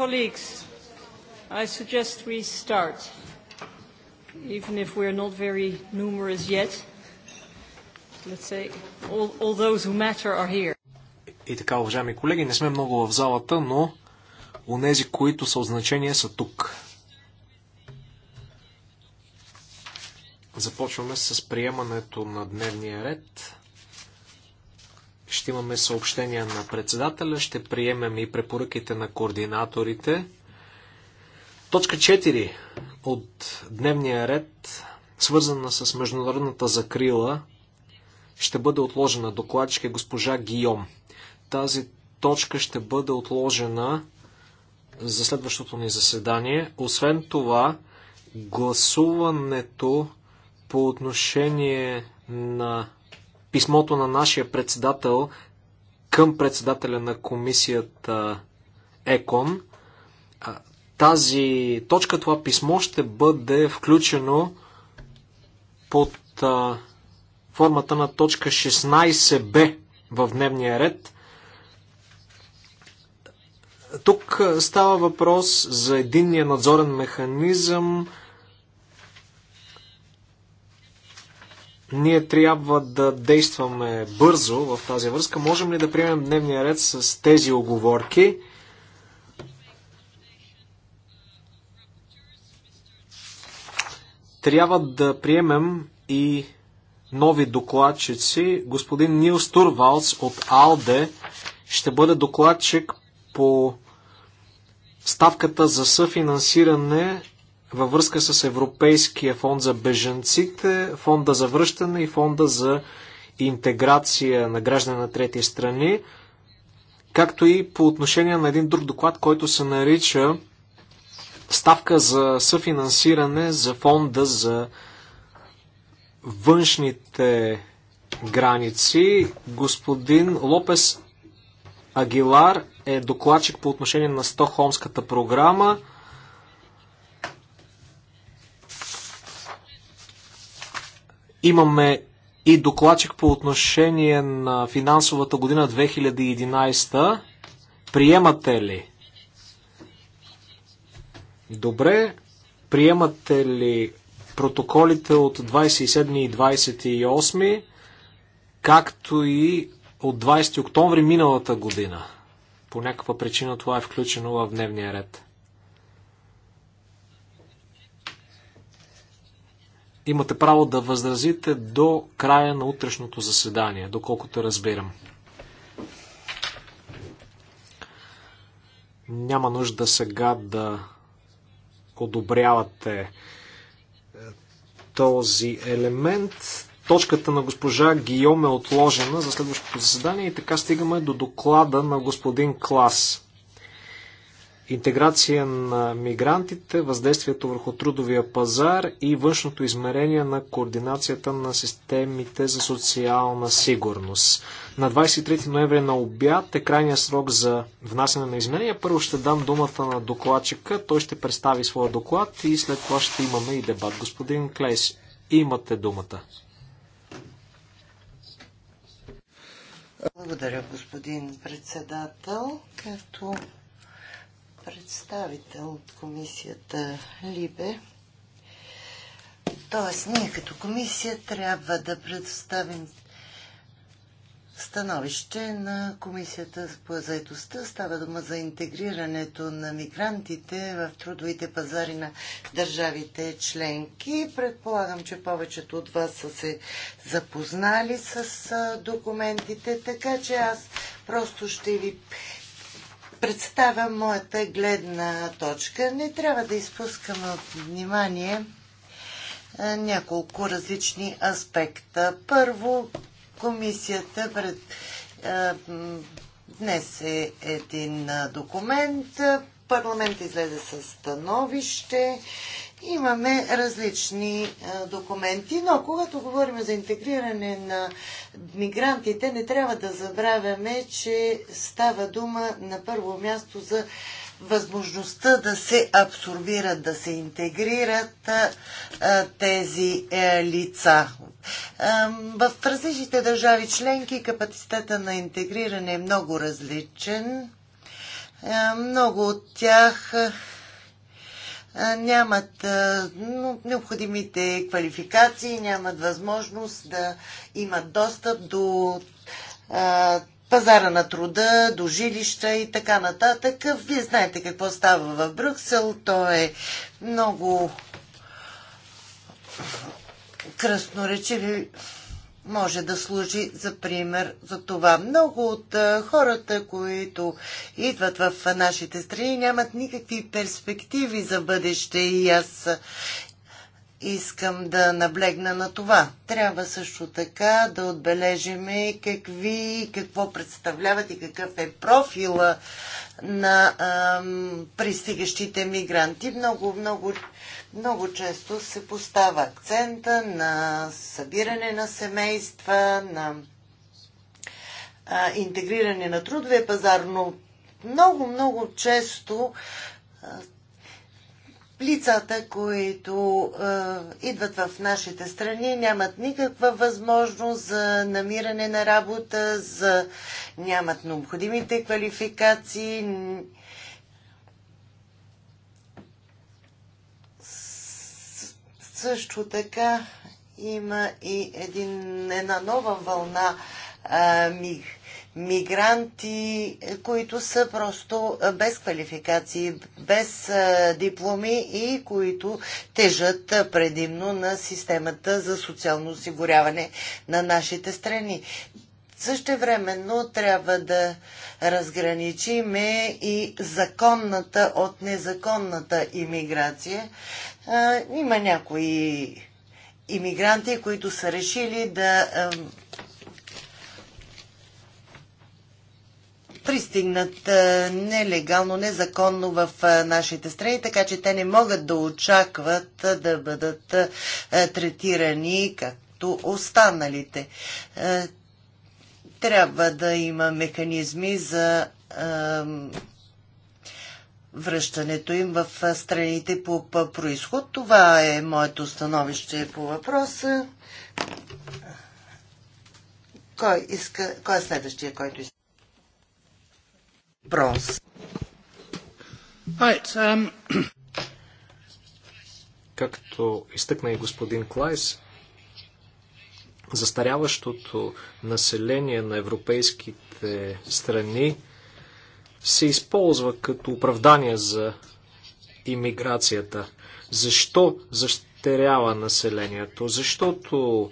colleagues, I suggest we start, even if we're not very numerous yet. Let's say all, all those who matter are here. И така, уважаеми колеги, не сме много в залата, но у нези, които са от значение, са тук. Започваме с приемането на дневния ред имаме съобщения на председателя, ще приемем и препоръките на координаторите. Точка 4 от дневния ред, свързана с международната закрила, ще бъде отложена. Докладчик е госпожа Гийом. Тази точка ще бъде отложена за следващото ни заседание. Освен това, гласуването по отношение на писмото на нашия председател към председателя на комисията ЕКОН. Тази точка, това писмо ще бъде включено под формата на точка 16б в дневния ред. Тук става въпрос за единния надзорен механизъм, Ние трябва да действаме бързо в тази връзка. Можем ли да приемем дневния ред с тези оговорки? Трябва да приемем и нови докладчици. Господин Нилс Турвалц от АЛДЕ ще бъде докладчик по ставката за съфинансиране във връзка с Европейския фонд за беженците, фонда за връщане и фонда за интеграция на граждани на трети страни, както и по отношение на един друг доклад, който се нарича Ставка за съфинансиране за фонда за външните граници. Господин Лопес Агилар е докладчик по отношение на Стохолмската програма. Имаме и докладчик по отношение на финансовата година 2011. Приемате ли? Добре. Приемате ли протоколите от 27 и 28, както и от 20 октомври миналата година? По някаква причина това е включено в дневния ред. Имате право да възразите до края на утрешното заседание, доколкото разбирам. Няма нужда сега да одобрявате е, този елемент. Точката на госпожа Гиом е отложена за следващото заседание и така стигаме до доклада на господин Клас интеграция на мигрантите, въздействието върху трудовия пазар и външното измерение на координацията на системите за социална сигурност. На 23 ноември на обяд е крайния срок за внасяне на изменения. Първо ще дам думата на докладчика. Той ще представи своя доклад и след това ще имаме и дебат. Господин Клейс, имате думата. Благодаря, господин председател. Както представител от комисията Либе. Тоест, ние като комисия трябва да предоставим становище на комисията по заедостта. Става дума за интегрирането на мигрантите в трудовите пазари на държавите членки. Предполагам, че повечето от вас са се запознали с документите, така че аз просто ще ви представя моята гледна точка. Не трябва да изпускаме от внимание няколко различни аспекта. Първо, комисията пред, днес е един документ, Парламент излезе с становище. Имаме различни документи, но когато говорим за интегриране на мигрантите, не трябва да забравяме, че става дума на първо място за възможността да се абсорбират, да се интегрират а, тези е, лица. А, в различните държави членки капацитета на интегриране е много различен. Е, много от тях е, е, нямат необходимите квалификации, нямат възможност да имат достъп до пазара на труда, до жилища и така нататък. Вие знаете какво става в Брюксел. То е много красноречиви може да служи за пример за това. Много от хората, които идват в нашите страни, нямат никакви перспективи за бъдеще и аз искам да наблегна на това. Трябва също така да отбележиме какви, какво представляват и какъв е профила на ам, пристигащите мигранти. Много, много много често се поставя акцента на събиране на семейства, на а, интегриране на трудовия пазар, но много, много често а, лицата, които а, идват в нашите страни, нямат никаква възможност за намиране на работа, за, нямат необходимите квалификации Също така има и един, една нова вълна а, ми, мигранти, които са просто без квалификации, без а, дипломи и които тежат предимно на системата за социално осигуряване на нашите страни. Същевременно трябва да разграничиме и законната от незаконната иммиграция, а, има някои иммигранти, които са решили да а, пристигнат а, нелегално, незаконно в а, нашите страни, така че те не могат да очакват а, да бъдат а, третирани както останалите. трябва да има механизми за връщането им в страните по происход. Това е моето становище по въпроса. Кой, иска, кой е следващия, който иска? Бронз. Right, um... Както изтъкна и господин Клайс, застаряващото население на европейските страни – се използва като оправдание за иммиграцията. Защо защерява населението? Защото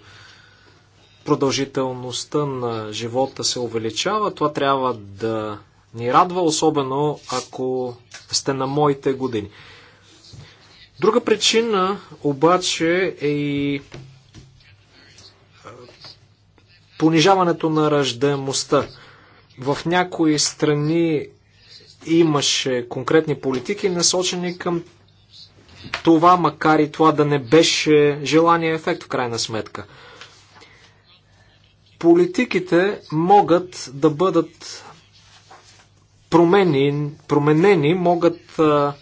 продължителността на живота се увеличава. Това трябва да ни радва, особено ако сте на моите години. Друга причина обаче е и понижаването на ръждаемостта. В някои страни Имаше конкретни политики, насочени към това, макар и това да не беше желания ефект в крайна сметка. Политиките могат да бъдат промени, променени, могат а,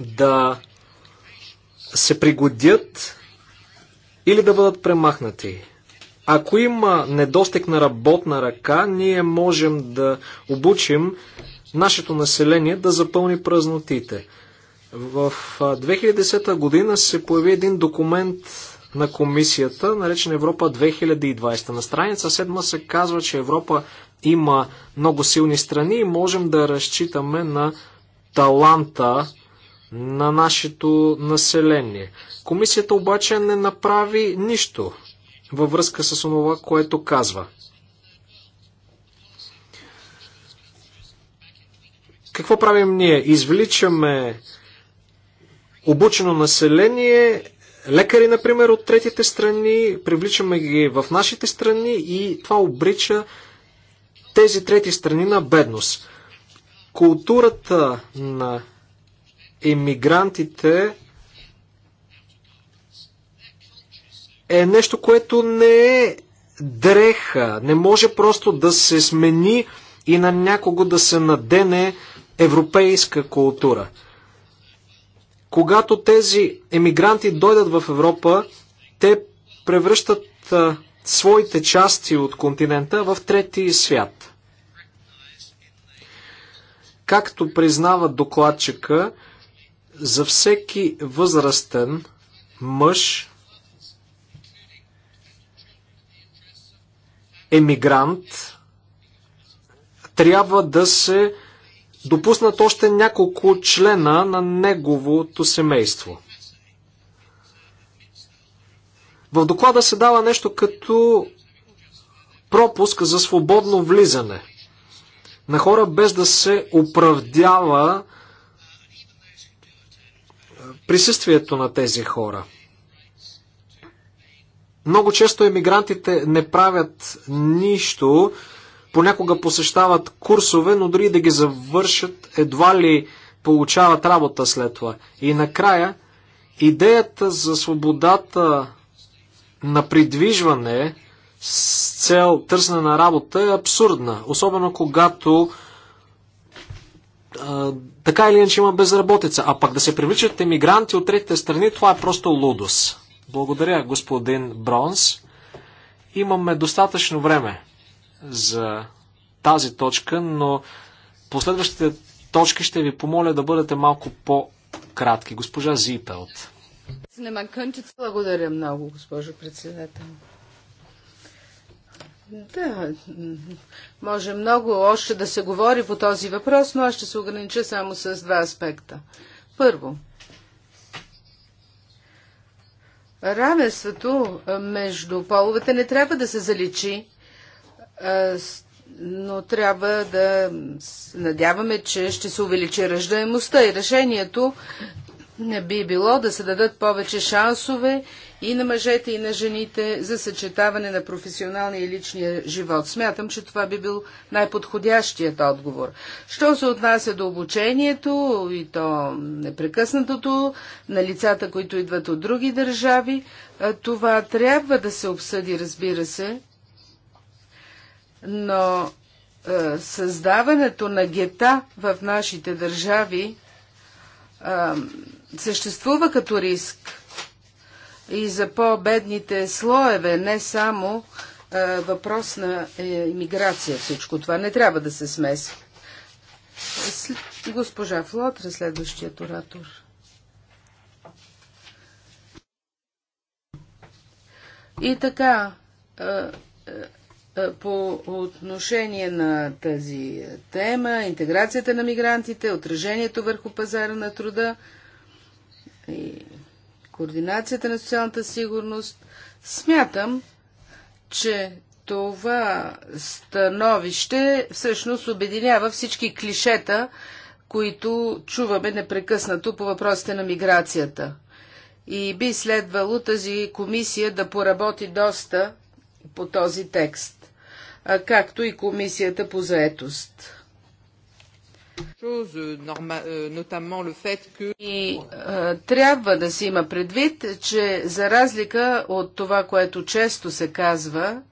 да се пригодят или да бъдат премахнати. Ако има недостиг на работна ръка, ние можем да обучим нашето население да запълни празнотите. В 2010 година се появи един документ на комисията, наречен Европа 2020. На страница 7 се казва, че Европа има много силни страни и можем да разчитаме на таланта на нашето население. Комисията обаче не направи нищо във връзка с това, което казва. Какво правим ние? Извличаме обучено население, лекари, например, от третите страни, привличаме ги в нашите страни и това обрича тези трети страни на бедност. Културата на емигрантите е нещо, което не е дреха. Не може просто да се смени и на някого да се надене европейска култура. Когато тези емигранти дойдат в Европа, те превръщат своите части от континента в трети свят. Както признава докладчика, за всеки възрастен мъж емигрант трябва да се допуснат още няколко члена на неговото семейство. В доклада се дава нещо като пропуск за свободно влизане на хора без да се оправдява присъствието на тези хора. Много често емигрантите не правят нищо, понякога посещават курсове, но дори да ги завършат, едва ли получават работа след това. И накрая, идеята за свободата на придвижване с цел търсене на работа е абсурдна, особено когато а, така или иначе има безработица. А пък да се привличат емигранти от третите страни, това е просто лудост. Благодаря, господин Бронс. Имаме достатъчно време за тази точка, но последващите точки ще ви помоля да бъдете малко по-кратки. Госпожа Зипелт. Благодаря много, госпожо председател. Да, може много още да се говори по този въпрос, но аз ще се огранича само с два аспекта. Първо, равенството между половете не трябва да се заличи но трябва да надяваме, че ще се увеличи ръждаемостта и решението не би било да се дадат повече шансове и на мъжете, и на жените за съчетаване на професионалния и личния живот. Смятам, че това би бил най-подходящият отговор. Що се отнася до обучението и то непрекъснатото на лицата, които идват от други държави, това трябва да се обсъди, разбира се, но е, създаването на гета в нашите държави е, съществува като риск и за по-бедните слоеве, не само е, въпрос на е, иммиграция. Всичко това не трябва да се смесва. Госпожа Флотра, следващият оратор. И така, е, е, е, по отношение на тази тема, интеграцията на мигрантите, отражението върху пазара на труда и координацията на социалната сигурност, смятам, че това становище всъщност обединява всички клишета, които чуваме непрекъснато по въпросите на миграцията. И би следвало тази комисия да поработи доста по този текст както и комисията по заетост. Euh, euh, и трябва да се има предвид, че за разлика от това, което често се казва,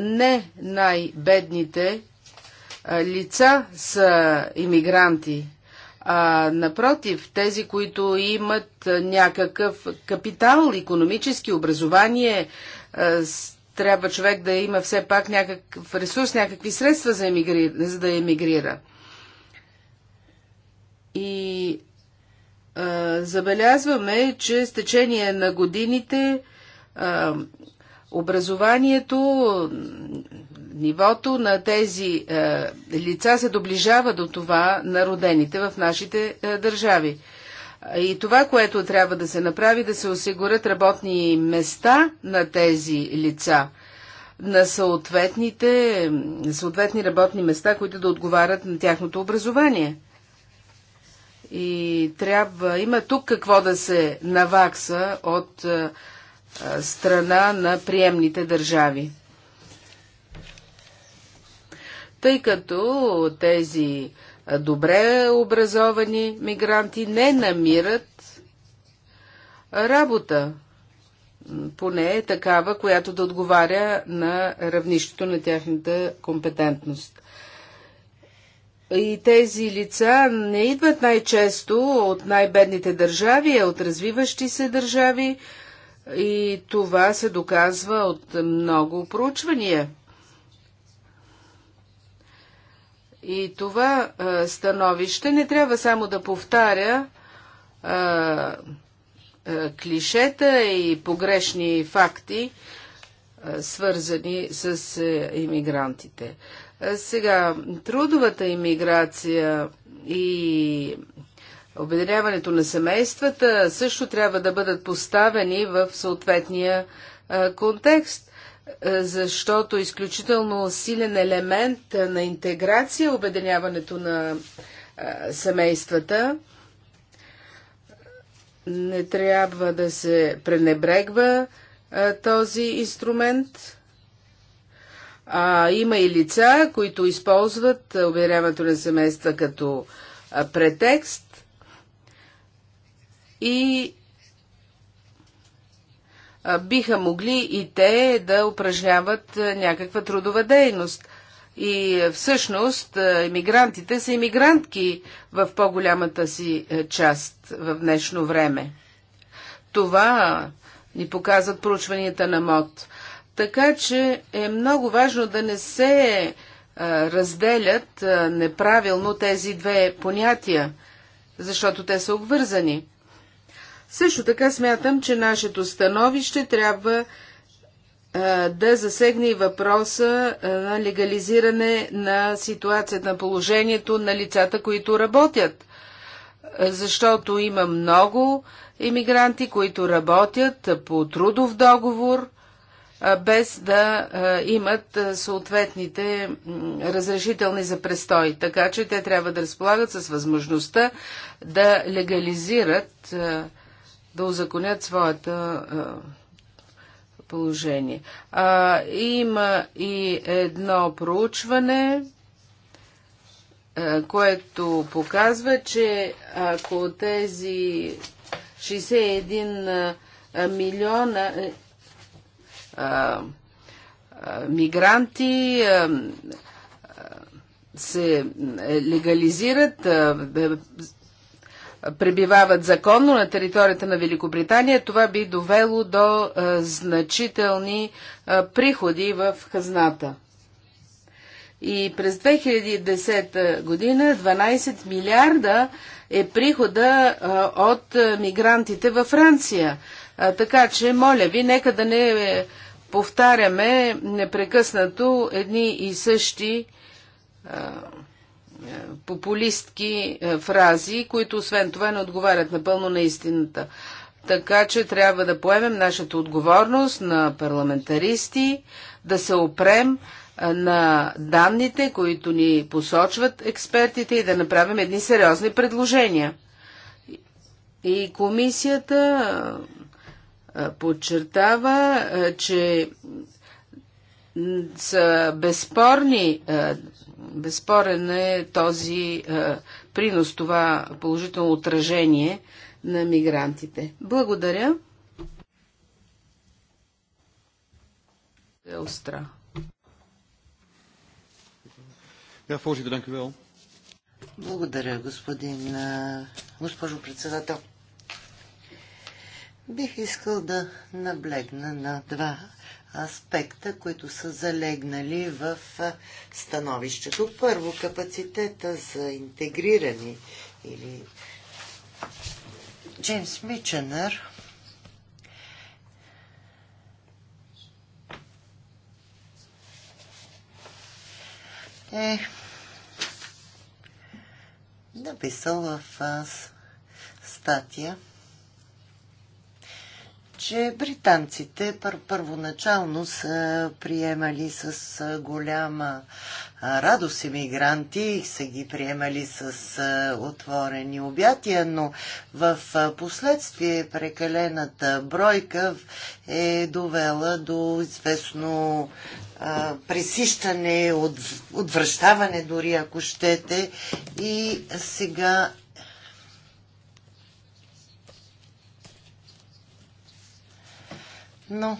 не най-бедните лица са иммигранти, а напротив, тези, които имат някакъв капитал, економически образование, трябва човек да има все пак някакъв ресурс, някакви средства за, емигри... за да емигрира. И а, забелязваме, че с течение на годините а, образованието, нивото на тези а, лица се доближава до това на родените в нашите а, държави. И това, което трябва да се направи, да се осигурят работни места на тези лица, на съответните, съответни работни места, които да отговарят на тяхното образование. И трябва, има тук какво да се навакса от а, страна на приемните държави. Тъй като тези добре образовани мигранти не намират работа. Поне е такава, която да отговаря на равнището на тяхната компетентност. И тези лица не идват най-често от най-бедните държави, а от развиващи се държави. И това се доказва от много проучвания. И това а, е, становище не трябва само да повтаря а, е, а, е, клишета и погрешни факти, а, свързани с а, иммигрантите. А, сега, трудовата иммиграция и обединяването на семействата също трябва да бъдат поставени в съответния контекст. Е, защото изключително силен елемент на интеграция обединяването на е, семействата не трябва да се пренебрегва е, този инструмент. А, има и лица, които използват обединяването на семейства като а, претекст и биха могли и те да упражняват някаква трудова дейност. И всъщност емигрантите са емигрантки в по-голямата си част в днешно време. Това ни показват проучванията на МОД. Така че е много важно да не се разделят неправилно тези две понятия, защото те са обвързани. Също така смятам, че нашето становище трябва да засегне и въпроса на легализиране на ситуацията, на положението на лицата, които работят. Защото има много иммигранти, които работят по трудов договор, без да имат съответните разрешителни за престой. Така че те трябва да разполагат с възможността да легализират да узаконят своята положение. А, има и едно проучване, а, което показва, че ако тези 61 милиона а, а, мигранти а, се легализират, а, пребивават законно на територията на Великобритания, това би довело до значителни приходи в хазната. И през 2010 година 12 милиарда е прихода от мигрантите във Франция. Така че, моля ви, нека да не е, повтаряме непрекъснато едни и същи е, популистки е, фрази, които освен това не отговарят напълно на истината. Така че трябва да поемем нашата отговорност на парламентаристи, да се опрем е, на данните, които ни посочват експертите и да направим едни сериозни предложения. И комисията подчертава, че са безспорни Безспорен е този а, е, принос, това положително отражение на мигрантите. Благодаря. Елстра. Ja, Благодаря, господин, е, госпожо председател. Бих искал да наблегна на два аспекта, които са залегнали в становището. Първо, капацитета за интегрирани или Джеймс Миченър е написал в статия че британците пър- първоначално са приемали с голяма радост иммигранти, са ги приемали с отворени обятия, но в последствие прекалената бройка е довела до известно пресищане, отвръщаване дори ако щете и сега но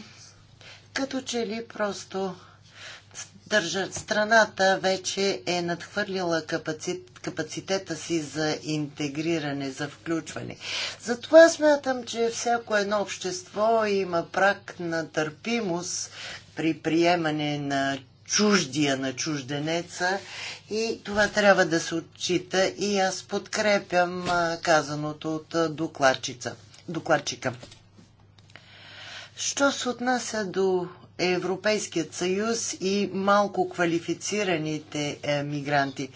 като че ли просто държа, страната вече е надхвърлила капацит, капацитета си за интегриране, за включване. Затова смятам, че всяко едно общество има прак на търпимост при приемане на чуждия на чужденеца и това трябва да се отчита и аз подкрепям казаното от докладчица, докладчика. Що се отнася до Европейският съюз и малко квалифицираните е, мигранти.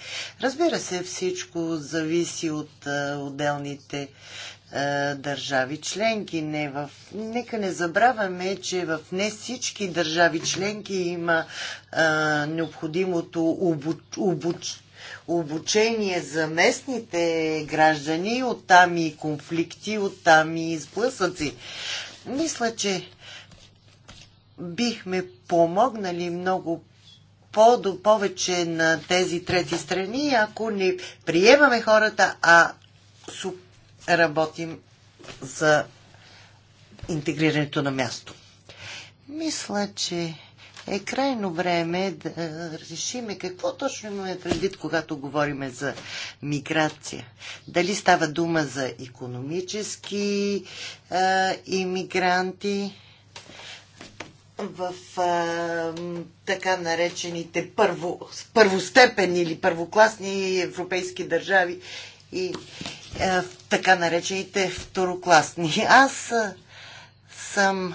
Разбира се, всичко зависи от е, отделните е, държави членки. Не в... Нека не забравяме, че в не всички държави членки има е, необходимото обуч... обуч обучение за местните граждани, оттам и конфликти, оттам и сблъсъци. Мисля, че бихме помогнали много по-повече на тези трети страни, ако не приемаме хората, а работим за интегрирането на място. Мисля, че е крайно време да решиме какво точно имаме предвид, когато говориме за миграция. Дали става дума за економически а, иммигранти в а, така наречените първо, първостепени или първокласни европейски държави и а, така наречените второкласни. Аз а, съм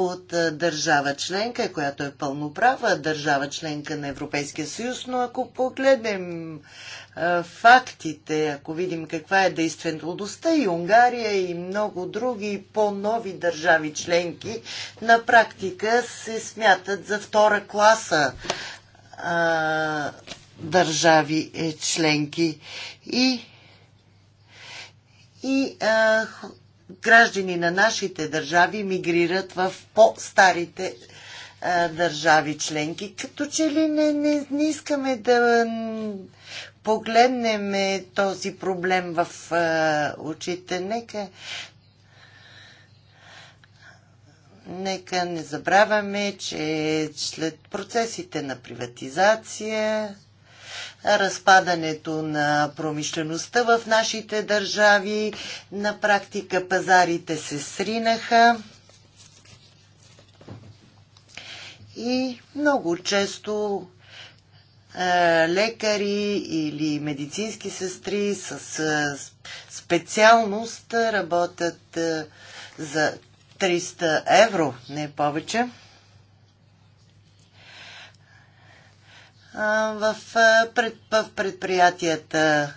от държава членка, която е пълноправа държава членка на Европейския съюз, но ако погледнем фактите, ако видим каква е действеността и Унгария и много други по-нови държави членки, на практика се смятат за втора класа а, държави е, членки. И, и а, граждани на нашите държави мигрират в по-старите е, държави членки. Като че ли не, не, не искаме да погледнем този проблем в а, е, очите. Нека, нека не забравяме, че след процесите на приватизация разпадането на промишлеността в нашите държави. На практика пазарите се сринаха и много често е, лекари или медицински сестри с е, специалност работят е, за 300 евро, не повече. в, пред, в предприятията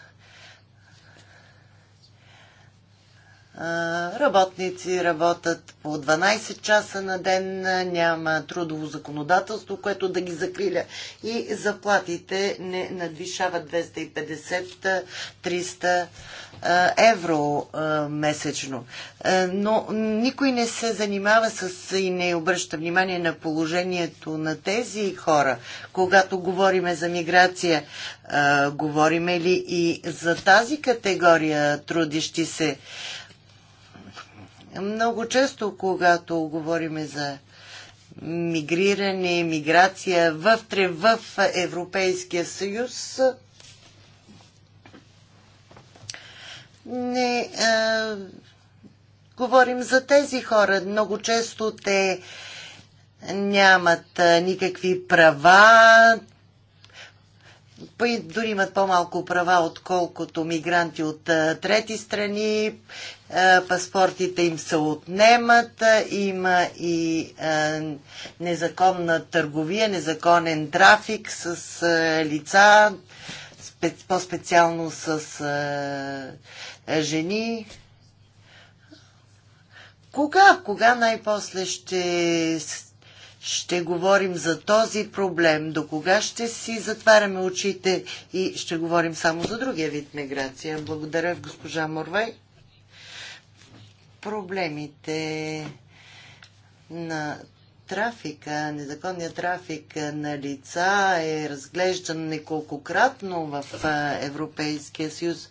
работници работят по 12 часа на ден, няма трудово законодателство, което да ги закриля и заплатите не надвишават 250-300 е, евро е, месечно. Е, но никой не се занимава с и не обръща внимание на положението на тези хора. Когато говориме за миграция, говориме ли и за тази категория трудещи се? Много често, когато говориме за мигриране, миграция вътре в Европейския съюз, не а, говорим за тези хора. Много често те нямат а, никакви права, дори имат по-малко права, отколкото мигранти от а, трети страни. А, паспортите им се отнемат, а, има и незаконна търговия, незаконен трафик с лица, по-специално с а, жени. Кога, кога най-после ще, ще говорим за този проблем? До кога ще си затваряме очите и ще говорим само за другия вид миграция? Благодаря, госпожа Морвай. Проблемите на трафика, незаконният трафик на лица е разглеждан неколкократно в Европейския съюз.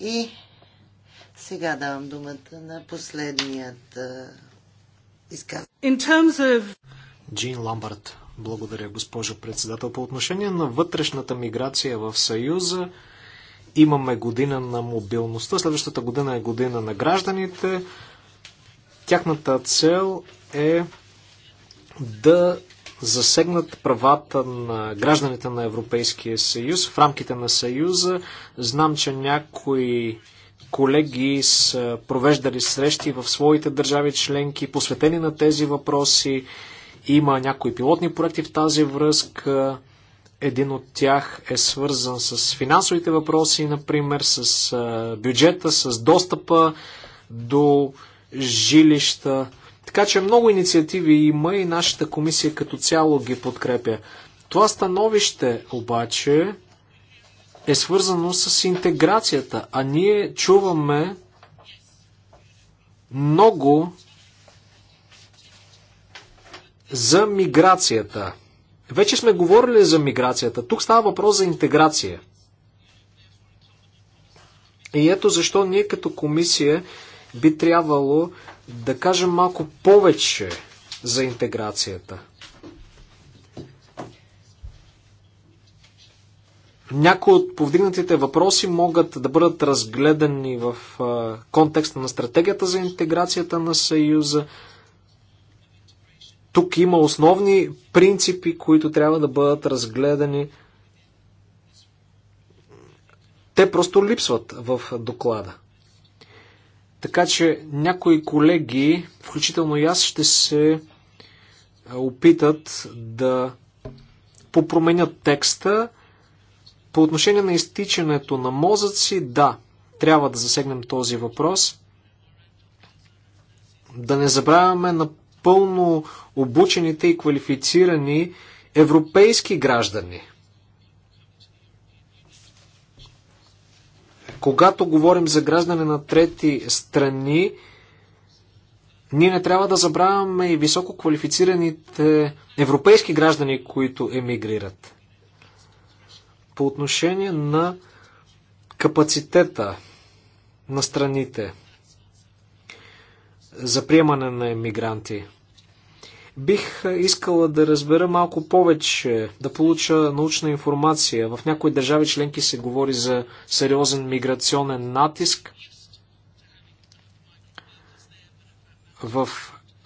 И сега давам думата на последният изказ. Of... Джин Ламбард. Благодаря, госпожо председател. По отношение на вътрешната миграция в Съюза, имаме година на мобилността, следващата година е година на гражданите. Тяхната цел е да засегнат правата на гражданите на Европейския съюз в рамките на съюза. Знам, че някои колеги са провеждали срещи в своите държави членки, посветени на тези въпроси. Има някои пилотни проекти в тази връзка. Един от тях е свързан с финансовите въпроси, например, с бюджета, с достъпа до жилища. Така че много инициативи има и нашата комисия като цяло ги подкрепя. Това становище обаче е свързано с интеграцията, а ние чуваме много за миграцията. Вече сме говорили за миграцията. Тук става въпрос за интеграция. И ето защо ние като комисия би трябвало да кажем малко повече за интеграцията. Някои от повдигнатите въпроси могат да бъдат разгледани в контекста на стратегията за интеграцията на Съюза. Тук има основни принципи, които трябва да бъдат разгледани. Те просто липсват в доклада. Така че някои колеги, включително и аз, ще се е, опитат да попроменят текста. По отношение на изтичането на мозъци, да, трябва да засегнем този въпрос. Да не забравяме напълно обучените и квалифицирани европейски граждани – Когато говорим за граждане на трети страни, ние не трябва да забравяме и високо квалифицираните европейски граждани, които емигрират. По отношение на капацитета на страните за приемане на емигранти. Бих е, искала да разбера малко повече, да получа научна информация. В някои държави членки се говори за сериозен миграционен натиск. В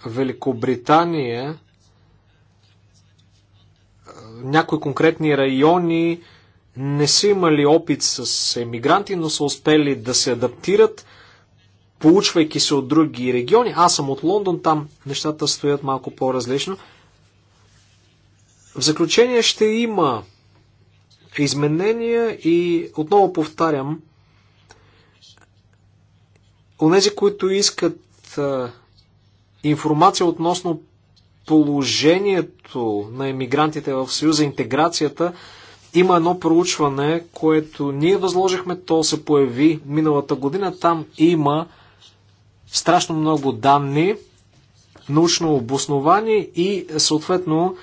Великобритания е, някои конкретни райони не са имали опит с емигранти, но са успели да се адаптират получвайки се от други региони. Аз съм от Лондон, там нещата стоят малко по-различно. В заключение ще има изменения и отново повтарям, онези, които искат а, информация относно положението на емигрантите в Съюза, интеграцията, има едно проучване, което ние възложихме, то се появи миналата година. Там има страшно много данни, научно обосновани и съответно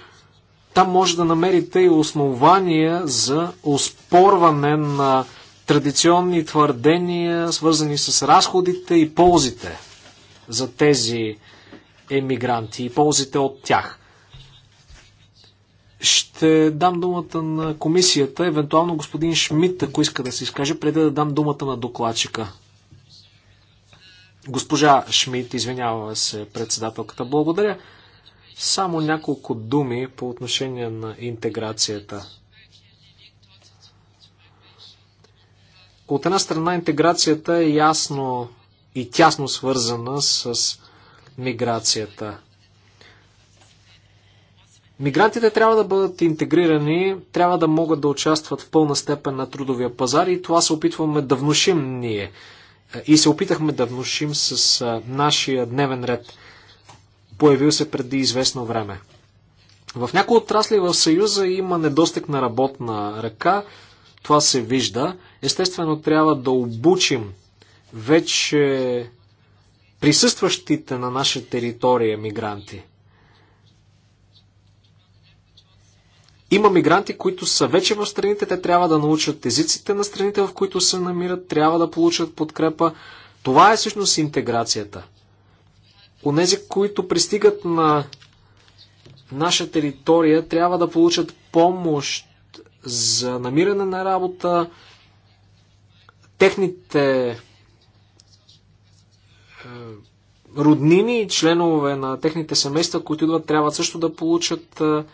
там може да намерите и основания за оспорване на традиционни твърдения, свързани с разходите и ползите за тези емигранти и ползите от тях. Ще дам думата на комисията, евентуално господин Шмидт, ако иска да се изкаже, преди да дам думата на докладчика. Госпожа Шмидт, извинява се председателката, благодаря. Само няколко думи по отношение на интеграцията. От една страна интеграцията е ясно и тясно свързана с миграцията. Мигрантите трябва да бъдат интегрирани, трябва да могат да участват в пълна степен на трудовия пазар и това се опитваме да внушим ние и се опитахме да внушим с нашия дневен ред, появил се преди известно време. В някои отрасли в Съюза има недостиг на работна ръка, това се вижда. Естествено, трябва да обучим вече присъстващите на наша територия мигранти – Има мигранти, които са вече в страните, те трябва да научат езиците на страните, в които се намират, трябва да получат подкрепа. Това е всъщност интеграцията. Онези, които пристигат на наша територия, трябва да получат помощ за намиране на работа, техните е, роднини и членове на техните семейства, които идват, трябва също да получат е,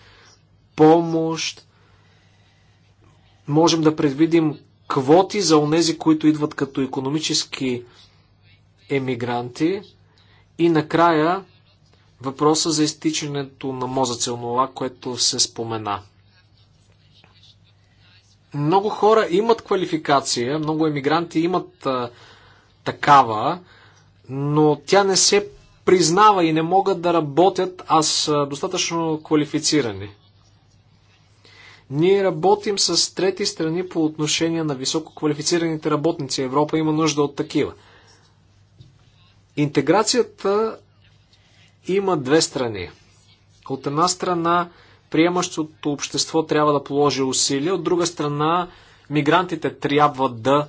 помощ. Можем да предвидим квоти за онези, които идват като економически емигранти. И накрая въпроса за изтичането на мозъци, онова, което се спомена. Много хора имат квалификация, много емигранти имат а, такава, но тя не се признава и не могат да работят, аз достатъчно квалифицирани. Ние работим с трети страни по отношение на високо квалифицираните работници. Европа има нужда от такива. Интеграцията има две страни. От една страна, приемащото общество трябва да положи усилия, от друга страна, мигрантите трябва да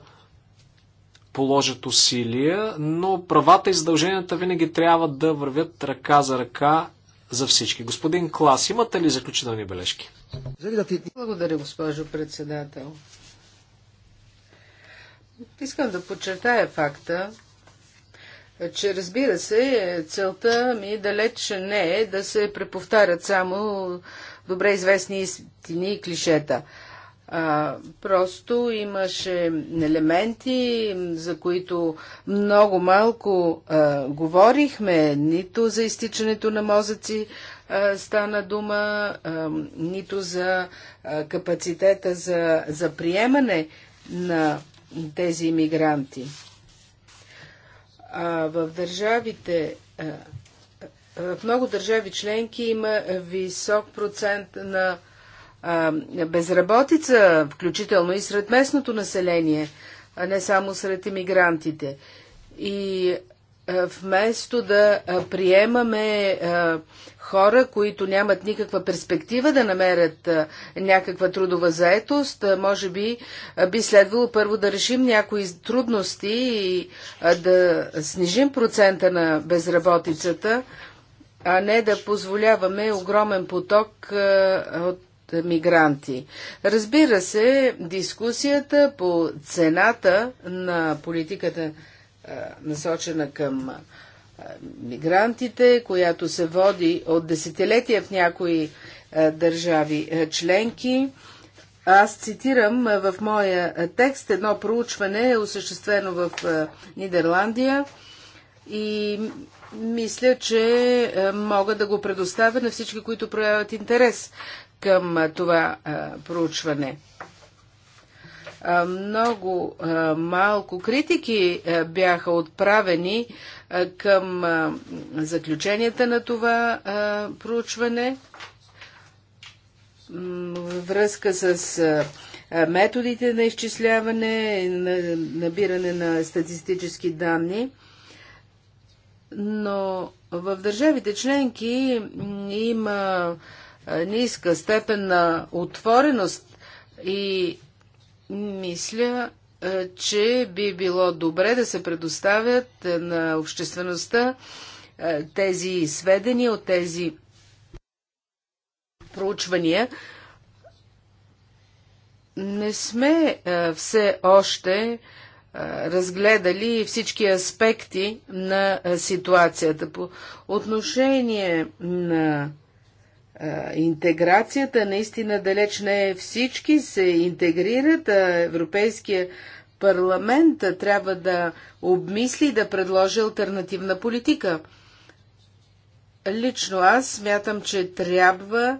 положат усилия, но правата и задълженията винаги трябва да вървят ръка за ръка за всички. Господин Клас, имате ли заключителни бележки? Благодаря, госпожо председател. Искам да подчертая факта, че разбира се, целта ми далеч не е да се преповтарят само добре известни истини и клишета. А, просто имаше елементи, за които много малко а, говорихме, нито за изтичането на мозъци, стана дума, нито за капацитета за, за приемане на тези иммигранти. А в държавите, в много държави членки има висок процент на безработица, включително и сред местното население, а не само сред иммигрантите. И вместо да приемаме хора, които нямат никаква перспектива да намерят някаква трудова заетост, може би би следвало първо да решим някои трудности и да снижим процента на безработицата, а не да позволяваме огромен поток от мигранти. Разбира се, дискусията по цената на политиката е, насочена към е, мигрантите, която се води от десетилетия в някои е, държави членки. Аз цитирам в моя текст едно проучване, осъществено в Нидерландия и мисля, че мога да го предоставя на всички, които проявят интерес към това проучване. Много малко критики бяха отправени към заключенията на това проучване връзка с методите на изчисляване, на набиране на статистически данни, но в държавите членки има ниска степен на отвореност и мисля, че би било добре да се предоставят на обществеността тези сведения от тези проучвания. Не сме все още разгледали всички аспекти на ситуацията. По отношение на интеграцията наистина далеч не е всички се интегрират, а Европейския парламент трябва да обмисли и да предложи альтернативна политика. Лично аз смятам, че трябва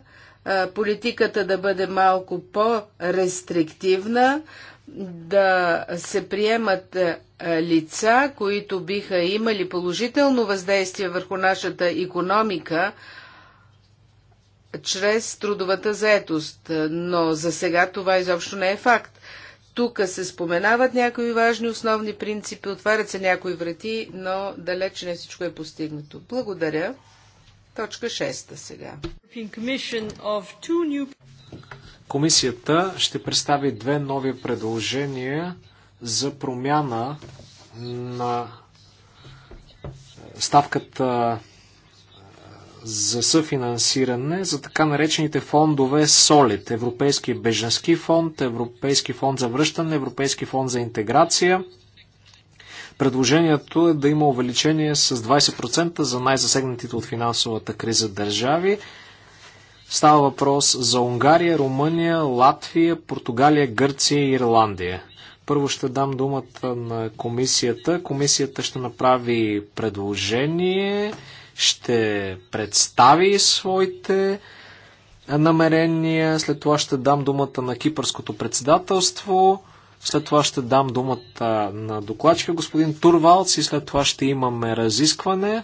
политиката да бъде малко по-рестриктивна, да се приемат лица, които биха имали положително въздействие върху нашата економика, чрез трудовата заетост, но за сега това изобщо не е факт. Тук се споменават някои важни основни принципи, отварят се някои врати, но далеч не всичко е постигнато. Благодаря. Точка 6 сега. Комисията ще представи две нови предложения за промяна на ставката за съфинансиране за така наречените фондове СОЛИД, Европейски беженски фонд, Европейски фонд за връщане, Европейски фонд за интеграция. Предложението е да има увеличение с 20% за най-засегнатите от финансовата криза държави. Става въпрос за Унгария, Румъния, Латвия, Португалия, Гърция и Ирландия. Първо ще дам думата на комисията. Комисията ще направи предложение ще представи своите намерения, след това ще дам думата на кипърското председателство, след това ще дам думата на докладчика господин Турвалц и след това ще имаме разискване.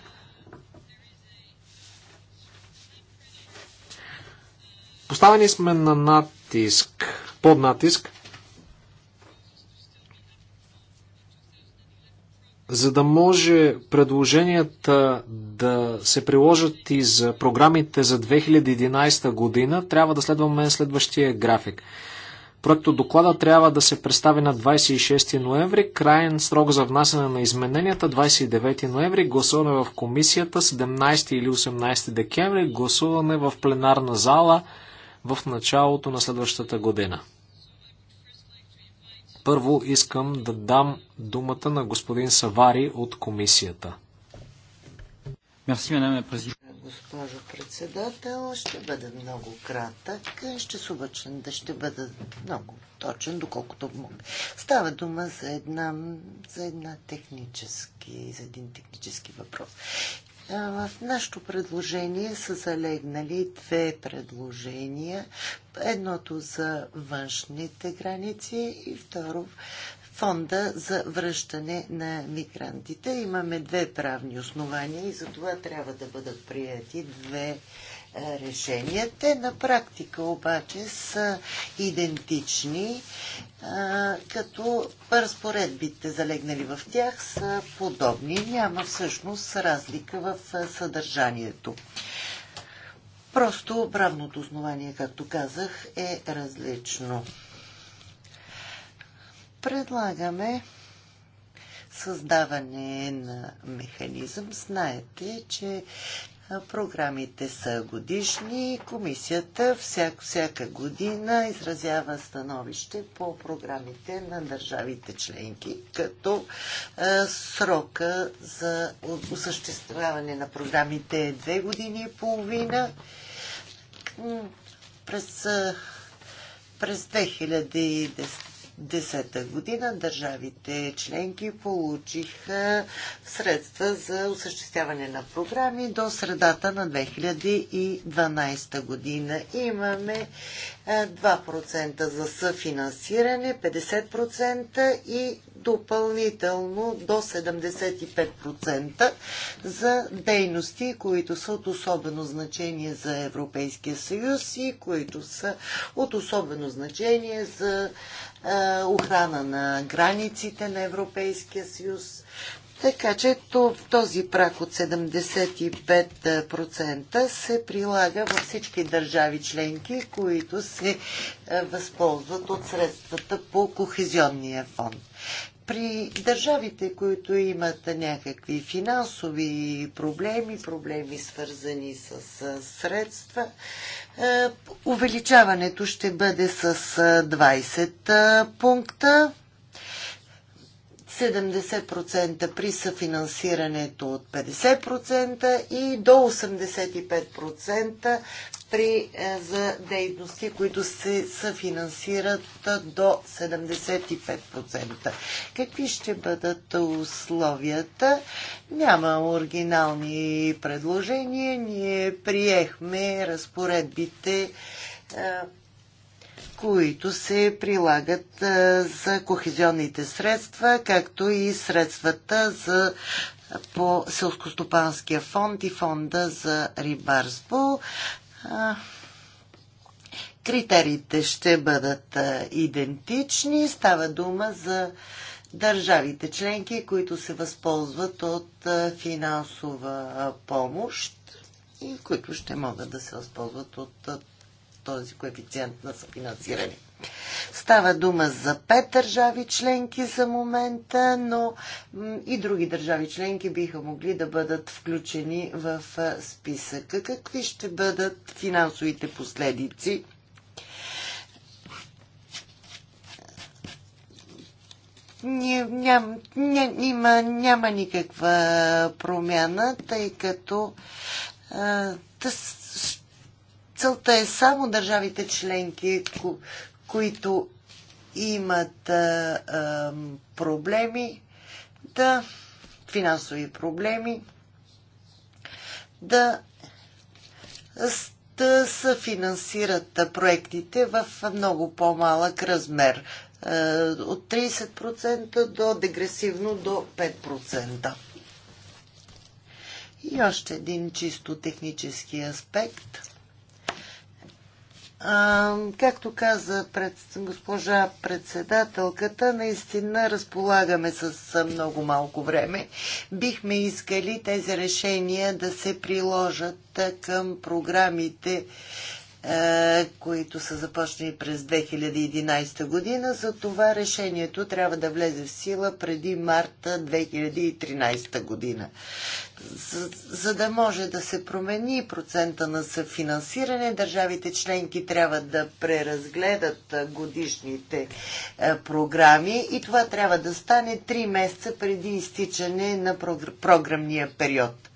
Поставени сме на натиск, под натиск. за да може предложенията да се приложат и за програмите за 2011 година, трябва да следваме следващия график. Проекто доклада трябва да се представи на 26 ноември, крайен срок за внасяне на измененията 29 ноември, гласуване в комисията 17 или 18 декември, гласуване в пленарна зала в началото на следващата година. Първо искам да дам думата на господин Савари от комисията. Госпожо председател, ще бъда много кратък. Ще се обичам да ще бъда много точен, доколкото мога. Става дума за една, за една технически, за един технически въпрос. В нашето предложение са залегнали две предложения. Едното за външните граници и второ фонда за връщане на мигрантите. Имаме две правни основания и за това трябва да бъдат прияти две Решенията на практика обаче са идентични, като разпоредбите залегнали в тях са подобни. Няма всъщност разлика в съдържанието. Просто правното основание, както казах, е различно. Предлагаме създаване на механизъм. Знаете, че Програмите са годишни. Комисията всяко, всяка година изразява становище по програмите на държавите членки, като е, срока за осъществяване на програмите е две години и половина. През, е, през 2010 2010 година държавите членки получиха средства за осъществяване на програми до средата на 2012 година. Имаме 2% за съфинансиране, 50% и допълнително до 75% за дейности, които са от особено значение за Европейския съюз и които са от особено значение за охрана на границите на Европейския съюз. Така че този прак от 75% се прилага във всички държави членки, които се възползват от средствата по Кохезионния фонд при държавите, които имат някакви финансови проблеми, проблеми свързани с средства, увеличаването ще бъде с 20 пункта. 70% при съфинансирането от 50% и до 85% при, е, за дейности, които се съфинансират до 75%. Какви ще бъдат условията? Няма оригинални предложения. Ние приехме разпоредбите е, които се прилагат е, за кохезионните средства, както и средствата за по селскостопанския фонд и фонда за рибарство критериите ще бъдат идентични. Става дума за държавите членки, които се възползват от финансова помощ и които ще могат да се възползват от този коефициент на съфинансиране. Става дума за пет държави членки за момента, но и други държави членки биха могли да бъдат включени в списъка. Какви ще бъдат финансовите последици? ням, ня, има, няма никаква промяна, тъй като а, тъс, целта е само държавите членки, които имат а, а, проблеми, да, финансови проблеми, да, да съфинансират проектите в много по-малък размер. от 30% до дегресивно до 5%. И още един чисто технически аспект – Както каза пред, госпожа председателката, наистина разполагаме с много малко време. Бихме искали тези решения да се приложат към програмите е, които са започнали през 2011 година. За това решението трябва да влезе в сила преди марта 2013 година. За, за да може да се промени процента на съфинансиране, държавите членки трябва да преразгледат е, годишните е, програми и това трябва да стане 3 месеца преди изтичане на програмния период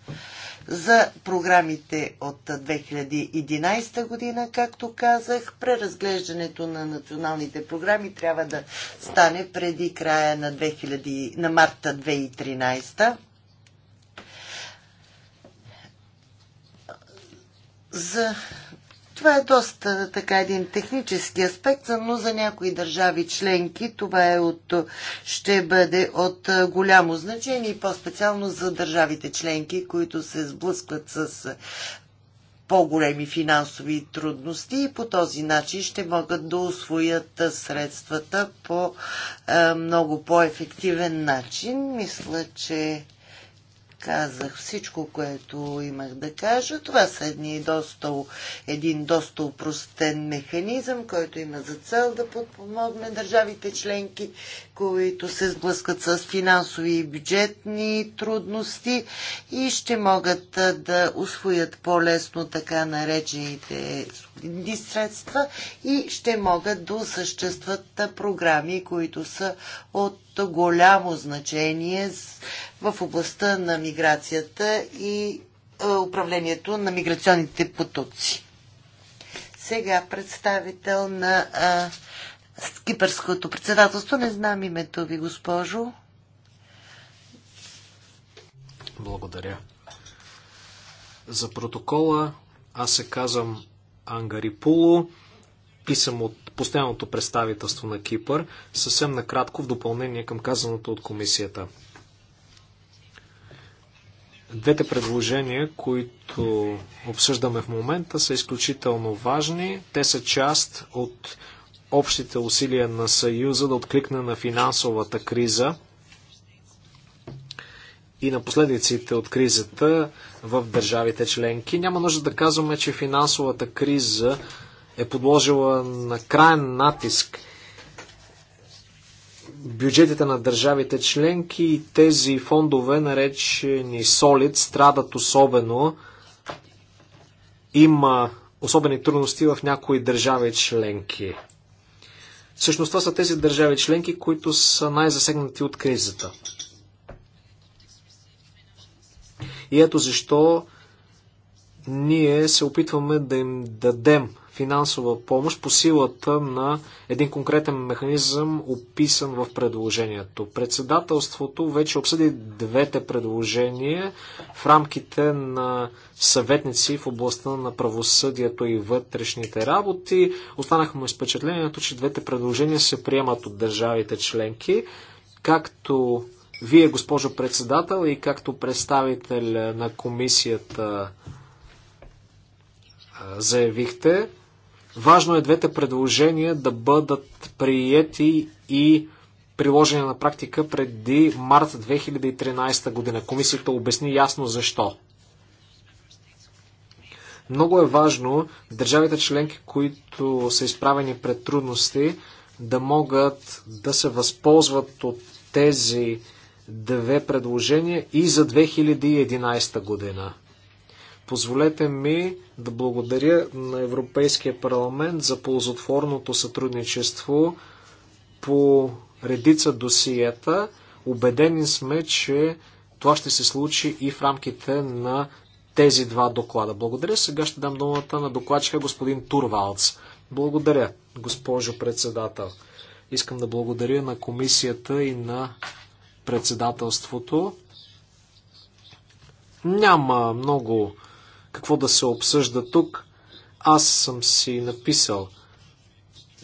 за програмите от 2011 година, както казах, преразглеждането на националните програми трябва да стане преди края на, 2000, на марта 2013. За това е доста така един технически аспект, но за някои държави членки това е от, ще бъде от голямо значение и по-специално за държавите членки, които се сблъскват с по-големи финансови трудности и по този начин ще могат да освоят средствата по много по-ефективен начин. Мисля, че казах всичко, което имах да кажа. Това са едни доста, един доста упростен механизъм, който има за цел да подпомогне държавите членки които се сблъскат с финансови и бюджетни трудности и ще могат да освоят по-лесно така наречените солидни средства и ще могат да осъществат програми, които са от голямо значение в областта на миграцията и управлението на миграционните потоци. Сега представител на с кипърското председателство. Не знам името ви, госпожо. Благодаря. За протокола аз се казвам Ангарипуло. И съм от постоянното представителство на Кипър, съвсем накратко в допълнение към казаното от комисията. Двете предложения, които обсъждаме в момента, са изключително важни. Те са част от общите усилия на Съюза да откликне на финансовата криза и на последиците от кризата в държавите членки. Няма нужда да казваме, че финансовата криза е подложила на крайен натиск бюджетите на държавите членки и тези фондове, наречени Solid, страдат особено. Има особени трудности в някои държави членки. Всъщност това са тези държави членки, които са най-засегнати от кризата. И ето защо ние се опитваме да им дадем финансова помощ по силата на един конкретен механизъм, описан в предложението. Председателството вече обсъди двете предложения в рамките на съветници в областта на правосъдието и вътрешните работи. Останахме с впечатлението, че двете предложения се приемат от държавите членки, както вие, госпожо председател, и както представител на комисията заявихте, Важно е двете предложения да бъдат приети и приложени на практика преди март 2013 година. Комисията обясни ясно защо. Много е важно държавите членки, които са изправени пред трудности, да могат да се възползват от тези две предложения и за 2011 година. Позволете ми да благодаря на Европейския парламент за ползотворното сътрудничество по редица досиета. Обедени сме, че това ще се случи и в рамките на тези два доклада. Благодаря. Сега ще дам думата на докладчика господин Турвалц. Благодаря, госпожо председател. Искам да благодаря на комисията и на председателството. Няма много какво да се обсъжда тук. Аз съм си написал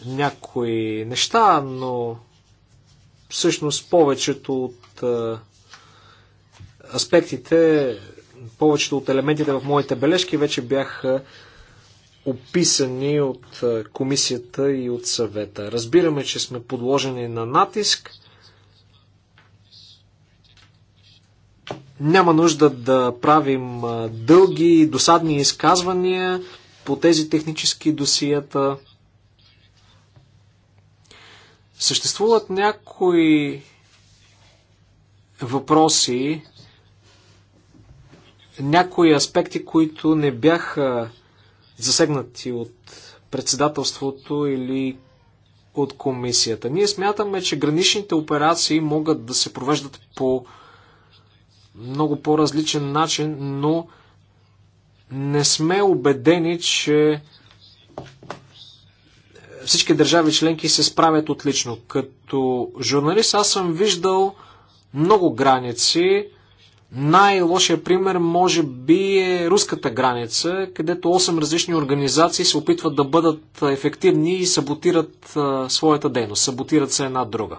някои неща, но всъщност повечето от аспектите, повечето от елементите в моите бележки вече бяха описани от комисията и от съвета. Разбираме, че сме подложени на натиск – Няма нужда да правим дълги, досадни изказвания по тези технически досията. Съществуват някои въпроси, някои аспекти, които не бяха засегнати от председателството или от комисията. Ние смятаме, че граничните операции могат да се провеждат по много по-различен начин, но не сме убедени, че всички държави членки се справят отлично. Като журналист аз съм виждал много граници. Най-лошия пример може би е руската граница, където 8 различни организации се опитват да бъдат ефективни и саботират а, своята дейност, саботират се една друга.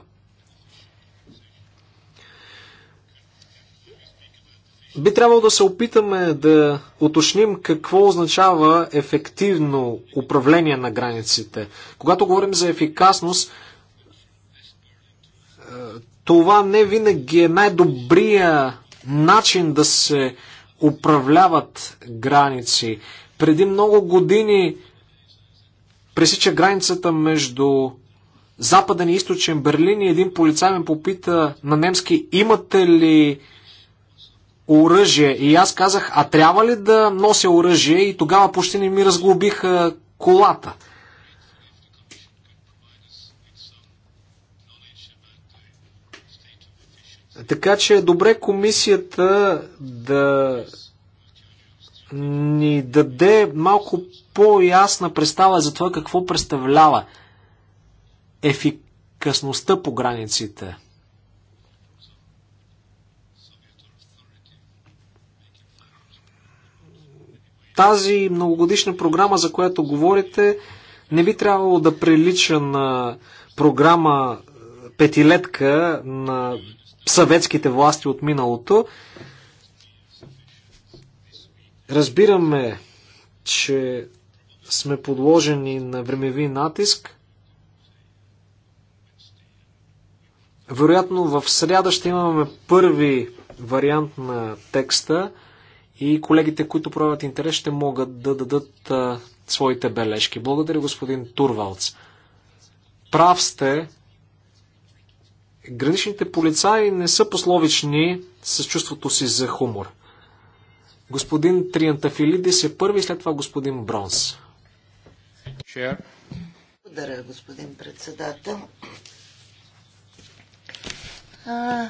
Би трябвало да се опитаме да уточним какво означава ефективно управление на границите. Когато говорим за ефикасност, е, това не винаги е най-добрия начин да се управляват граници. Преди много години пресича границата между Западен и Източен Берлин и един полицай ме попита на немски имате ли оръжие. И аз казах, а трябва ли да нося оръжие? И тогава почти не ми разглобиха колата. Така че е добре комисията да ни даде малко по-ясна представа за това какво представлява ефикасността по границите. Тази многогодишна програма, за която говорите, не би трябвало да прилича на програма е, петилетка на съветските власти от миналото. Разбираме, че сме подложени на времеви натиск. Вероятно в среда ще имаме първи вариант на текста и колегите, които проявят интерес, ще могат да дадат а, своите бележки. Благодаря, господин Турвалц. Прав сте. Граничните полицаи не са пословични с чувството си за хумор. Господин Триантафилидис е първи, след това господин Бронс. Благодаря, господин председател. А,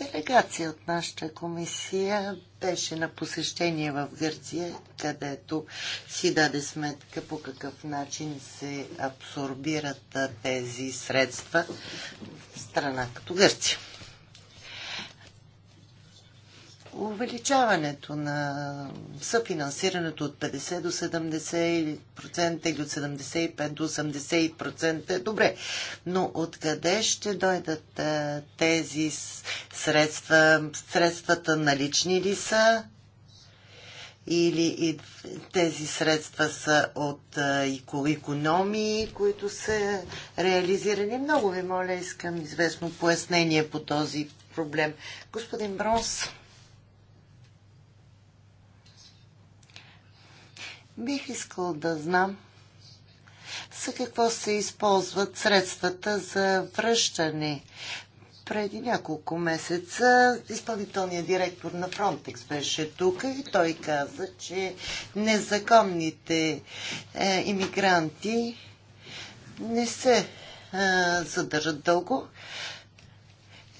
Делегация от нашата комисия беше на посещение в Гърция, където си даде сметка по какъв начин се абсорбират тези средства в страна като Гърция увеличаването на съфинансирането от 50 до 70% или от 75 до 80% е добре. Но откъде ще дойдат тези средства? Средствата налични ли са? Или и тези средства са от економии, които са реализирани? Много ви моля, искам известно пояснение по този проблем. Господин Бронс. Бих искал да знам за какво се използват средствата за връщане. Преди няколко месеца изпълнителният директор на Фронтекс беше тук и той каза, че незаконните е, иммигранти не се е, задържат дълго.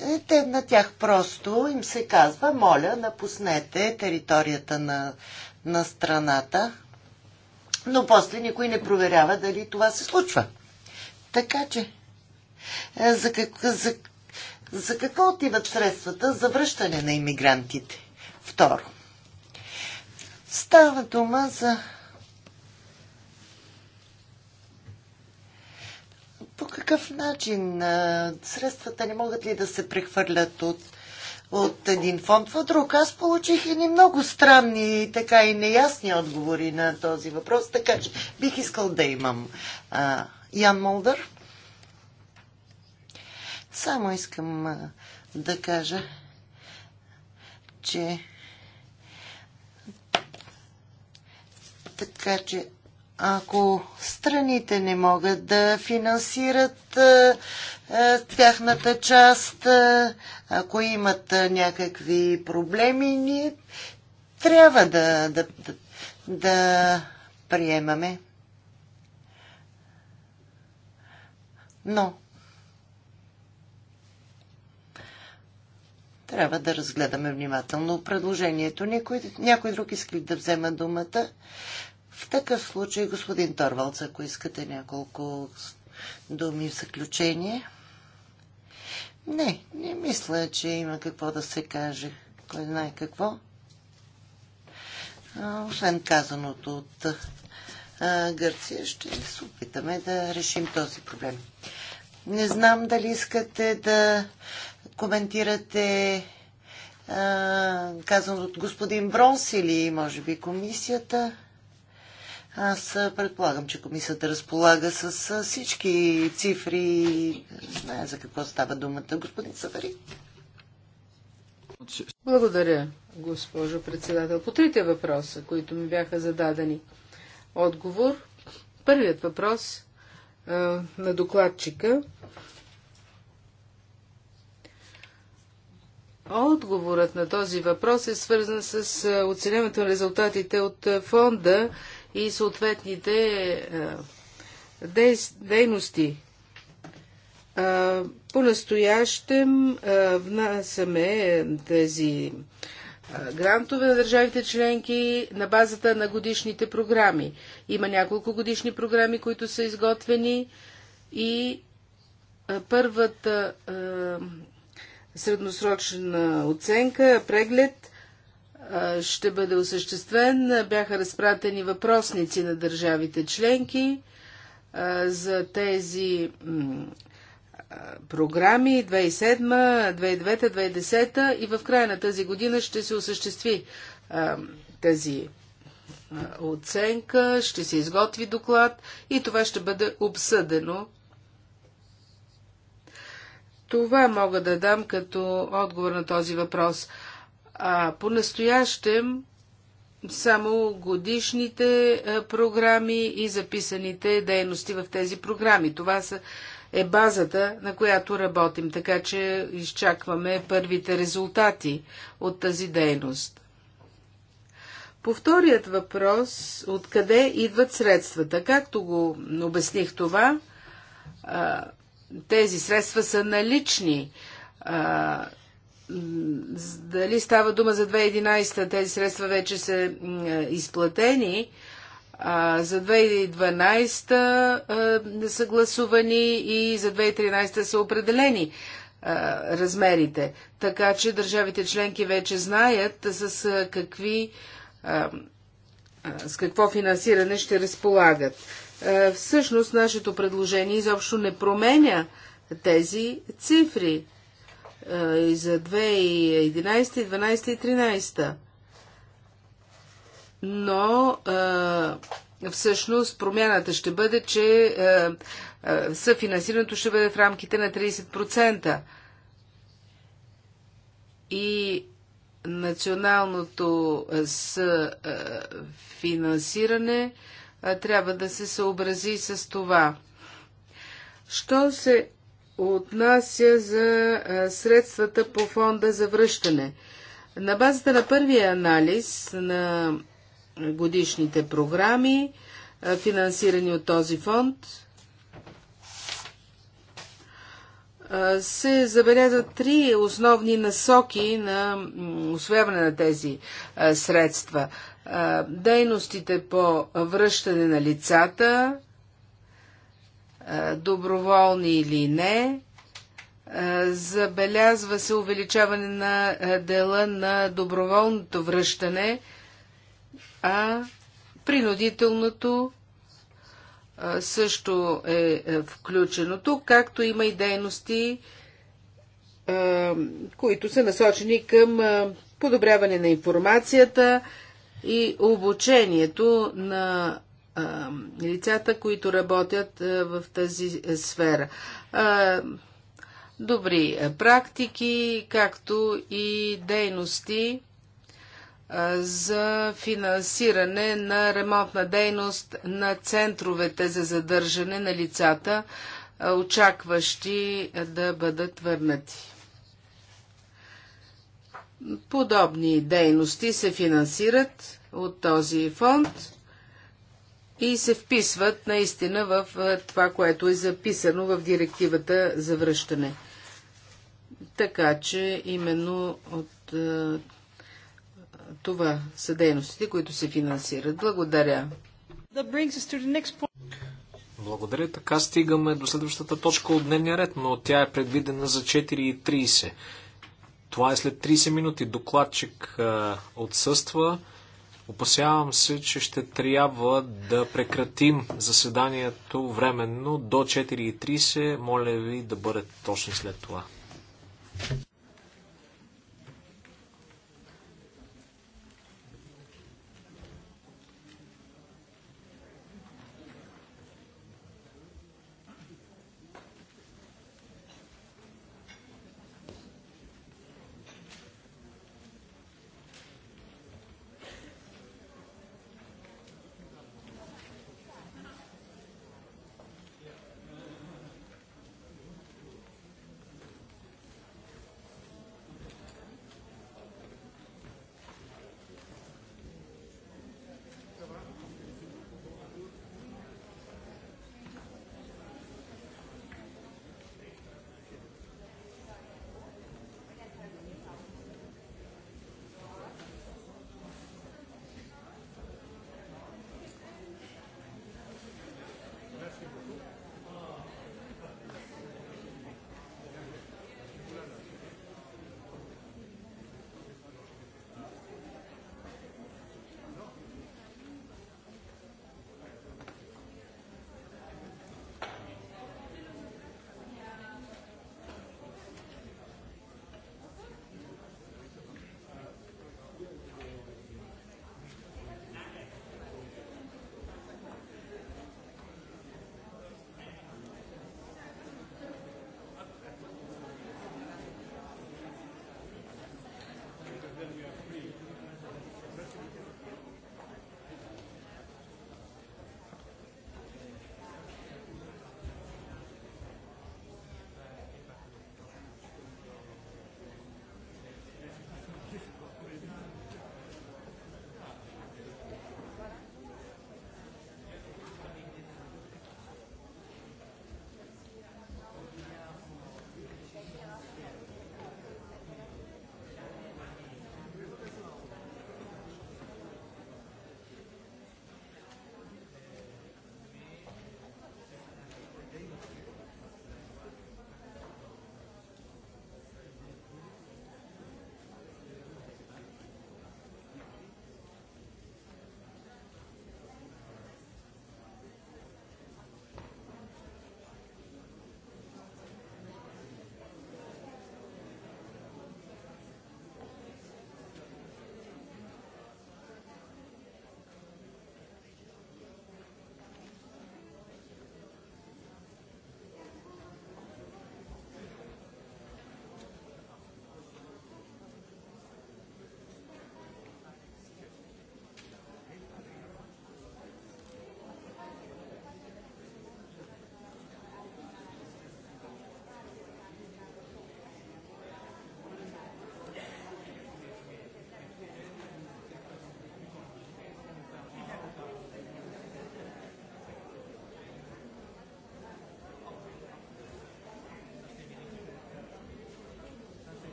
Е, те на тях просто им се казва, моля, напуснете територията на, на страната, но после никой не проверява дали това се случва. Така че, е, за, как, за, за какво отиват средствата за връщане на иммигрантите? Второ, става дума за по какъв начин е, средствата не могат ли да се прехвърлят от от един фонд в друг. Аз получих и много странни, така и неясни отговори на този въпрос, така че бих искал да имам. А, Ян Молдър? Само искам а, да кажа, че така че ако страните не могат да финансират а, е, тяхната част, е, ако имат е, някакви проблеми, ние трябва да, да, да, да приемаме. Но трябва да разгледаме внимателно предложението. Някой, някой друг иска да взема думата. В такъв случай, господин Торвалц, ако искате няколко думи в заключение. Не, не мисля, че има какво да се каже. Кой знае какво. освен казаното от а, Гърция, ще се опитаме да решим този проблем. Не знам дали искате да коментирате а, казаното от господин Бронс или може би комисията. Аз предполагам, че комисията разполага с всички цифри. Знае за какво става думата. Господин Савари. Благодаря, госпожо председател. По трите въпроса, които ми бяха зададени. Отговор. Първият въпрос а, на докладчика. Отговорът на този въпрос е свързан с оценяването на резултатите от фонда и съответните е, дейности. Е, по-настоящем е, внасяме тези грантове на държавите членки на базата на годишните програми. Има няколко годишни програми, които са изготвени и първата средносрочна оценка, преглед ще бъде осъществен. Бяха разпратени въпросници на държавите членки за тези програми 2007, 2009, 2010 и в края на тази година ще се осъществи тази оценка, ще се изготви доклад и това ще бъде обсъдено. Това мога да дам като отговор на този въпрос. А по-настоящем само годишните програми и записаните дейности в тези програми. Това са, е базата, на която работим, така че изчакваме първите резултати от тази дейност. По вторият въпрос, откъде идват средствата? Както го обясних това, тези средства са налични дали става дума за 2011, тези средства вече са е, изплатени, а за 2012 са гласувани и за 2013 са определени размерите. Така че държавите членки вече знаят с какви с какво финансиране ще разполагат. Всъщност нашето предложение изобщо не променя тези цифри. Е, и за 2011, 2012 и 2013. Но е, всъщност промяната ще бъде, че е, съфинансирането ще бъде в рамките на 30%. И националното съфинансиране трябва да се съобрази с това. Що се отнася за средствата по фонда за връщане. На базата на първия анализ на годишните програми, финансирани от този фонд, се забелязват три основни насоки на освояване на тези средства. Дейностите по връщане на лицата, е, доброволни или не. Е, забелязва се увеличаване на е, дела на доброволното връщане, а принудителното също е включено тук, както има и дейности, които са насочени към подобряване на информацията и обучението на лицата, които работят в тази сфера. Добри практики, както и дейности за финансиране на ремонтна дейност на центровете за задържане на лицата, очакващи да бъдат върнати. Подобни дейности се финансират от този фонд и се вписват наистина в това, което е записано в директивата за връщане. Така че именно от това са дейностите, които се финансират. Благодаря. Благодаря. Така стигаме до следващата точка от дневния ред, но тя е предвидена за 4.30. Това е след 30 минути. Докладчик отсъства. Опасявам се, че ще трябва да прекратим заседанието временно до 4.30. Моля ви да бъдете точни след това.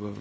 такива.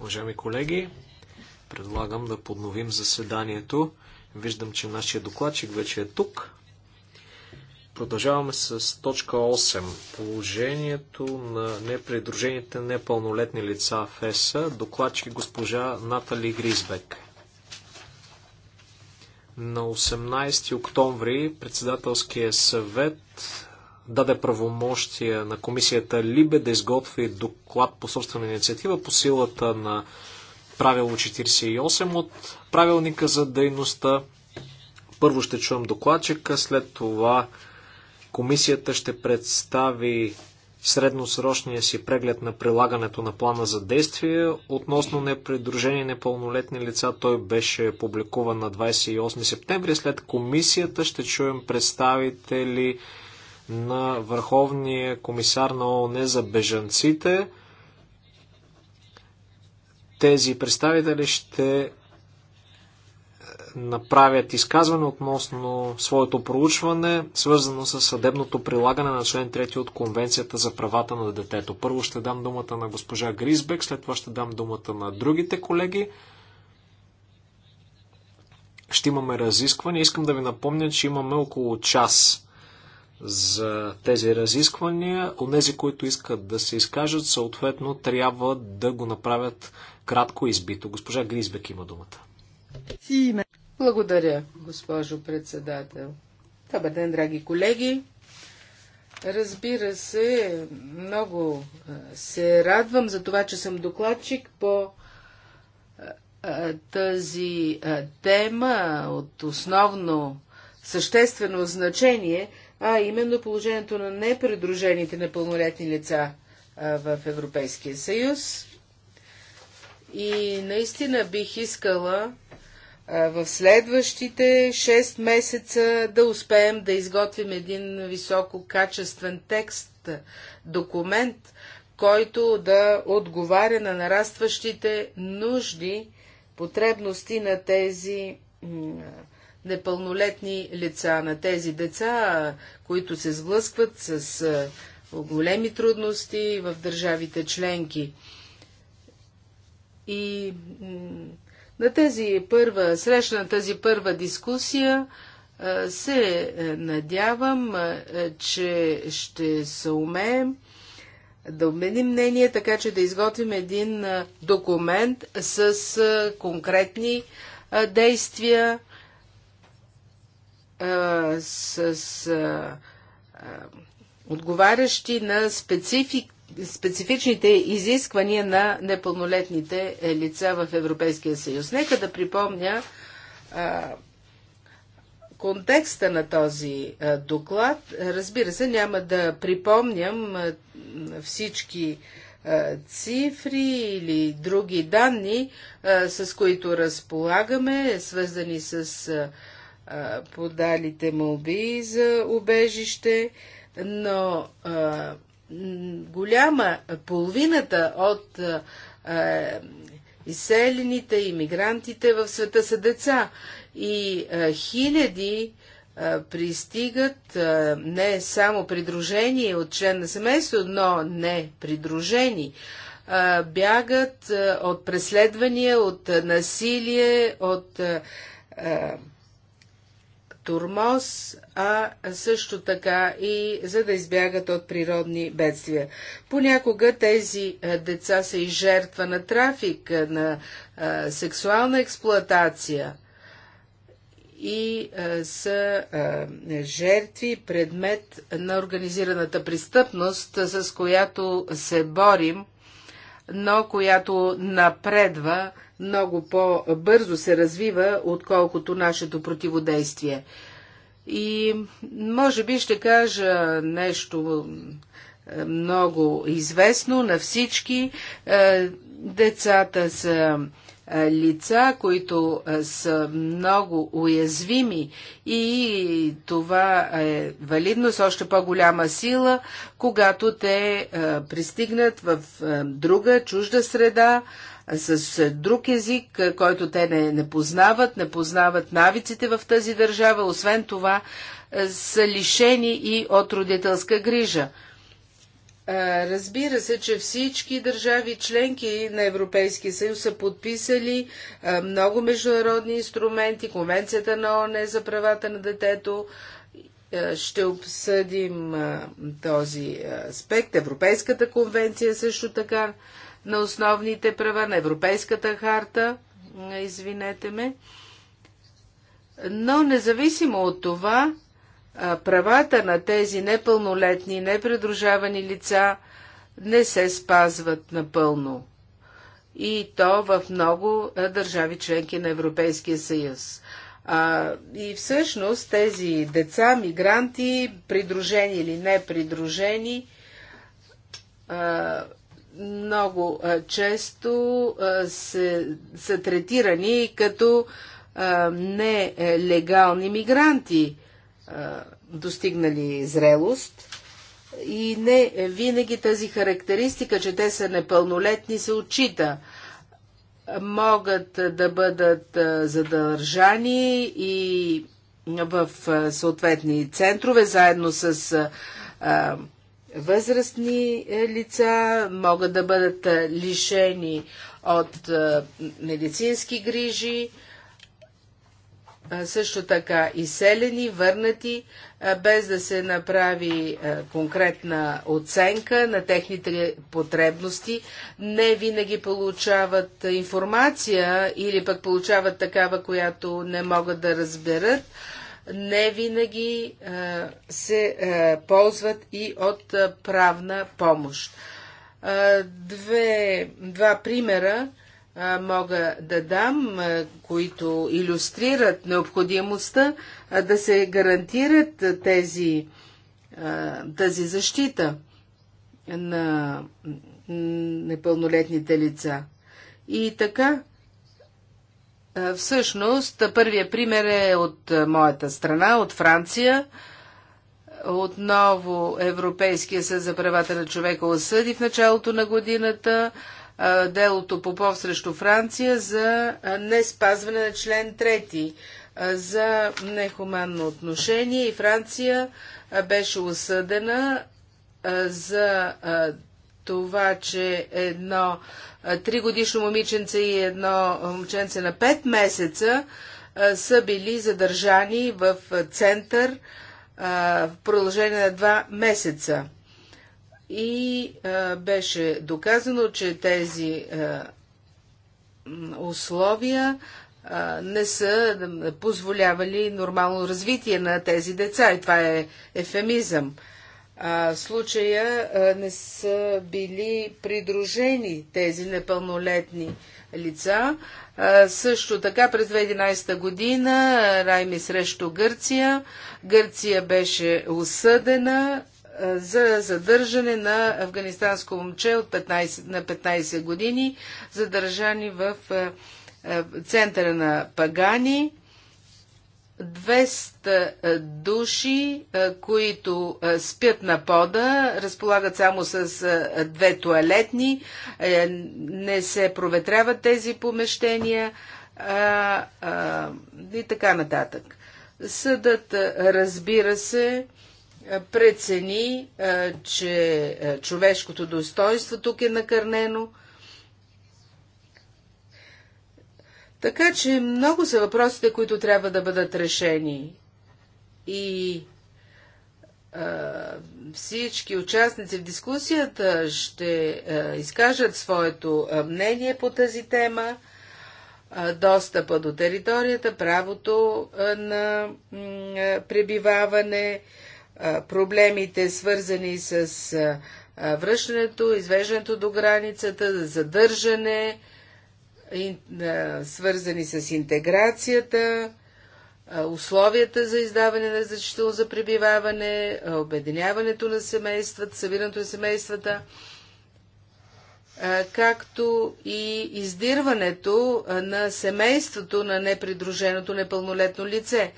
Уважаеми колеги, предлагам да подновим заседанието. Виждам, че нашия докладчик вече е тук. Продължаваме с точка 8. Положението на непридружените непълнолетни лица в ЕСА. Докладчик госпожа Натали Гризбек. На 18 октомври председателския съвет даде правомощия на комисията Либе да изготви доклад по собствена инициатива по силата на правило 48 от правилника за дейността. Първо ще чуем докладчика, след това комисията ще представи средносрочния си преглед на прилагането на плана за действие относно непридружени непълнолетни лица. Той беше публикуван на 28 септември. След комисията ще чуем представители на Върховния комисар на ООН за бежанците. Тези представители ще е, направят изказване относно своето проучване, свързано с съдебното прилагане на член 3 от Конвенцията за правата на детето. Първо ще дам думата на госпожа Гризбек, след това ще дам думата на другите колеги. Ще имаме разискване. Искам да ви напомня, че имаме около час за тези разисквания. Онези, които искат да се изкажат, съответно трябва да го направят кратко избито. Госпожа Гризбек има думата. Благодаря, госпожо председател. Добър ден, драги колеги. Разбира се, много се радвам за това, че съм докладчик по тази тема от основно съществено значение – а именно положението на непредружените непълнолетни лица в Европейския съюз. И наистина бих искала в следващите 6 месеца да успеем да изготвим един висококачествен текст, документ, който да отговаря на нарастващите нужди, потребности на тези непълнолетни лица, на тези деца, които се сблъскват с големи трудности в държавите членки. И на тези първа срещна на тази първа дискусия, се е, надявам, е, че ще се умеем да обменим мнение, така че да изготвим един документ с конкретни действия, а, с, с а, отговарящи на специфик, специфичните изисквания на непълнолетните лица в Европейския съюз. Нека да припомня а, контекста на този а, доклад. Разбира се, няма да припомням а, всички цифри или други данни, с които разполагаме, свързани с подалите молби за убежище, но а, голяма половината от а, изселените иммигрантите в света са деца и а, хиляди пристигат не само придружени от член на семейство, но не придружени. Бягат от преследвания, от насилие, от турмоз, а също така и за да избягат от природни бедствия. Понякога тези деца са и жертва на трафик, на сексуална експлоатация и са жертви, предмет на организираната престъпност, с която се борим, но която напредва много по-бързо се развива, отколкото нашето противодействие. И може би ще кажа нещо е, много известно на всички. Е, децата са е, лица, които са много уязвими и това е валидно с още по-голяма сила, когато те пристигнат в друга чужда среда, с е, друг език, е, който те не, не познават, не познават навиците в тази държава, освен това е, са лишени и от родителска грижа. Разбира се, че всички държави членки на Европейския съюз са подписали много международни инструменти, Конвенцията на ООН за правата на детето. Ще обсъдим този аспект, Европейската конвенция също така на основните права, на Европейската харта, извинете ме. Но независимо от това, правата на тези непълнолетни, непредружавани лица не се спазват напълно. И то в много държави членки на Европейския съюз. А, и всъщност тези деца, мигранти, придружени или непридружени, много често се, са третирани като нелегални мигранти, достигнали зрелост. И не винаги тази характеристика, че те са непълнолетни, се отчита. Могат да бъдат задържани и в съответни центрове, заедно с възрастни е, лица, могат да бъдат е, лишени от е, медицински грижи, също така и селени, върнати, без да се направи конкретна оценка на техните потребности, не винаги получават информация или пък получават такава, която не могат да разберат не винаги се ползват и от правна помощ. Две, два примера мога да дам, които иллюстрират необходимостта да се гарантират тези, тази защита на непълнолетните лица. И така, е, всъщност, първият пример е от е, моята страна, от Франция. Отново Европейския съд за правата на човека осъди в началото на годината е, делото Попов срещу Франция за не спазване на член 3 за нехуманно отношение и Франция беше осъдена за това, че едно тригодишно момиченце и едно момченце на 5 месеца са били задържани в център в продължение на 2 месеца. И беше доказано, че тези условия не са позволявали нормално развитие на тези деца. И това е ефемизъм а, случая а, не са били придружени тези непълнолетни лица. А, също така през 2011 година Райми срещу Гърция. Гърция беше осъдена за задържане на афганистанско момче от 15, на 15 години, задържани в а, центъра на Пагани. 200 е, души, е, които е, спят на пода, разполагат само с две туалетни, не се проветряват тези помещения и така нататък. Съдът, разбира се, прецени, че човешкото достоинство тук е накърнено – Така че много са въпросите, които трябва да бъдат решени. И а, всички участници в дискусията ще а, изкажат своето мнение по тази тема. А, достъпа до територията, правото на пребиваване, проблемите свързани с връщането, извеждането до границата, задържане, свързани с интеграцията, условията за издаване на разрешително за пребиваване, обединяването на семействата, събирането на семействата, както и издирването на семейството на непридруженото непълнолетно лице.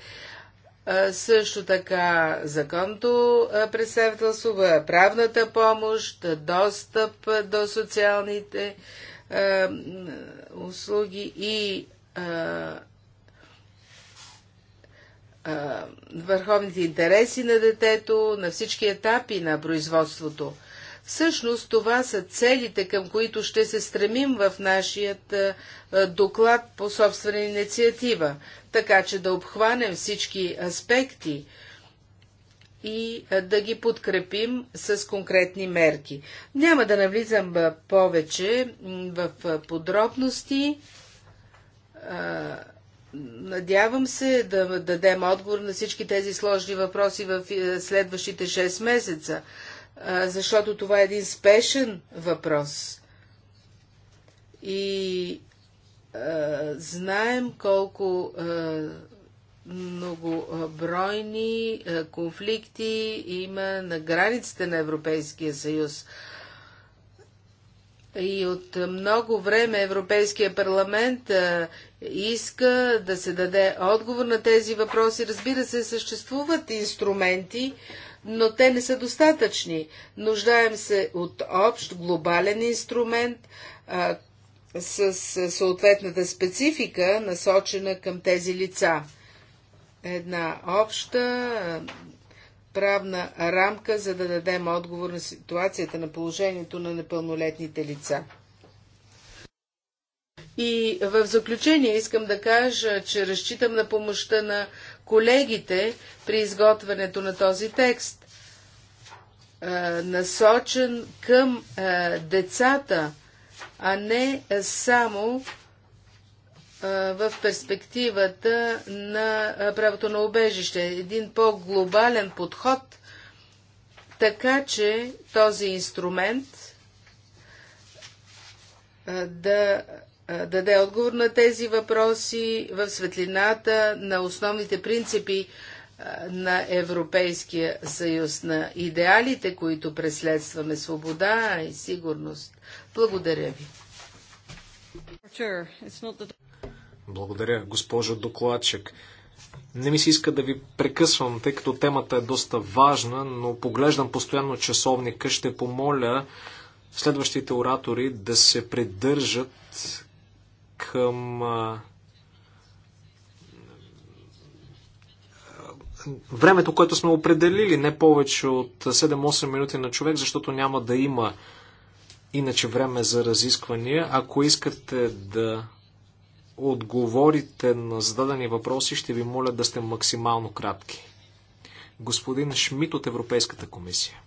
Също така законното представителство, правната помощ, достъп до социалните е, услуги и е, е, върховните интереси на детето на всички етапи на производството. Всъщност това са целите, към които ще се стремим в нашият доклад по собствена инициатива, така че да обхванем всички аспекти и да ги подкрепим с конкретни мерки. Няма да навлизам повече в подробности. Надявам се да дадем отговор на всички тези сложни въпроси в следващите 6 месеца, защото това е един спешен въпрос. И знаем колко многобройни е, конфликти има на границите на Европейския съюз. И от много време Европейския парламент е, иска да се даде отговор на тези въпроси. Разбира се, съществуват инструменти, но те не са достатъчни. Нуждаем се от общ глобален инструмент е, с съответната специфика, насочена към тези лица една обща правна рамка, за да дадем отговор на ситуацията на положението на непълнолетните лица. И в заключение искам да кажа, че разчитам на помощта на колегите при изготвянето на този текст, насочен към децата, а не само в перспективата на правото на убежище. Един по-глобален подход, така че този инструмент да даде отговор на тези въпроси в светлината на основните принципи на Европейския съюз, на идеалите, които преследстваме свобода и сигурност. Благодаря ви. Благодаря, госпожо докладчик. Не ми се иска да ви прекъсвам, тъй като темата е доста важна, но поглеждам постоянно часовника. Ще помоля следващите оратори да се придържат към времето, което сме определили, не повече от 7-8 минути на човек, защото няма да има иначе време за разисквания. Ако искате да отговорите на зададени въпроси, ще ви моля да сте максимално кратки. Господин Шмидт от Европейската комисия.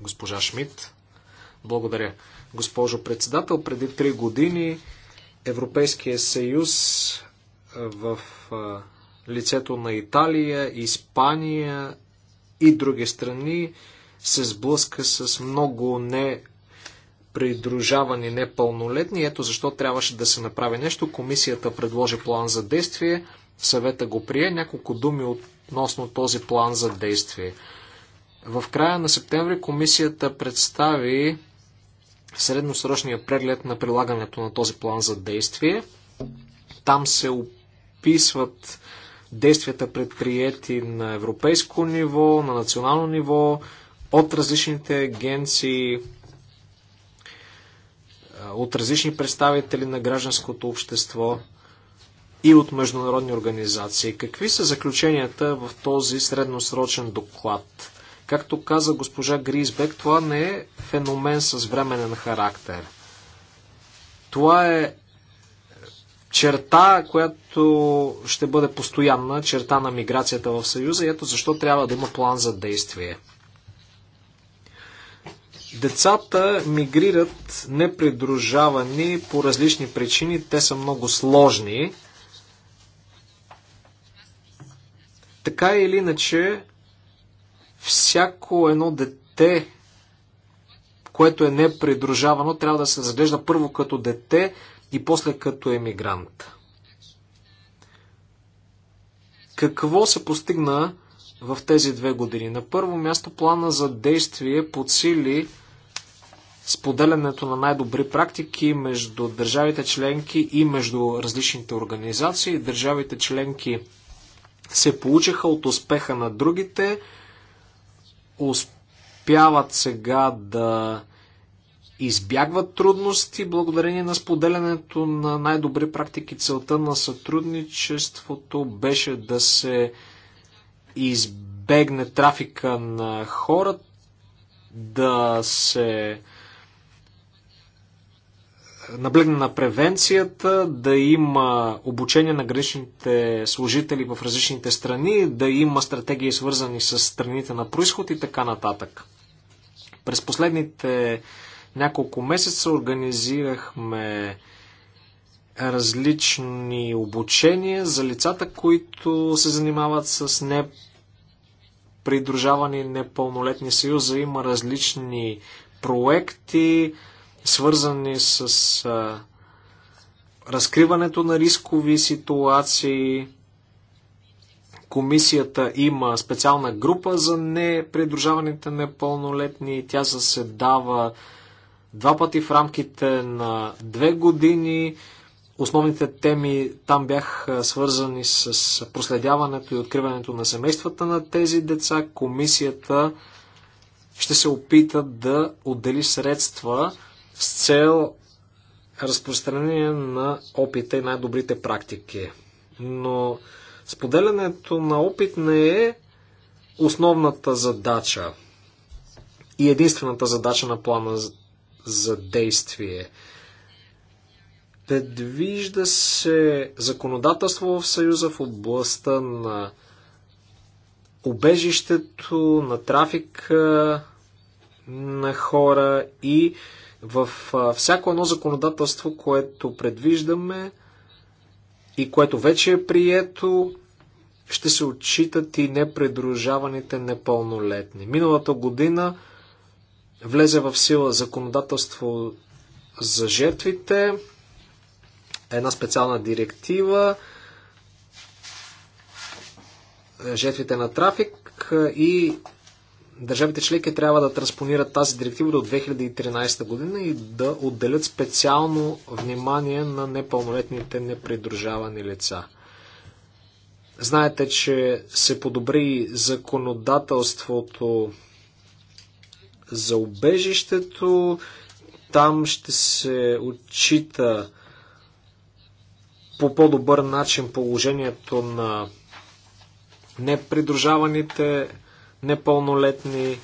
Госпожа Шмидт, благодаря. Госпожо председател, преди три години Европейския съюз в лицето на Италия, Испания и други страни се сблъска с много не придружавани непълнолетни. Ето защо трябваше да се направи нещо. Комисията предложи план за действие, съвета го прие. Няколко думи относно този план за действие. В края на септември комисията представи средносрочния преглед на прилагането на този план за действие. Там се описват действията предприяти на европейско ниво, на национално ниво, от различните агенции, от различни представители на гражданското общество и от международни организации. Какви са заключенията в този средносрочен доклад? Както каза госпожа Гризбек, това не е феномен с временен характер. Това е черта, която ще бъде постоянна, черта на миграцията в Съюза и ето защо трябва да има план за действие. Децата мигрират непридружавани по различни причини. Те са много сложни. Така или иначе, всяко едно дете, което е непридружавано, трябва да се заглежда първо като дете и после като емигрант. Какво се постигна в тези две години. На първо място плана за действие подсили споделянето на най-добри практики между държавите членки и между различните организации. Държавите членки се получиха от успеха на другите, успяват сега да избягват трудности благодарение на споделянето на най-добри практики. Целта на сътрудничеството беше да се избегне трафика на хора, да се наблегне на превенцията, да има обучение на граничните служители в различните страни, да има стратегии свързани с страните на происход и така нататък. През последните няколко месеца организирахме различни обучения за лицата, които се занимават с придружавани непълнолетни съюза. Има различни проекти, свързани с а, разкриването на рискови ситуации. Комисията има специална група за непридружаваните непълнолетни. Тя заседава два пъти в рамките на две години. Основните теми там бяха свързани с проследяването и откриването на семействата на тези деца. Комисията ще се опита да отдели средства с цел разпространение на опита и най-добрите практики. Но споделянето на опит не е основната задача и единствената задача на плана за действие. Предвижда се законодателство в Съюза в областта на убежището, на трафика на хора и в всяко едно законодателство, което предвиждаме и което вече е прието, ще се отчитат и непредружаваните непълнолетни. Миналата година влезе в сила законодателство за жертвите, една специална директива, е, жертвите на трафик е, и държавите членки трябва да транспонират тази директива до 2013 година и да отделят специално внимание на непълнолетните непридружавани лица. Знаете, че се подобри законодателството за убежището. Там ще се отчита по по-добър начин положението на непридружаваните, непълнолетни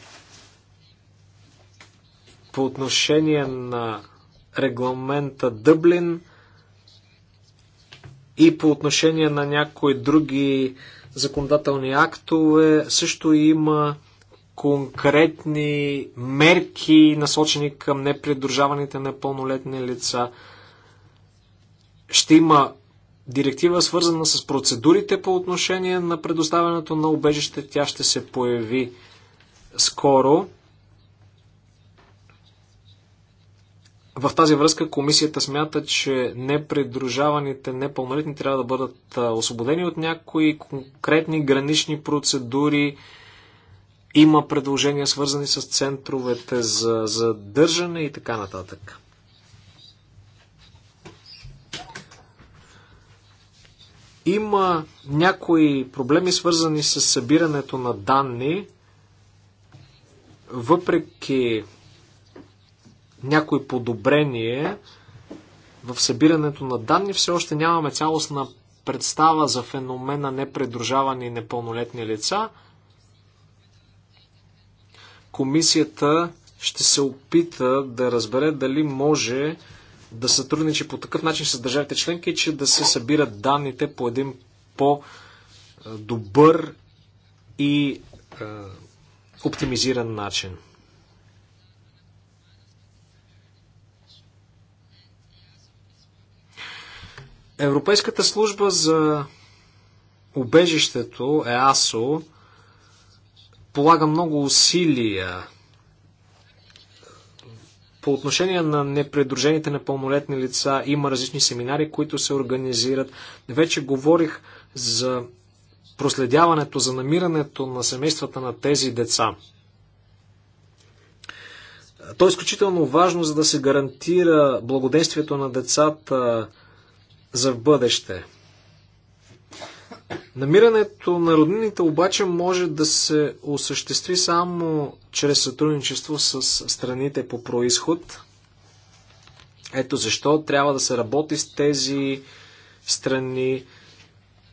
по отношение на регламента Дъблин и по отношение на някои други законодателни актове също има конкретни мерки, насочени към непридружаваните непълнолетни лица. Ще има директива, свързана с процедурите по отношение на предоставянето на убежище. Тя ще се появи скоро. В тази връзка комисията смята, че непридружаваните непълнолетни трябва да бъдат освободени от някои конкретни гранични процедури. Има предложения свързани с центровете за задържане и така нататък. Има някои проблеми, свързани с събирането на данни, въпреки някои подобрение в събирането на данни, все още нямаме цялостна представа за феномена непредружавани и непълнолетни лица. Комисията ще се опита да разбере дали може да сътрудничи по такъв начин с държавите членки, че да се събират данните по един по-добър и е, оптимизиран начин. Европейската служба за убежището ЕАСО полага много усилия по отношение на непредружените непълнолетни лица има различни семинари, които се организират. Вече говорих за проследяването, за намирането на семействата на тези деца. То е изключително важно, за да се гарантира благодействието на децата за в бъдеще. Намирането на роднините обаче може да се осъществи само чрез сътрудничество с страните по происход. Ето защо трябва да се работи с тези страни,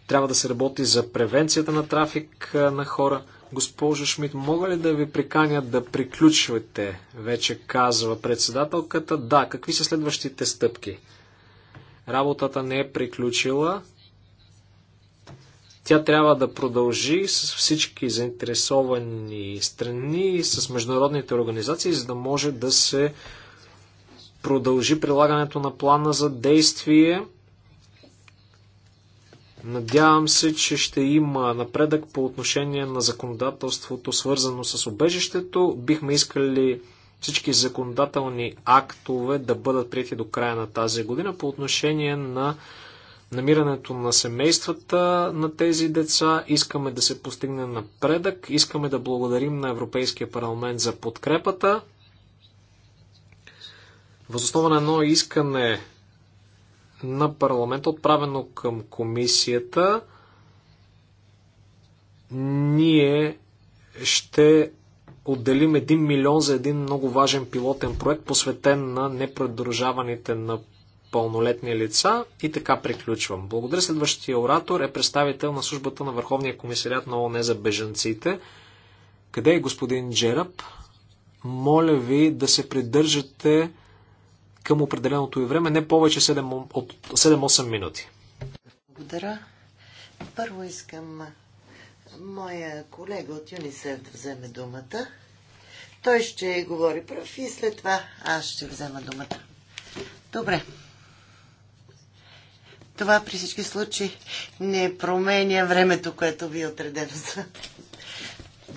трябва да се работи за превенцията на трафик на хора. Госпожо Шмидт, мога ли да ви приканя да приключвате, вече казва председателката. Да, какви са следващите стъпки? Работата не е приключила. Тя трябва да продължи с всички заинтересовани страни, и с международните организации, за да може да се продължи прилагането на плана за действие. Надявам се, че ще има напредък по отношение на законодателството, свързано с обежището. Бихме искали всички законодателни актове да бъдат прияти до края на тази година по отношение на намирането на семействата на тези деца. Искаме да се постигне напредък. Искаме да благодарим на Европейския парламент за подкрепата. Възоснова на едно искане на парламента, отправено към комисията, ние ще отделим 1 милион за един много важен пилотен проект, посветен на непредружаваните на пълнолетни лица и така приключвам. Благодаря. Следващия оратор е представител на службата на Върховния комисарят на ООН за бежанците. Къде е господин Джераб? Моля ви да се придържате към определеното ви време, не повече 7, от 7-8 минути. Благодаря. Първо искам моя колега от ЮНИСЕФ да вземе думата. Той ще говори прав, и след това аз ще взема думата. Добре. Това при всички случаи не променя времето, което ви е отредено за.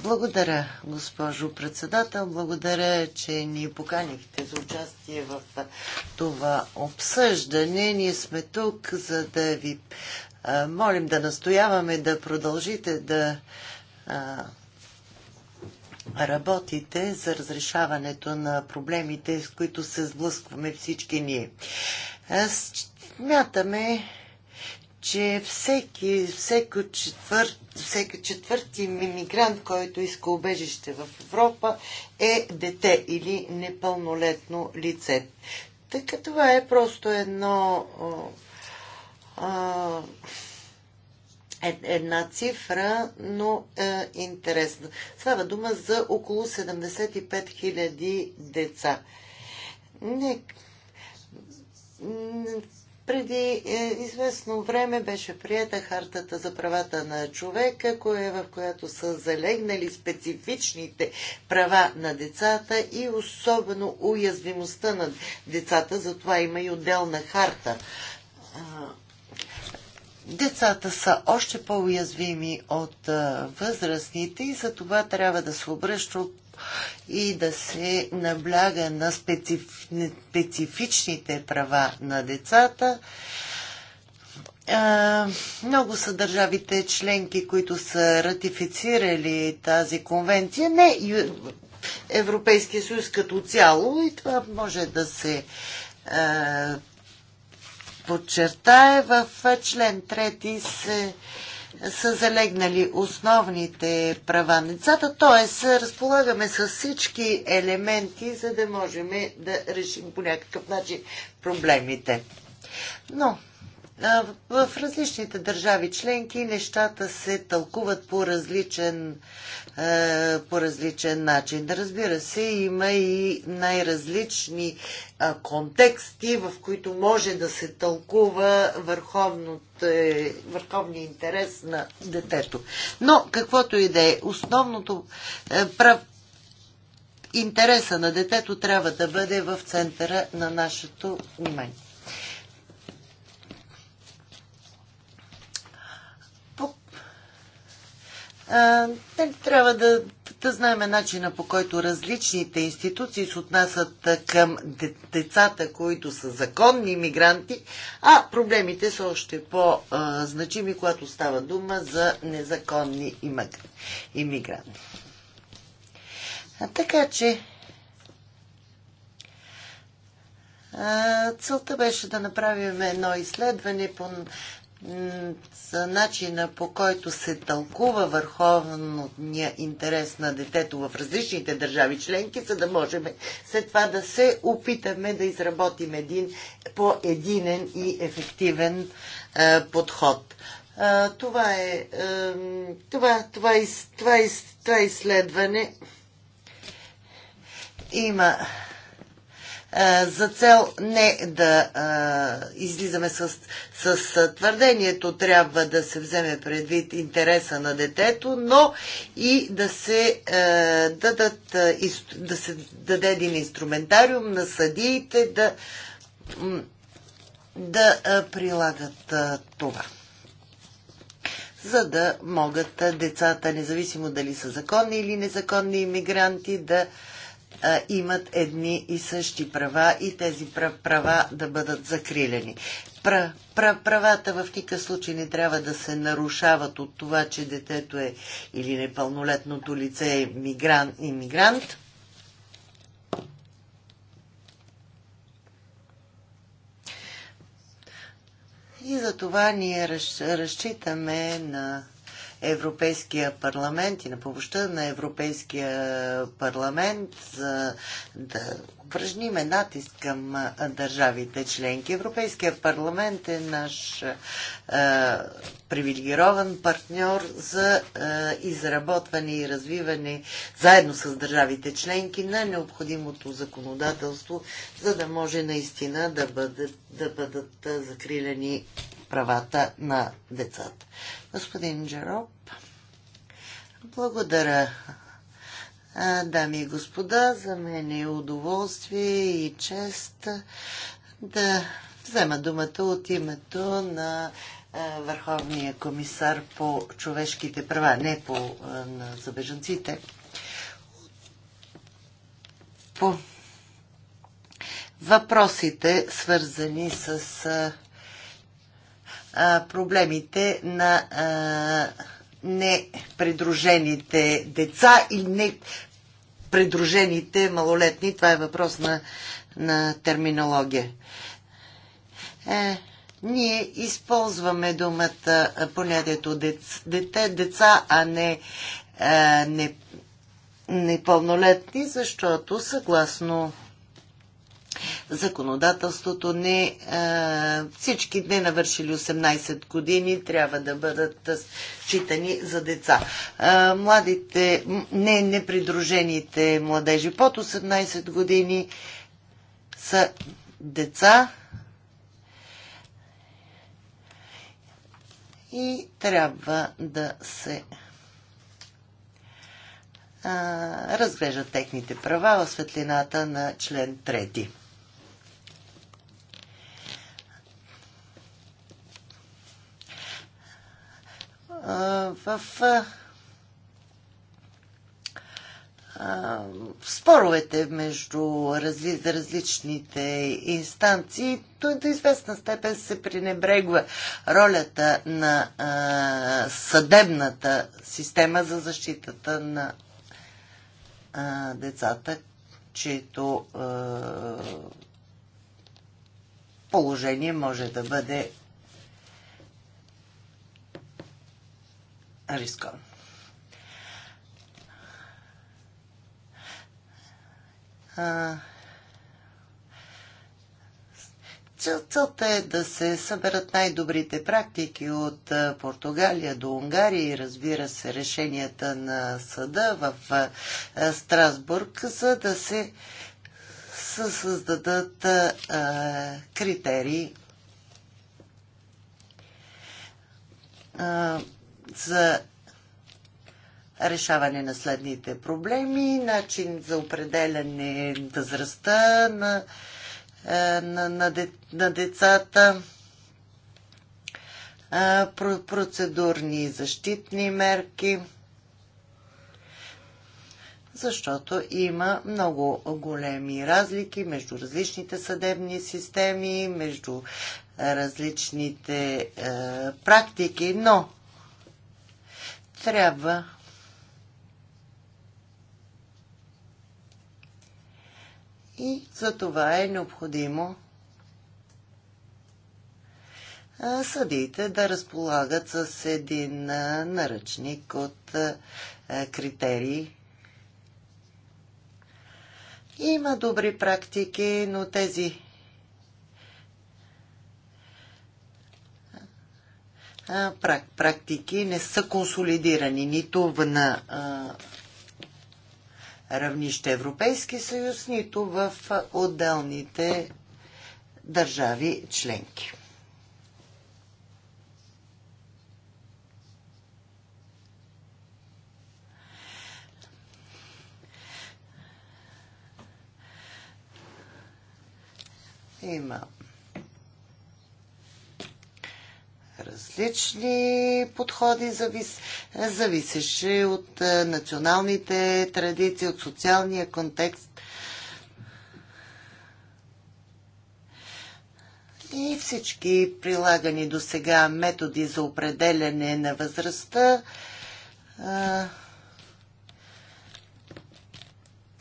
Благодаря, госпожо председател. Благодаря, че ни поканихте за участие в това обсъждане. Ние сме тук, за да ви а, молим да настояваме да продължите да а, работите за разрешаването на проблемите, с които се сблъскваме всички ние. Аз Смятаме, че всеки, всеки, четвърт, всеки четвърти мигрант, който иска убежище в Европа, е дете или непълнолетно лице. Така това е просто едно а, е, една цифра, но е, интересна. Става дума за около 75 000 деца. Не, преди е, известно време беше прията хартата за правата на човека, кое, в която са залегнали специфичните права на децата и особено уязвимостта на децата. Затова има и отделна харта. Децата са още по-уязвими от възрастните и за това трябва да се обръща и да се набляга на специфичните права на децата. Много са държавите членки, които са ратифицирали тази конвенция. Не Европейския съюз като цяло и това може да се подчертае в член 3 се са залегнали основните права на децата, т.е. разполагаме с всички елементи, за да можем да решим по някакъв начин проблемите. Но в различните държави членки нещата се тълкуват по различен, по различен начин. Разбира се, има и най-различни контексти, в които може да се тълкува е, върховния интерес на детето. Но каквото и да е, основното е, прав, интереса на детето трябва да бъде в центъра на нашето внимание. а, трябва да, да знаем начина по който различните институции се отнасят към децата, които са законни мигранти, а проблемите са още по-значими, когато става дума за незаконни иммигранти. А, така че целта беше да направим едно изследване по за начина по който се тълкува върховния интерес на детето в различните държави членки, за да можем след това да се опитаме да изработим един по-единен и ефективен е, подход. Е, това е, е това, това, из, това, из, това изследване има за цел не да излизаме с, с твърдението, трябва да се вземе предвид интереса на детето, но и да се, дадат, да се даде един инструментариум на съдиите да, да прилагат това за да могат децата, независимо дали са законни или незаконни иммигранти, да а, имат едни и същи права и тези права да бъдат закрилени. Правата в никакъв случай не трябва да се нарушават от това, че детето е или непълнолетното лице е мигрант, иммигрант. И за това ние разчитаме на Европейския парламент и на помощта на Европейския парламент за да упражниме натиск към държавите членки. Европейския парламент е наш е, привилегирован партньор за е, изработване и развиване заедно с държавите членки на необходимото законодателство, за да може наистина да бъдат, да бъдат закрилени правата на децата. Господин Джероп, благодаря. Дами и господа, за мен е удоволствие и чест да взема думата от името на Върховния комисар по човешките права, не по, на, за бежанците. По въпросите, свързани с проблемите на непредружените деца и непредружените малолетни. Това е въпрос на, на терминология. Е, ние използваме думата, понятието дете, деца, а не, непълнолетни, не непълнолетни, защото съгласно законодателството не... Е, всички не навършили 18 години трябва да бъдат читани за деца. Е, младите, не непридружените младежи под 18 години са деца и трябва да се е, разглеждат техните права в светлината на член 3. в споровете между разли, различните инстанции до, до известна степен се пренебрегва ролята на а, съдебната система за защитата на а, децата, чието а, положение може да бъде рискова. целта е да се съберат най-добрите практики от Португалия до Унгария и разбира се решенията на съда в Страсбург, за да се създадат критерии за решаване на следните проблеми, начин за определяне възрастта на, е, на, на, де, на децата, е, процедурни защитни мерки, защото има много големи разлики между различните съдебни системи, между различните е, практики, но трябва и за това е необходимо съдиите да разполагат с един наръчник от критерии. Има добри практики, но тези практики не са консолидирани нито на равнище Европейски съюз, нито в отделните държави членки. Има различни подходи, завис... зависеше от националните традиции, от социалния контекст. И всички прилагани до сега методи за определяне на възрастта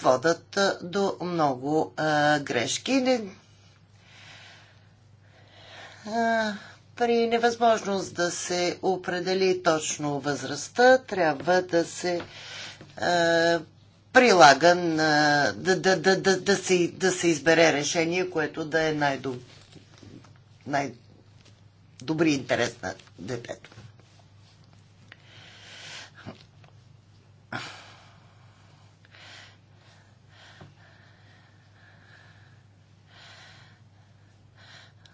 водат до много а, грешки. А, при невъзможност да се определи точно възрастта, трябва да се е, прилага, на, да, да, да, да, да, се, да се избере решение, което да е най-добри най интерес на детето.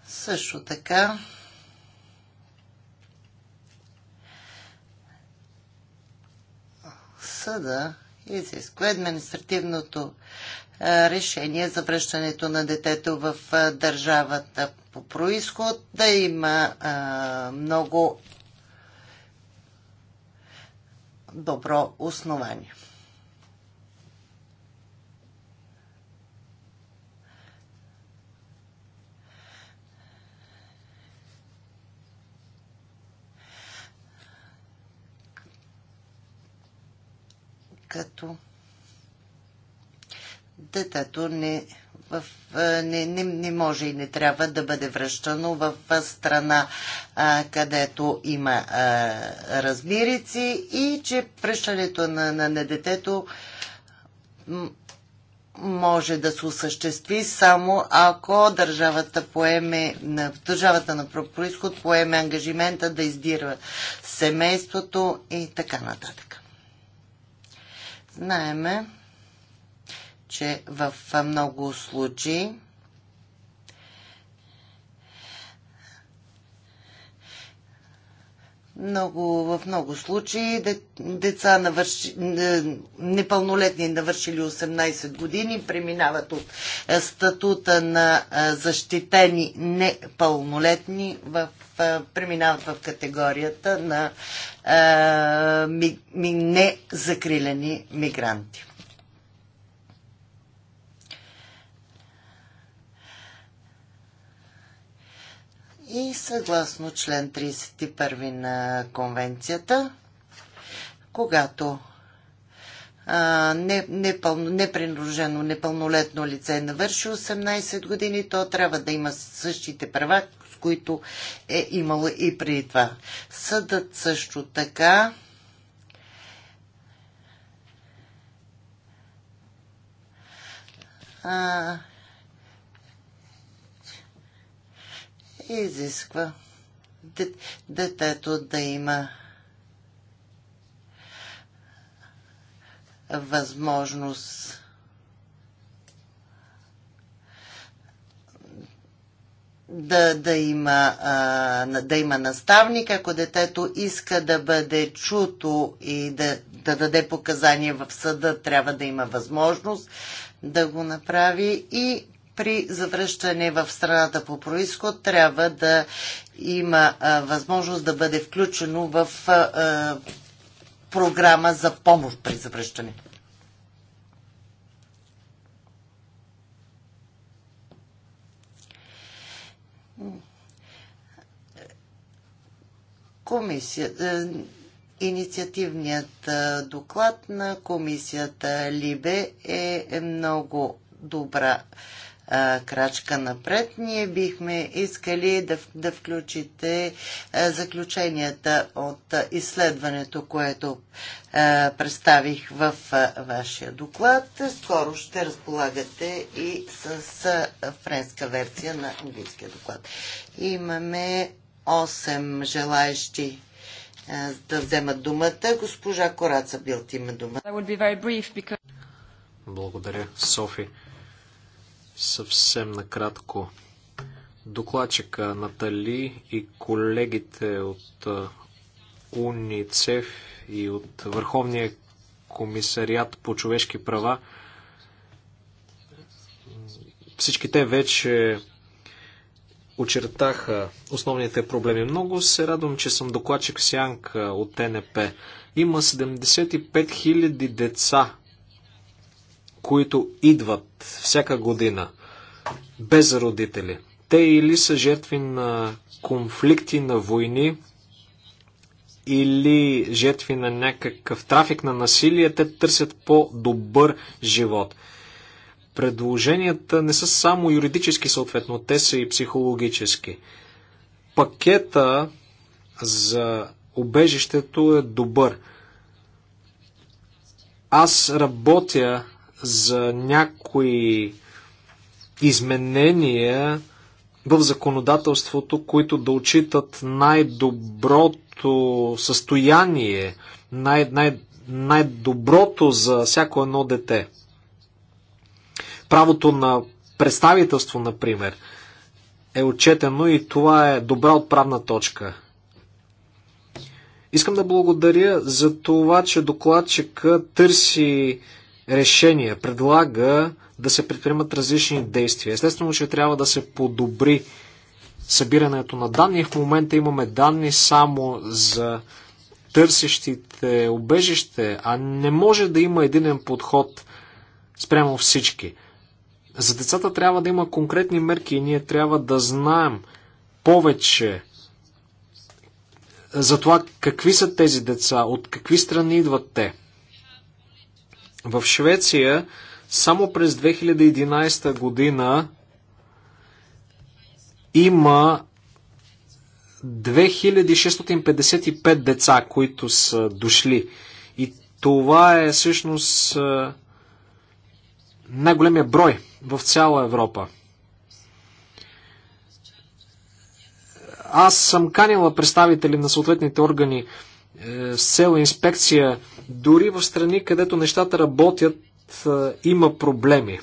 Също така, съда изисква административното решение за връщането на детето в държавата по происход, да има много добро основание. като детето не, в, не, не, не може и не трябва да бъде връщано в страна, а, където има а, размирици и че връщането на, на, на детето може да се осъществи само ако държавата поеме, държавата на происход поеме ангажимента да издира семейството и така нататък. Знаеме, че в много случаи много, в много случаи деца навърши, е, непълнолетни навършили 18 години преминават от е, статута на е, защитени непълнолетни в преминават в категорията на незакрилени мигранти. И съгласно член 31 на конвенцията, когато непринужено непълнолетно лице е навърши 18 години, то трябва да има същите права, с които е имало и преди това. Съдът също така а, изисква детето да има възможност да, да, има, а, да има наставник, ако детето иска да бъде чуто и да, да даде показания в съда, трябва да има възможност да го направи и при завръщане в страната по происход трябва да има възможност да бъде включено в програма за помощ при завръщане. Комисия, е, инициативният е, доклад на комисията Либе е, е много добра крачка напред. Ние бихме искали да, да включите а, заключенията от а, изследването, което а, представих в а, вашия доклад. Скоро ще разполагате и с а, френска версия на английския доклад. Имаме 8 желаещи да вземат думата. Госпожа Кораца Билт има думата. Благодаря, Софи. Съвсем накратко. Докладчика Натали и колегите от УНИЦЕФ и от Върховния комисариат по човешки права всички те вече очертаха основните проблеми. Много се радвам, че съм докладчик Сянка от ТНП. Има 75 000 деца които идват всяка година без родители. Те или са жертви на конфликти, на войни, или жертви на някакъв трафик на насилие, те търсят по-добър живот. Предложенията не са само юридически, съответно, те са и психологически. Пакета за убежището е добър. Аз работя за някои изменения в законодателството, които да отчитат най-доброто състояние, най- най- най-доброто за всяко едно дете. Правото на представителство, например, е отчетено и това е добра отправна точка. Искам да благодаря за това, че докладчика търси решения, предлага да се предприемат различни действия. Естествено, че трябва да се подобри събирането на данни. В момента имаме данни само за търсещите обежище, а не може да има единен подход спрямо всички. За децата трябва да има конкретни мерки и ние трябва да знаем повече за това какви са тези деца, от какви страни идват те. В Швеция само през 2011 година има 2655 деца, които са дошли. И това е всъщност най-големия брой в цяла Европа. Аз съм канила представители на съответните органи е, с цел инспекция, дори в страни, където нещата работят, е, има проблеми.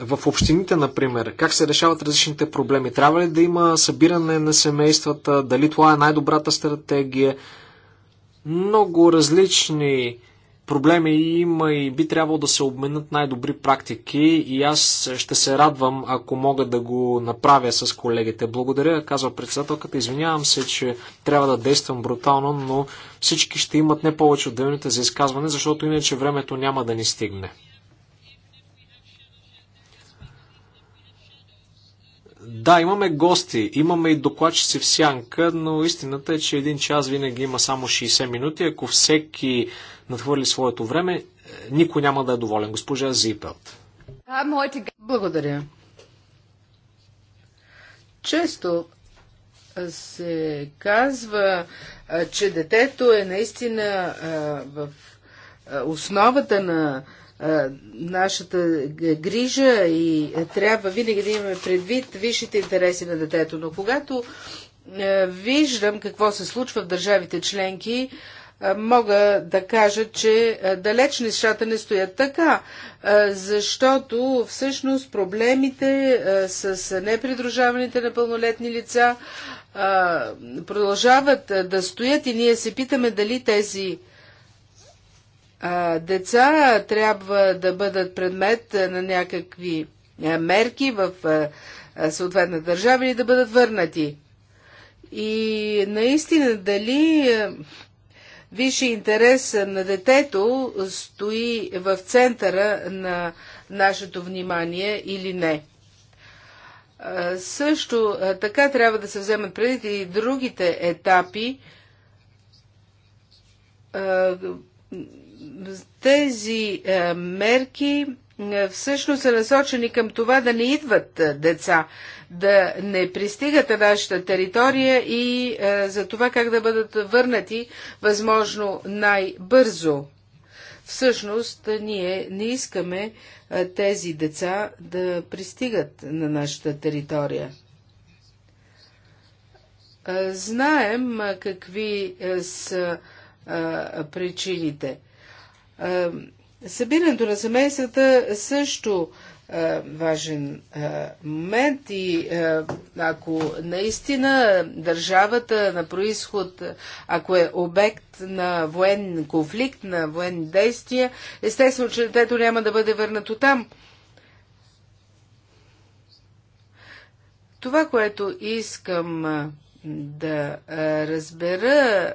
В общините, например, как се решават различните проблеми? Трябва ли да има събиране на семействата? Дали това е най-добрата стратегия? Много различни проблеми има и би трябвало да се обменят най-добри практики и аз ще се радвам, ако мога да го направя с колегите. Благодаря, казва председателката. Извинявам се, че трябва да действам брутално, но всички ще имат не повече от две за изказване, защото иначе времето няма да ни стигне. Да, имаме гости, имаме и докладчици в сянка, но истината е, че един час винаги има само 60 минути. Ако всеки надхвърли своето време, е, никой няма да е доволен. Госпожа Зипелт. Благодаря. Често се казва, че детето е наистина в основата на нашата грижа и трябва винаги да имаме предвид висшите интереси на детето. Но когато виждам какво се случва в държавите членки, е, мога да кажа, че е, далеч нещата не стоят така, е, защото всъщност проблемите с непридружаваните на пълнолетни лица продължават да стоят и ние се питаме дали тези деца трябва да бъдат предмет на някакви мерки в съответна държава или да бъдат върнати. И наистина дали Висши интерес на детето стои в центъра на нашето внимание или не. Също така трябва да се вземат преди и другите етапи. Тези мерки е, всъщност са насочени към това да не идват е, деца, да не пристигат на нашата територия и е, за това как да бъдат върнати възможно най-бързо. Всъщност, ние не искаме тези деца да пристигат на нашата територия. знаем какви са причините Събирането на семействата също е, важен е, момент и е, ако наистина държавата на происход, ако е обект на военен конфликт, на военни действия, естествено, че детето няма да бъде върнато там. Това, което искам да разбера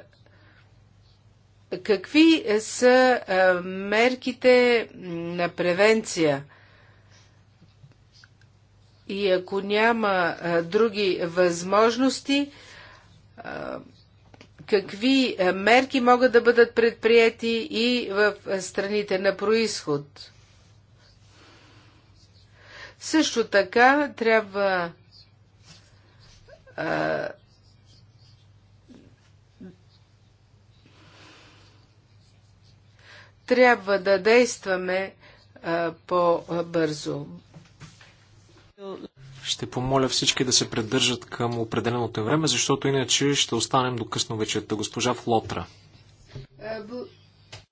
Какви са е, мерките на превенция? И ако няма е, други възможности, е, какви мерки могат да бъдат предприяти и в страните на происход? Също така трябва трябва да действаме по-бързо. Ще помоля всички да се придържат към определеното време, защото иначе ще останем до късно вечерта. Госпожа Флотра.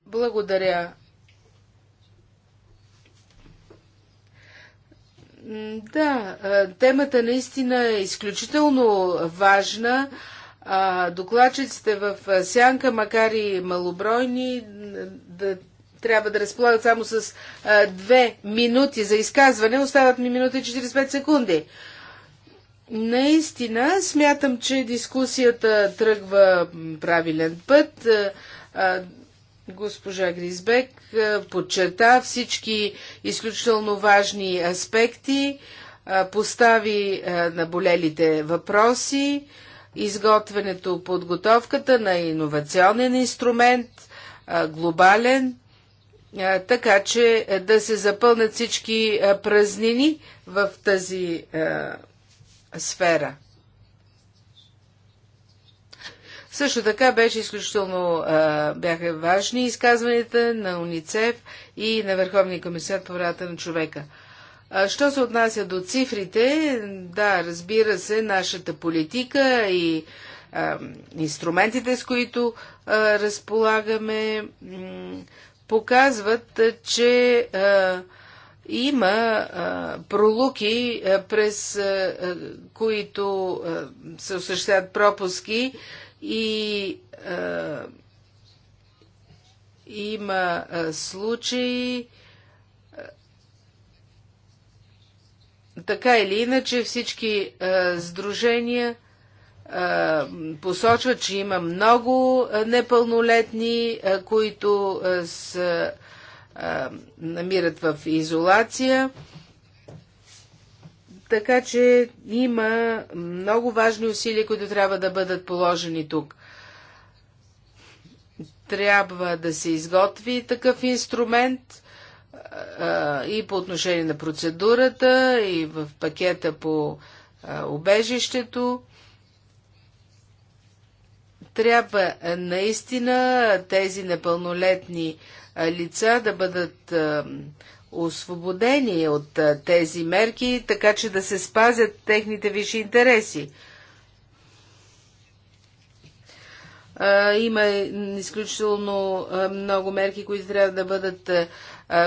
Благодаря. Да, темата наистина е изключително важна. Докладчиците в Сянка, макар и малобройни, да трябва да разполагат само с а, две минути за изказване, остават ми минута и 45 секунди. Наистина, смятам, че дискусията тръгва правилен път. А, госпожа Гризбек а, подчерта всички изключително важни аспекти, а, постави а, наболелите въпроси, изготвянето, подготовката на иновационен инструмент – глобален, така че е, да се запълнат всички празнини в тази сфера. Също така беше изключително бяха важни изказванията на УНИЦЕФ и на Върховния комисар по правата на човека. що се отнася до цифрите, да, разбира се, нашата политика и инструментите, с които разполагаме, показват, че има пролуки, през които се осъществяват пропуски и има случаи, така или иначе всички а, сдружения посочва, че има много непълнолетни, които се намират в изолация. Така че има много важни усилия, които трябва да бъдат положени тук. Трябва да се изготви такъв инструмент и по отношение на процедурата, и в пакета по обежището. Трябва наистина тези непълнолетни лица да бъдат освободени от тези мерки, така че да се спазят техните висши интереси. Има изключително много мерки, които трябва да бъдат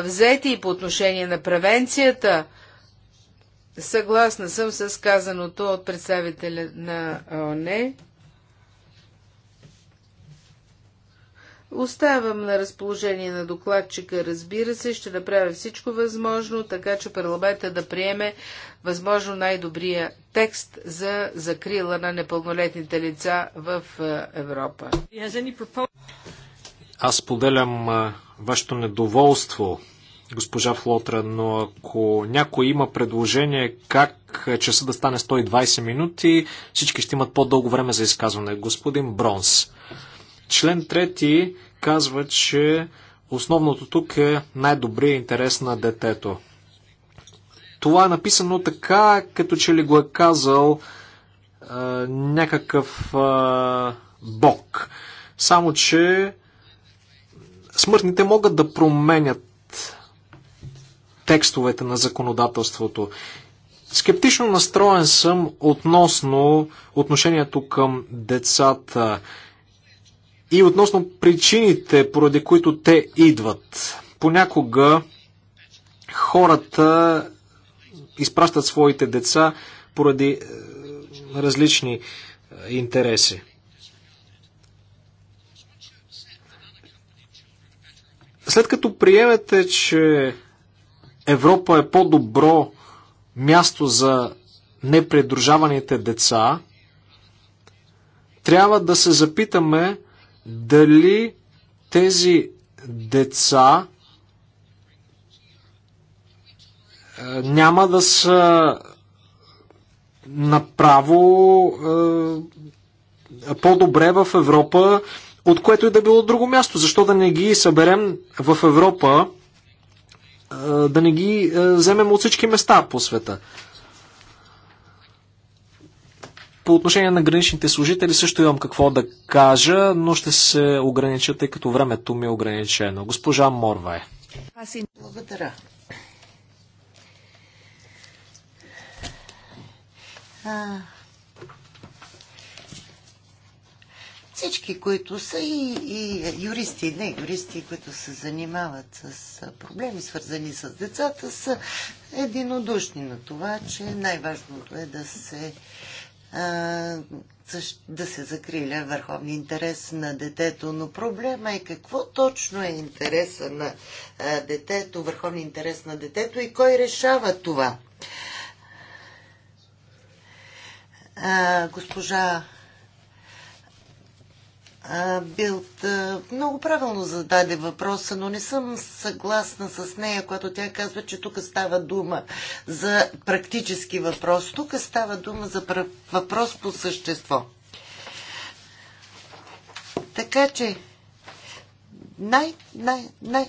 взети по отношение на превенцията. Съгласна съм с казаното от представителя на ОНЕ. Оставам на разположение на докладчика, разбира се, ще направя всичко възможно, така че парламента да приеме възможно най-добрия текст за закрила на непълнолетните лица в е, Европа. Аз поделям е, вашето недоволство, госпожа Флотра, но ако някой има предложение как е, часа да стане 120 минути, всички ще имат по-дълго време за изказване. Господин Бронс. Член 3 казва, че основното тук е най-добрия интерес на детето. Това е написано така, като че ли го е казал е, някакъв е, бог. Само, че смъртните могат да променят текстовете на законодателството. Скептично настроен съм относно отношението към децата и относно причините, поради които те идват. Понякога хората изпращат своите деца поради е, различни е, интереси. След като приемете, че Европа е по-добро място за непредружаваните деца, трябва да се запитаме дали тези деца е, няма да са направо е, по-добре в Европа, от което и да било друго място. Защо да не ги съберем в Европа, е, да не ги вземем от всички места по света? По отношение на граничните служители също имам какво да кажа, но ще се огранича, тъй като времето ми е ограничено. Госпожа е. Аз им благодаря. всички, които са и, и юристи, не юристи, които се занимават с проблеми, свързани с децата, са единодушни на това, че най-важното е да се да се закриля върховния интерес на детето. Но проблема е какво точно е интереса на детето, върховния интерес на детето и кой решава това. госпожа Билт много правилно зададе въпроса, но не съм съгласна с нея, когато тя казва, че тук става дума за практически въпрос. Тук става дума за въпрос по същество. Така че най, най, най,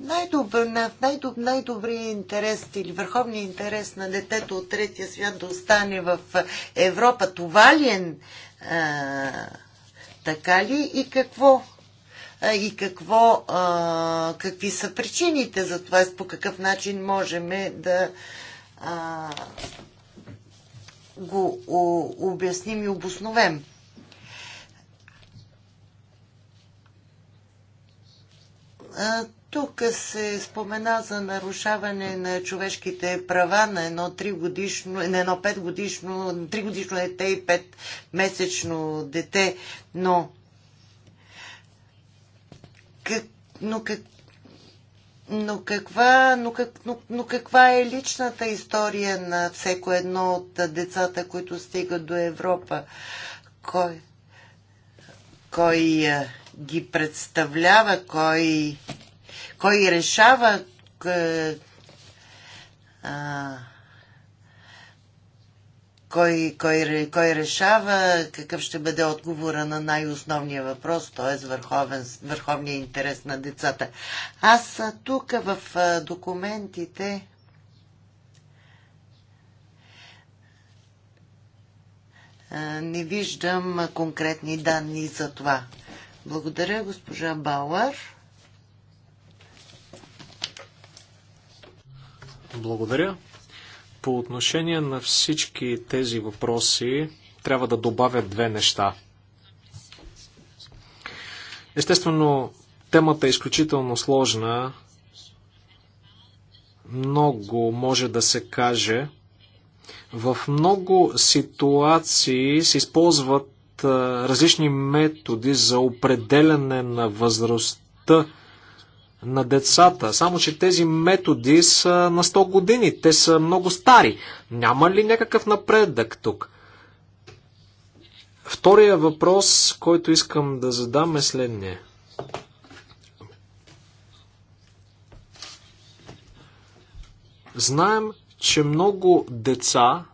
най-добър, най-доб, най-добрият интерес или върховният интерес на детето от третия свят да остане в Европа. Това ли е така ли и какво? И какво, а, какви са причините за това по какъв начин можем да а, го о, обясним и обосновем? А, тук се спомена за нарушаване на човешките права на едно 3 годишно, на едно 5 годишно, 3 годишно дете и 5 месечно дете, но как, но как, но каква, но, как, но, но каква е личната история на всеко едно от децата, които стигат до Европа? Кой, кой ги представлява, кой кой решава кой, кой, кой решава какъв ще бъде отговора на най-основния въпрос, т.е. Върховен, върховния интерес на децата. Аз тук в документите не виждам конкретни данни за това. Благодаря, госпожа Бауър. Благодаря. По отношение на всички тези въпроси, трябва да добавя две неща. Естествено, темата е изключително сложна. Много може да се каже. В много ситуации се използват различни методи за определяне на възрастта на децата. Само, че тези методи са на 100 години. Те са много стари. Няма ли някакъв напредък тук? Втория въпрос, който искам да задам е следния. Знаем, че много деца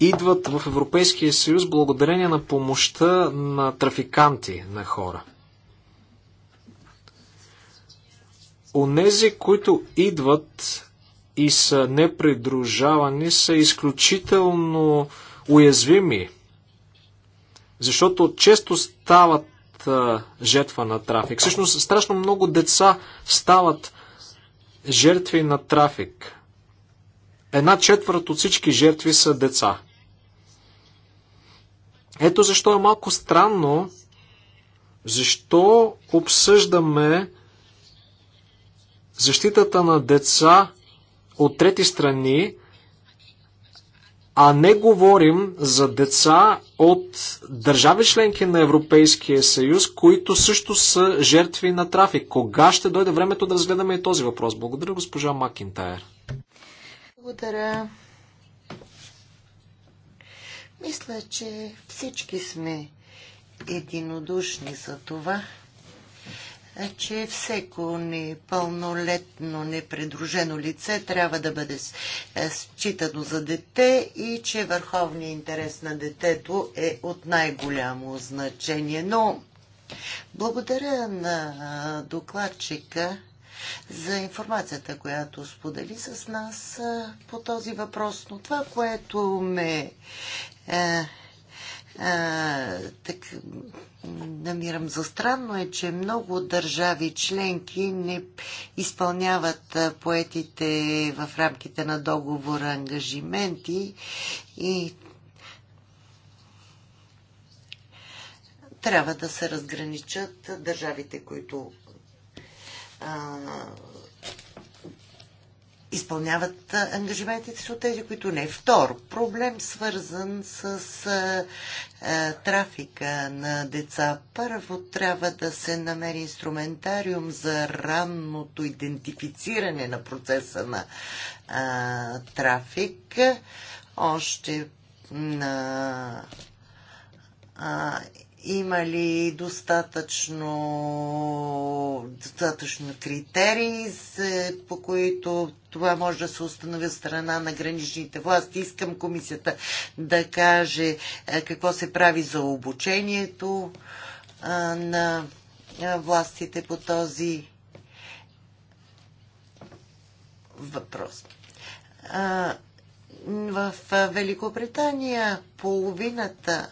идват в Европейския съюз благодарение на помощта на трафиканти на хора. Онези, които идват и са непридружавани, са изключително уязвими, защото често стават жертва на трафик. Всъщност, страшно много деца стават жертви на трафик. Една четвърт от всички жертви са деца. Ето защо е малко странно, защо обсъждаме защитата на деца от трети страни, а не говорим за деца от държави членки на Европейския съюз, които също са жертви на трафик. Кога ще дойде времето да разгледаме и този въпрос? Благодаря, госпожа Макинтайр. Благодаря. Мисля, че всички сме единодушни за това, е, че всеко непълнолетно непредружено лице трябва да бъде е, считано за дете и че върховният интерес на детето е от най-голямо значение. Но благодаря на докладчика за информацията, която сподели с нас по този въпрос. Но това, което ме е, е, так, намирам за странно е, че много държави членки не изпълняват поетите в рамките на договора ангажименти и трябва да се разграничат държавите, които а, изпълняват ангажиментите си от тези, които не. Второ, проблем свързан с а, а, трафика на деца. Първо трябва да се намери инструментариум за ранното идентифициране на процеса на а, трафик. Още на а, има ли достатъчно, достатъчно критерии, по които това може да се установи от страна на граничните власти. Искам комисията да каже е, какво се прави за обучението е, на е, властите по този въпрос. В Великобритания половината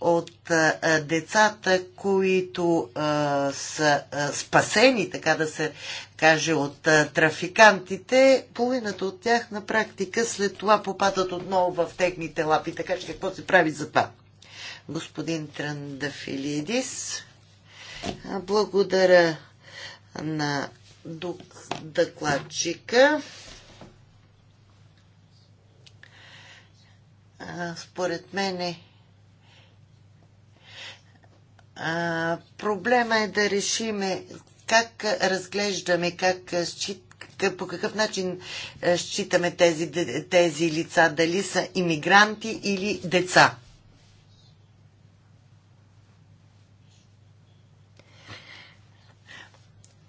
от а, децата, които а, са а, спасени, така да се каже, от а, трафикантите, половината от тях на практика след това попадат отново в техните лапи. Така че какво се прави за това? Господин Трандафилидис, благодаря на докладчика. Според мен е а, проблема е да решиме как разглеждаме, как счит, по какъв начин считаме тези, тези лица, дали са иммигранти или деца.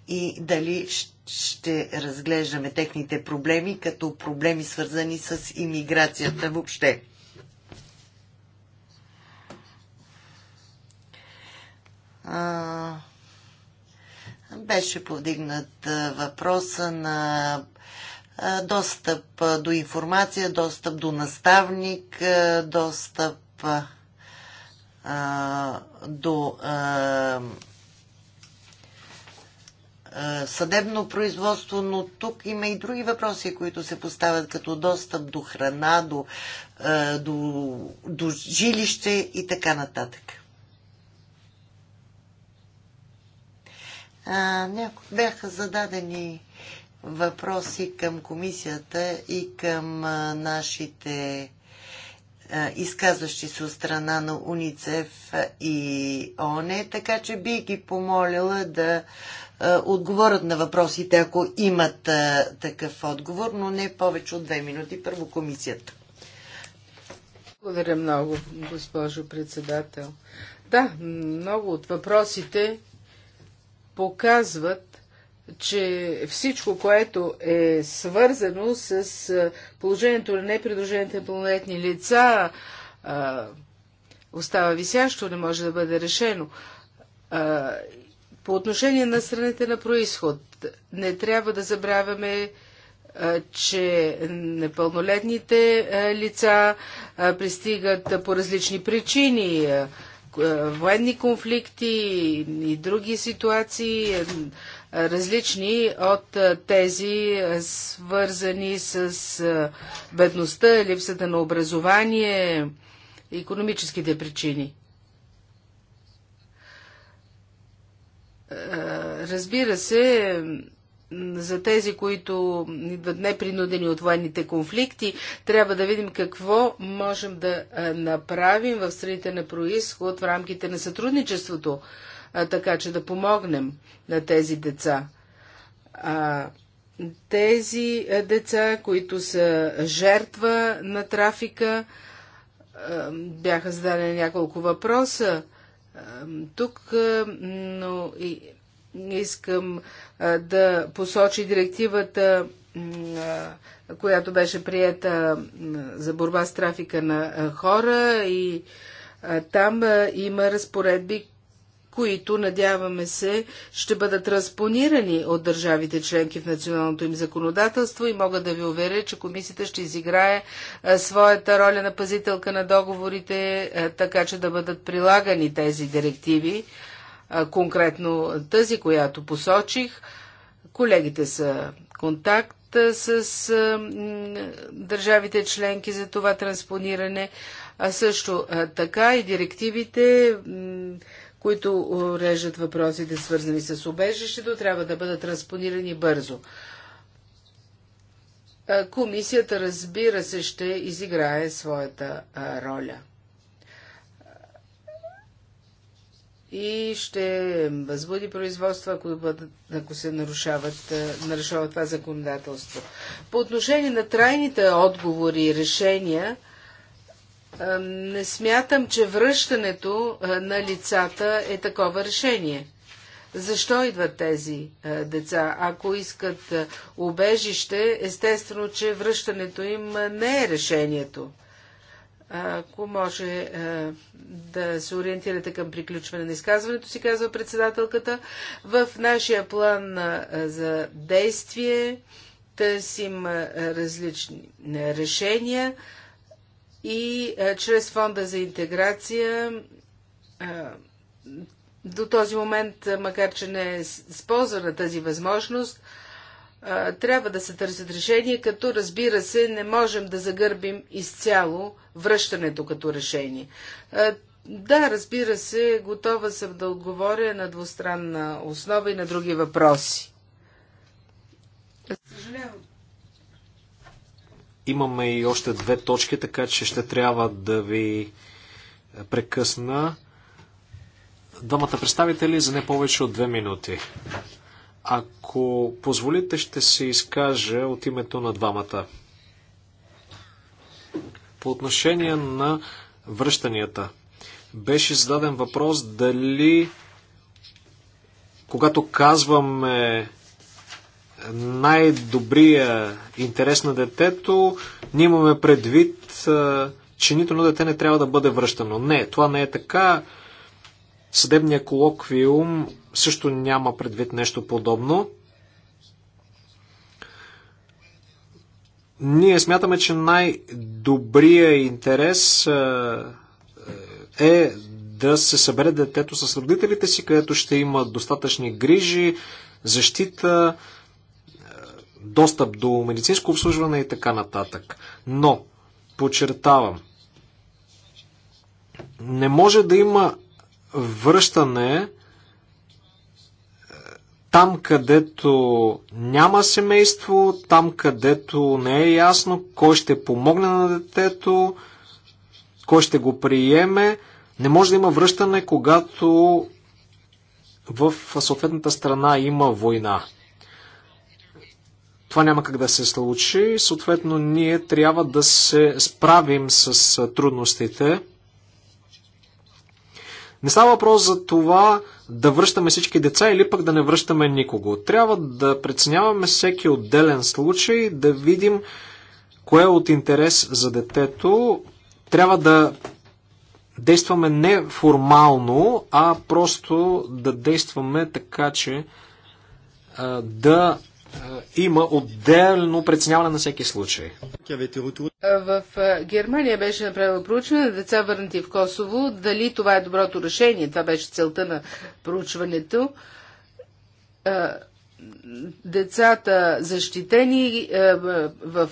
И дали ще разглеждаме техните проблеми като проблеми свързани с иммиграцията въобще. беше повдигнат въпроса на достъп до информация, достъп до наставник, достъп до съдебно производство, но тук има и други въпроси, които се поставят като достъп до храна, до, до, до жилище и така нататък. няко... бяха зададени въпроси към комисията и към нашите изказващи се от страна на УНИЦЕФ и ОНЕ, така че би ги помолила да отговорят на въпросите, ако имат такъв отговор, но не повече от две минути. Първо комисията. Благодаря много, госпожо председател. Да, много от въпросите показват, че всичко, което е свързано с положението на непридружените пълнолетни лица, остава висящо, не може да бъде решено. по отношение на страните на происход, не трябва да забравяме, че непълнолетните лица пристигат по различни причини е, военни конфликти и други ситуации, е, различни от е, тези, свързани с бедността, липсата на образование, економическите причини. Разбира се, за тези, които идват непринудени от военните конфликти, трябва да видим какво можем да направим в страните на происход в рамките на сътрудничеството, така че да помогнем на тези деца. Тези деца, които са жертва на трафика, бяха зададени няколко въпроса тук, но и искам да посочи директивата, която беше приета за борба с трафика на хора и там има разпоредби, които, надяваме се, ще бъдат транспонирани от държавите членки в националното им законодателство и мога да ви уверя, че комисията ще изиграе своята роля на пазителка на договорите, така че да бъдат прилагани тези директиви конкретно тази, която посочих. Колегите са контакт с държавите членки за това транспониране, а също така и директивите, които режат въпросите, свързани с убежището, трябва да бъдат транспонирани бързо. Комисията, разбира се, ще изиграе своята роля. и ще възбуди производства, ако, бъдат, ако се нарушават, нарушава това законодателство. По отношение на трайните отговори и решения, не смятам, че връщането на лицата е такова решение. Защо идват тези деца? Ако искат убежище, естествено, че връщането им не е решението. Ако може е, да се ориентирате към приключване на изказването си, казва председателката, в нашия план е, за действие търсим е, различни решения и чрез фонда за интеграция до този момент, макар че не е използвана тази възможност, трябва да се търсят решения, като разбира се не можем да загърбим изцяло връщането като решение. Да, разбира се, готова съм да отговоря на двустранна основа и на други въпроси. Съжалявам. Имаме и още две точки, така че ще трябва да ви прекъсна. Двамата представители за не повече от две минути. Ако позволите, ще се изкажа от името на двамата. По отношение на връщанията, беше зададен въпрос дали когато казваме най-добрия интерес на детето, ние имаме предвид, че нито едно дете не трябва да бъде връщано. Не, това не е така. Съдебният колоквиум също няма предвид нещо подобно. Ние смятаме, че най-добрия интерес е, е да се събере детето с родителите си, където ще има достатъчни грижи, защита, достъп до медицинско обслужване и така нататък. Но, подчертавам, не може да има връщане там, където няма семейство, там, където не е ясно кой ще помогне на детето, кой ще го приеме, не може да има връщане, когато в съответната страна има война. Това няма как да се случи. Съответно, ние трябва да се справим с трудностите. Не става въпрос за това да връщаме всички деца или пък да не връщаме никого. Трябва да преценяваме всеки отделен случай, да видим кое е от интерес за детето. Трябва да действаме не формално, а просто да действаме така, че да е, има отделно преценяване на всеки случай. В е, Германия беше направено проучване на деца върнати в Косово. Дали това е доброто решение? Това беше целта на проучването. Е, децата защитени в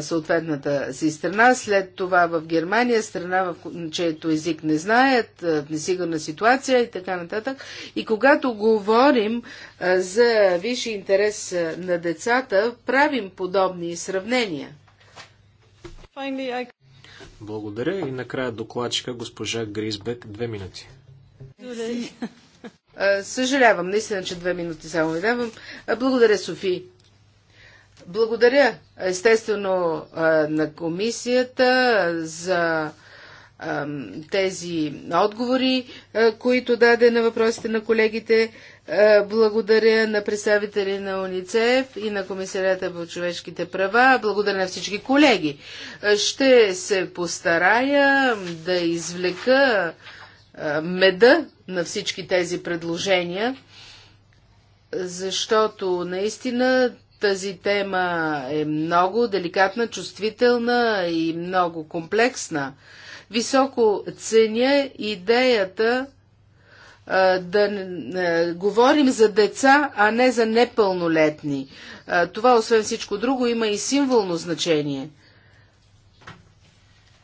съответната си страна, след това в Германия, страна, в чието език не знаят, в несигурна ситуация и така нататък. И когато говорим за висши интерес на децата, правим подобни сравнения. Благодаря и накрая докладчика госпожа Гризбек, две минути. Съжалявам, наистина, че две минути само ви давам. Благодаря, Софи. Благодаря естествено на комисията за тези отговори, които даде на въпросите на колегите. Благодаря на представители на УНИЦЕФ и на Комисарията по човешките права. Благодаря на всички колеги. Ще се постарая да извлека меда на всички тези предложения, защото наистина тази тема е много деликатна, чувствителна и много комплексна. Високо ценя идеята да говорим за деца, а не за непълнолетни. Това, освен всичко друго, има и символно значение.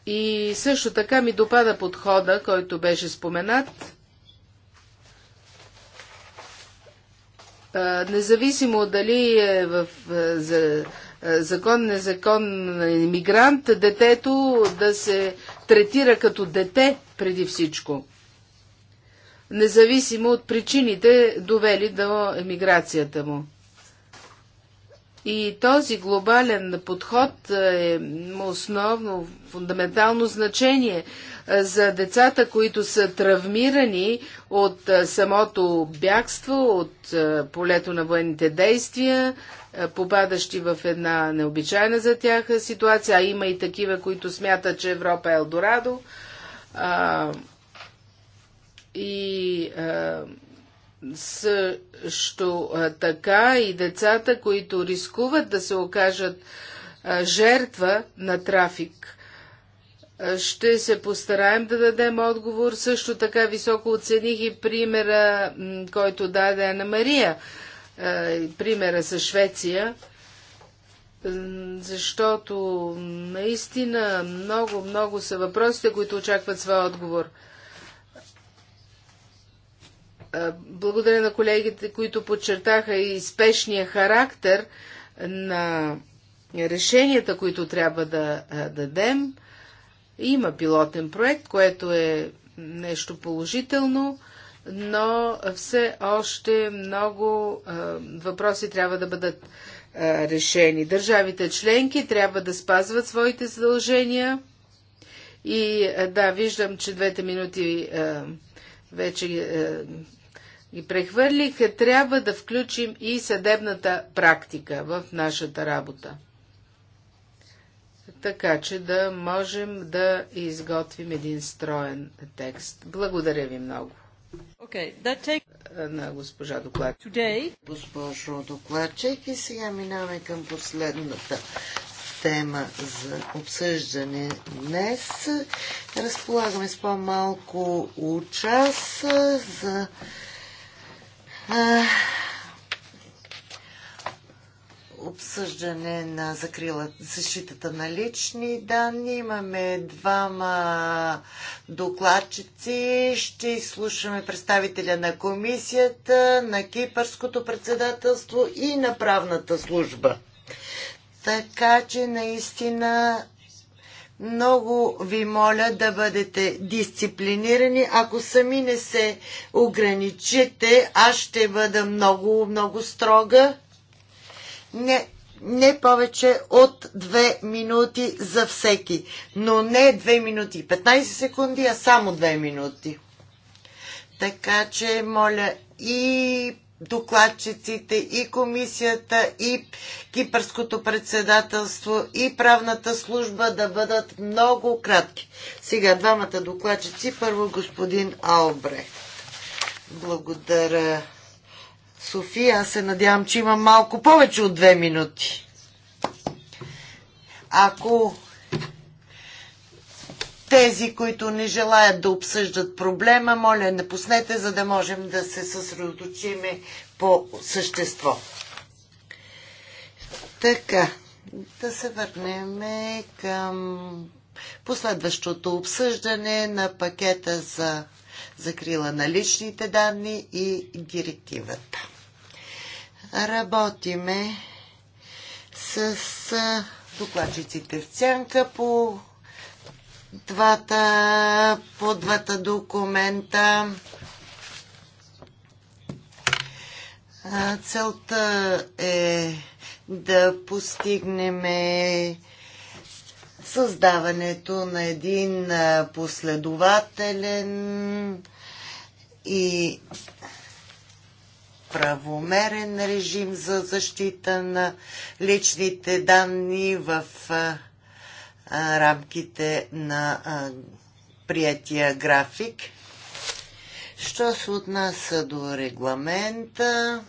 И също така ми допада подхода, който беше споменат Независимо дали е в е, за, е, закон, незакон е, иммигрант, детето да се третира като дете преди всичко. Независимо от причините, довели до емиграцията му. И този глобален подход е основно, фундаментално значение е, за децата, които са травмирани от е, самото бягство, от е, полето на военните действия, попадащи в една необичайна за тях ситуация, а има и такива, които смятат, че Европа е Елдорадо. А, и а, също така и децата, които рискуват да се окажат жертва на трафик. Ще се постараем да дадем отговор. Също така високо оцених и примера, който даде Ана Мария, примера с Швеция, защото наистина много, много са въпросите, които очакват своя отговор. Благодаря на колегите, които подчертаха и спешния характер на решенията, които трябва да дадем. Има пилотен проект, което е нещо положително, но все още много въпроси трябва да бъдат решени. Държавите членки трябва да спазват своите задължения. И да, виждам, че двете минути вече ги прехвърлиха, трябва да включим и съдебната практика в нашата работа. Така че да можем да изготвим един строен текст. Благодаря ви много. Okay, that take... на госпожа докладчик. Today... Госпожо докладчик и сега минаваме към последната тема за обсъждане днес. Разполагаме с по-малко час за обсъждане на закрила, защитата на лични данни. Имаме двама докладчици. Ще изслушаме представителя на комисията, на Кипърското председателство и на правната служба. Така че наистина много ви моля да бъдете дисциплинирани. Ако сами не се ограничите, аз ще бъда много, много строга. Не, не повече от 2 минути за всеки. Но не 2 минути 15 секунди, а само 2 минути. Така че, моля и докладчиците и комисията и кипърското председателство и правната служба да бъдат много кратки. Сега двамата докладчици. Първо господин Албрехт. Благодаря. София, аз се надявам, че имам малко повече от две минути. Ако тези, които не желаят да обсъждат проблема, моля, напуснете, за да можем да се съсредоточиме по същество. Така, да се върнем към последващото обсъждане на пакета за закрила на личните данни и директивата. Работиме с докладчиците в цянка по двата, по двата документа. Целта е да постигнем създаването на един последователен и правомерен режим за защита на личните данни в рамките на приятия график. Що се отнася до регламента?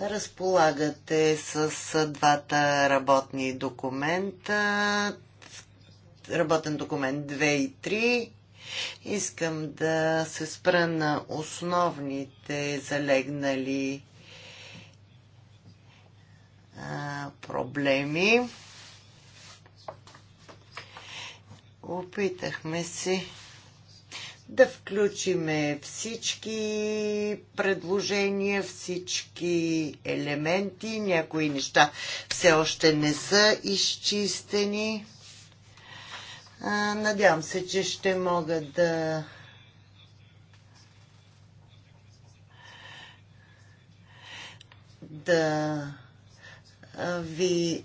Разполагате с двата работни документа. Работен документ 2 и 3. Искам да се спра на основните залегнали проблеми. Опитахме се да включиме всички предложения, всички елементи. Някои неща все още не са изчистени. надявам се, че ще мога да да ви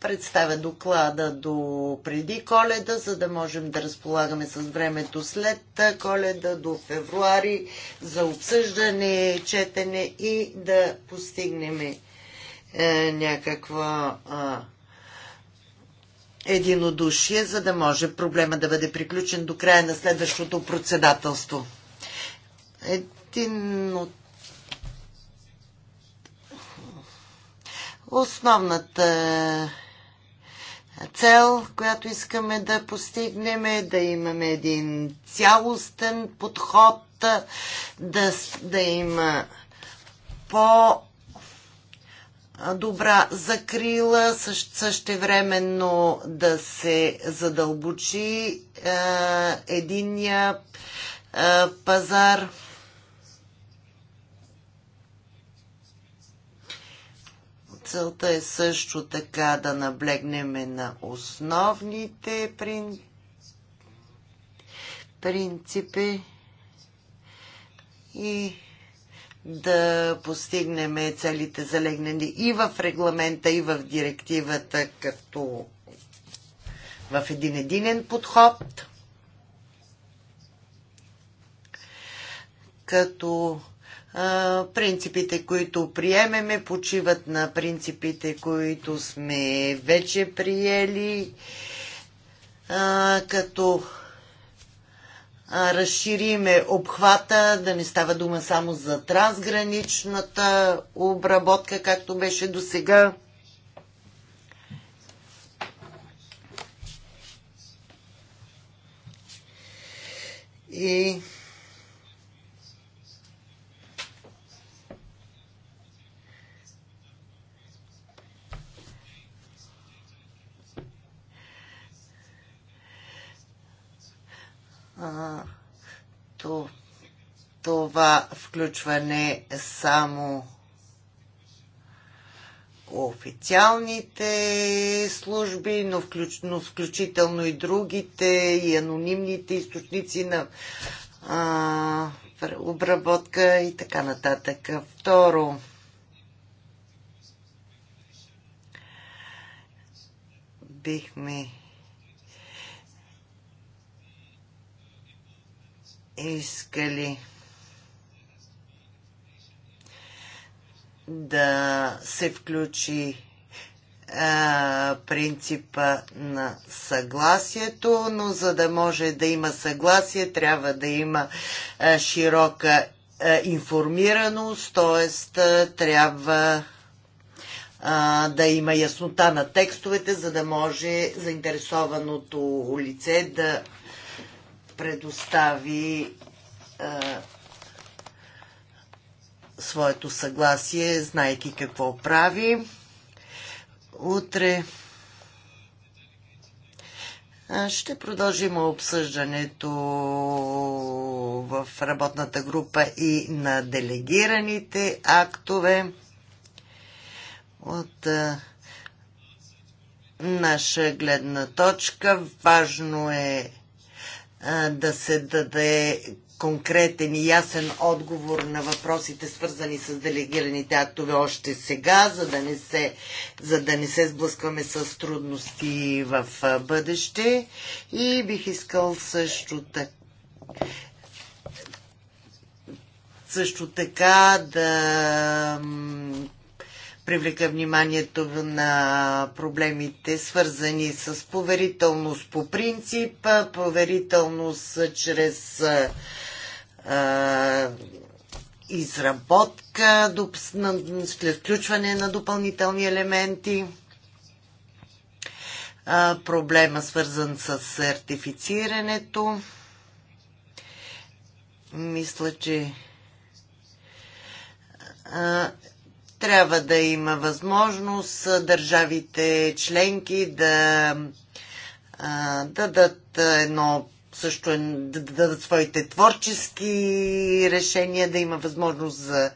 представя доклада до преди коледа, за да можем да разполагаме с времето след коледа до февруари за обсъждане, четене и да постигнем е, някаква единодушие, за да може проблема да бъде приключен до края на следващото председателство. Един от Основната е, цел, която искаме да постигнем е да имаме един цялостен подход, е, да, да има по добра закрила, същевременно да се задълбочи е, единия е, пазар. Целта е също така да наблегнем на основните прин... принципи и да постигнем целите залегнали и в регламента, и в директивата, като в един единен подход, като Принципите, които приемеме, почиват на принципите, които сме вече приели, като разшириме обхвата, да не става дума само за трансграничната обработка, както беше до сега. И а, то, това включване е само официалните служби, но, включ, но включително и другите, и анонимните източници на а, обработка и така нататък. Второ, бихме искали да се включи принципа на съгласието, но за да може да има съгласие, трябва да има широка информираност, т.е. трябва да има яснота на текстовете, за да може заинтересованото лице да предостави а, своето съгласие, знайки какво прави. Утре ще продължим обсъждането в работната група и на делегираните актове от наша гледна точка. Важно е да се даде конкретен и ясен отговор на въпросите, свързани с делегираните актове още сега, за да не се, за да не се сблъскваме с трудности в бъдеще. И бих искал също така също така да привлека вниманието на проблемите, свързани с поверителност по принцип, поверителност чрез а, изработка, доп, на, след включване на допълнителни елементи, а, проблема свързан с сертифицирането. Мисля, че а, трябва да има възможност държавите членки да, дадат едно също да дадат своите творчески решения, да има възможност за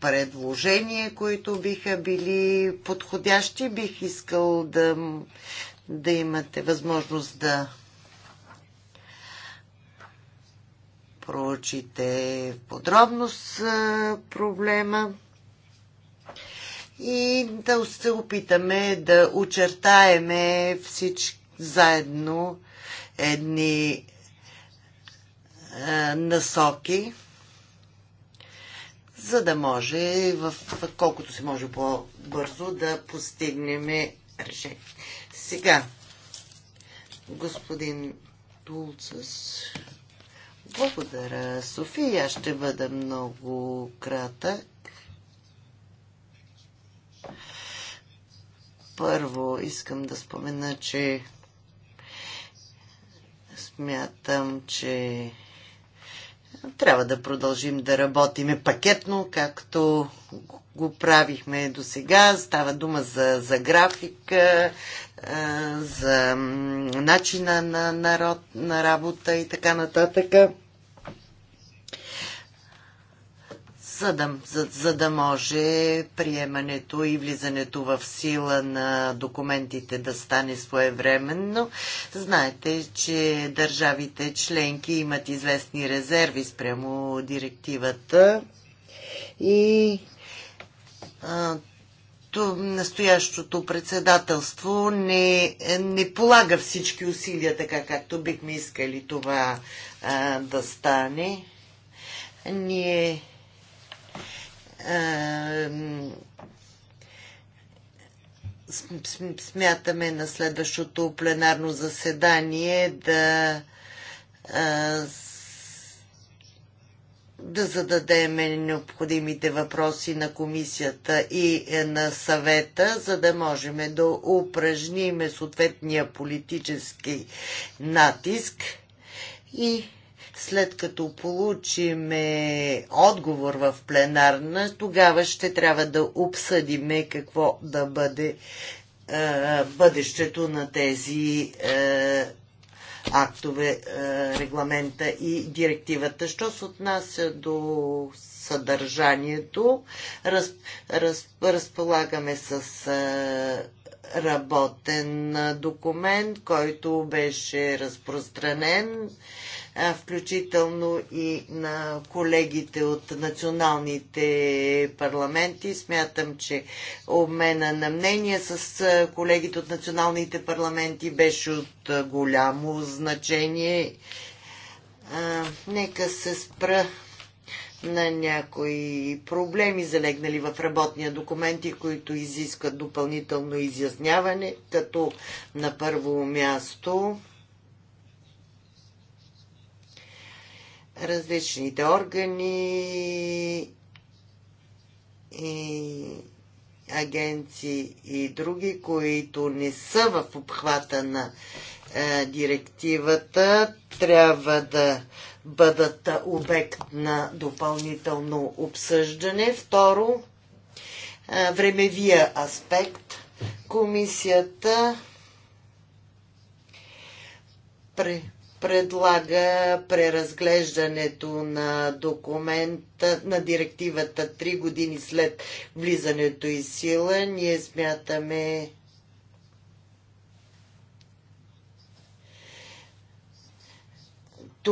предложения, които биха били подходящи. Бих искал да, да имате възможност да проучите с проблема и да се опитаме да очертаеме всички заедно едни насоки, за да може в колкото се може по-бързо да постигнем решение. Сега, господин Тулцъс. Благодаря, София. Ще бъда много кратък. Първо искам да спомена, че смятам, че трябва да продължим да работиме пакетно, както го правихме до сега. Става дума за, за графика, за начина на, на работа и така нататък. за да, за, за да може приемането и влизането в сила на документите да стане своевременно. Знаете, че държавите членки имат известни резерви спрямо директивата и а, то, настоящото председателство не, не полага всички усилия така, както бихме искали това а, да стане. Ние смятаме на следващото пленарно заседание да да зададем необходимите въпроси на комисията и е, на съвета, за да можем да упражниме съответния политически натиск и след като получиме отговор в пленарна, тогава ще трябва да обсъдиме какво да бъде е, бъдещето на тези е, актове, е, регламента и директивата. Що се отнася до съдържанието, раз, раз, разполагаме с е, работен документ, който беше разпространен, включително и на колегите от националните парламенти. Смятам, че обмена на мнения с колегите от националните парламенти беше от голямо значение. Нека се спра на някои проблеми, залегнали в работния документи, които изискват допълнително изясняване, като на първо място различните органи и агенции и други, които не са в обхвата на е, директивата, трябва да бъдат обект на допълнително обсъждане. Второ, е, времевия аспект. Комисията предлага преразглеждането на документа на директивата 3 години след влизането и сила. Ние смятаме,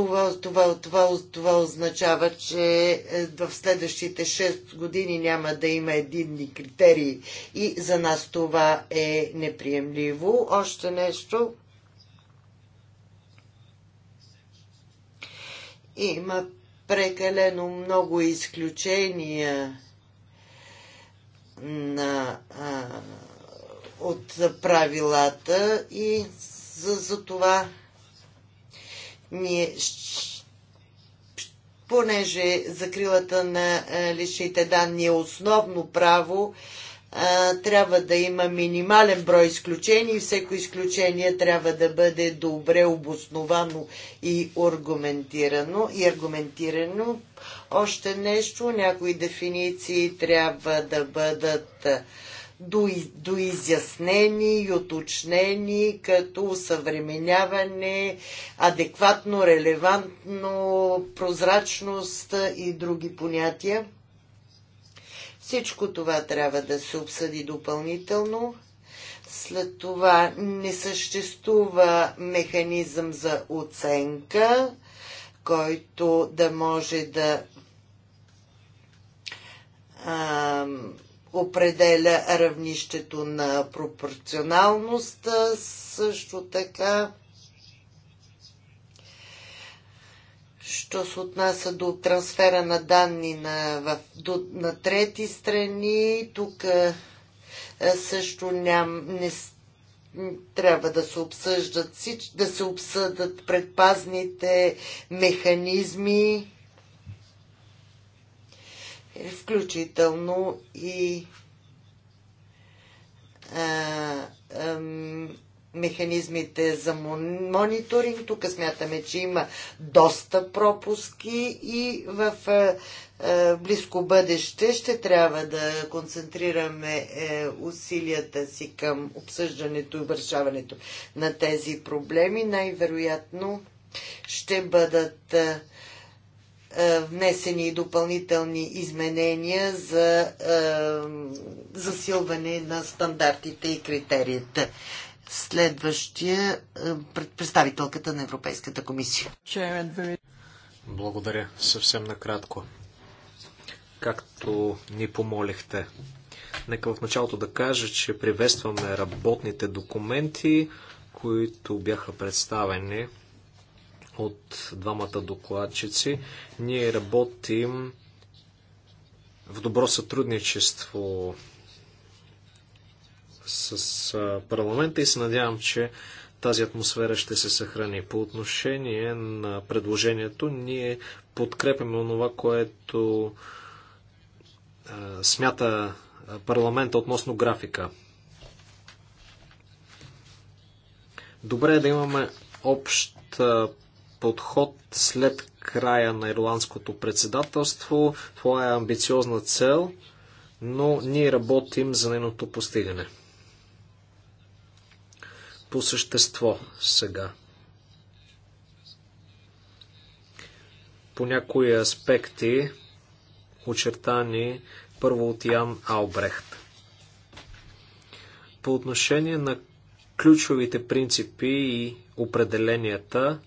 това, това, това, това означава, че е, в следващите 6 години няма да има единни критерии и за нас това е неприемливо. Още нещо. Има прекалено много изключения на, а, от правилата и за, за това ние понеже закрилата на е, личните данни е основно право, е, трябва да има минимален брой изключения и всеко изключение трябва да бъде добре обосновано и аргументирано. И аргументирано още нещо, някои дефиниции трябва да бъдат е, доизяснени и уточнени като съвременяване, адекватно, релевантно, прозрачност и други понятия. Всичко това трябва да се обсъди допълнително. След това не съществува механизъм за оценка, който да може да определя равнището на пропорционалност, също така що се отнася до трансфера на данни на, в, до, на трети страни, тук също ням, не, трябва да се обсъждат да се обсъдат предпазните механизми включително и а, а, механизмите за мониторинг. Тук смятаме, че има доста пропуски и в близко бъдеще ще трябва да концентрираме е, усилията си към обсъждането и вършаването на тези проблеми. Най-вероятно ще бъдат е, внесени допълнителни изменения за е, засилване на стандартите и критериите. Следващия е, представителката на Европейската комисия. Благодаря. Съвсем накратко. Както ни помолихте. Нека в началото да кажа, че приветстваме работните документи, които бяха представени от двамата докладчици. Ние работим в добро сътрудничество с парламента и се надявам, че тази атмосфера ще се съхрани. По отношение на предложението, ние подкрепяме онова, което смята парламента относно графика. Добре е да имаме обща подход след края на ирландското председателство. Това е амбициозна цел, но ние работим за нейното постигане. По същество сега. По някои аспекти, очертани първо от Ян Албрехт. По отношение на ключовите принципи и определенията,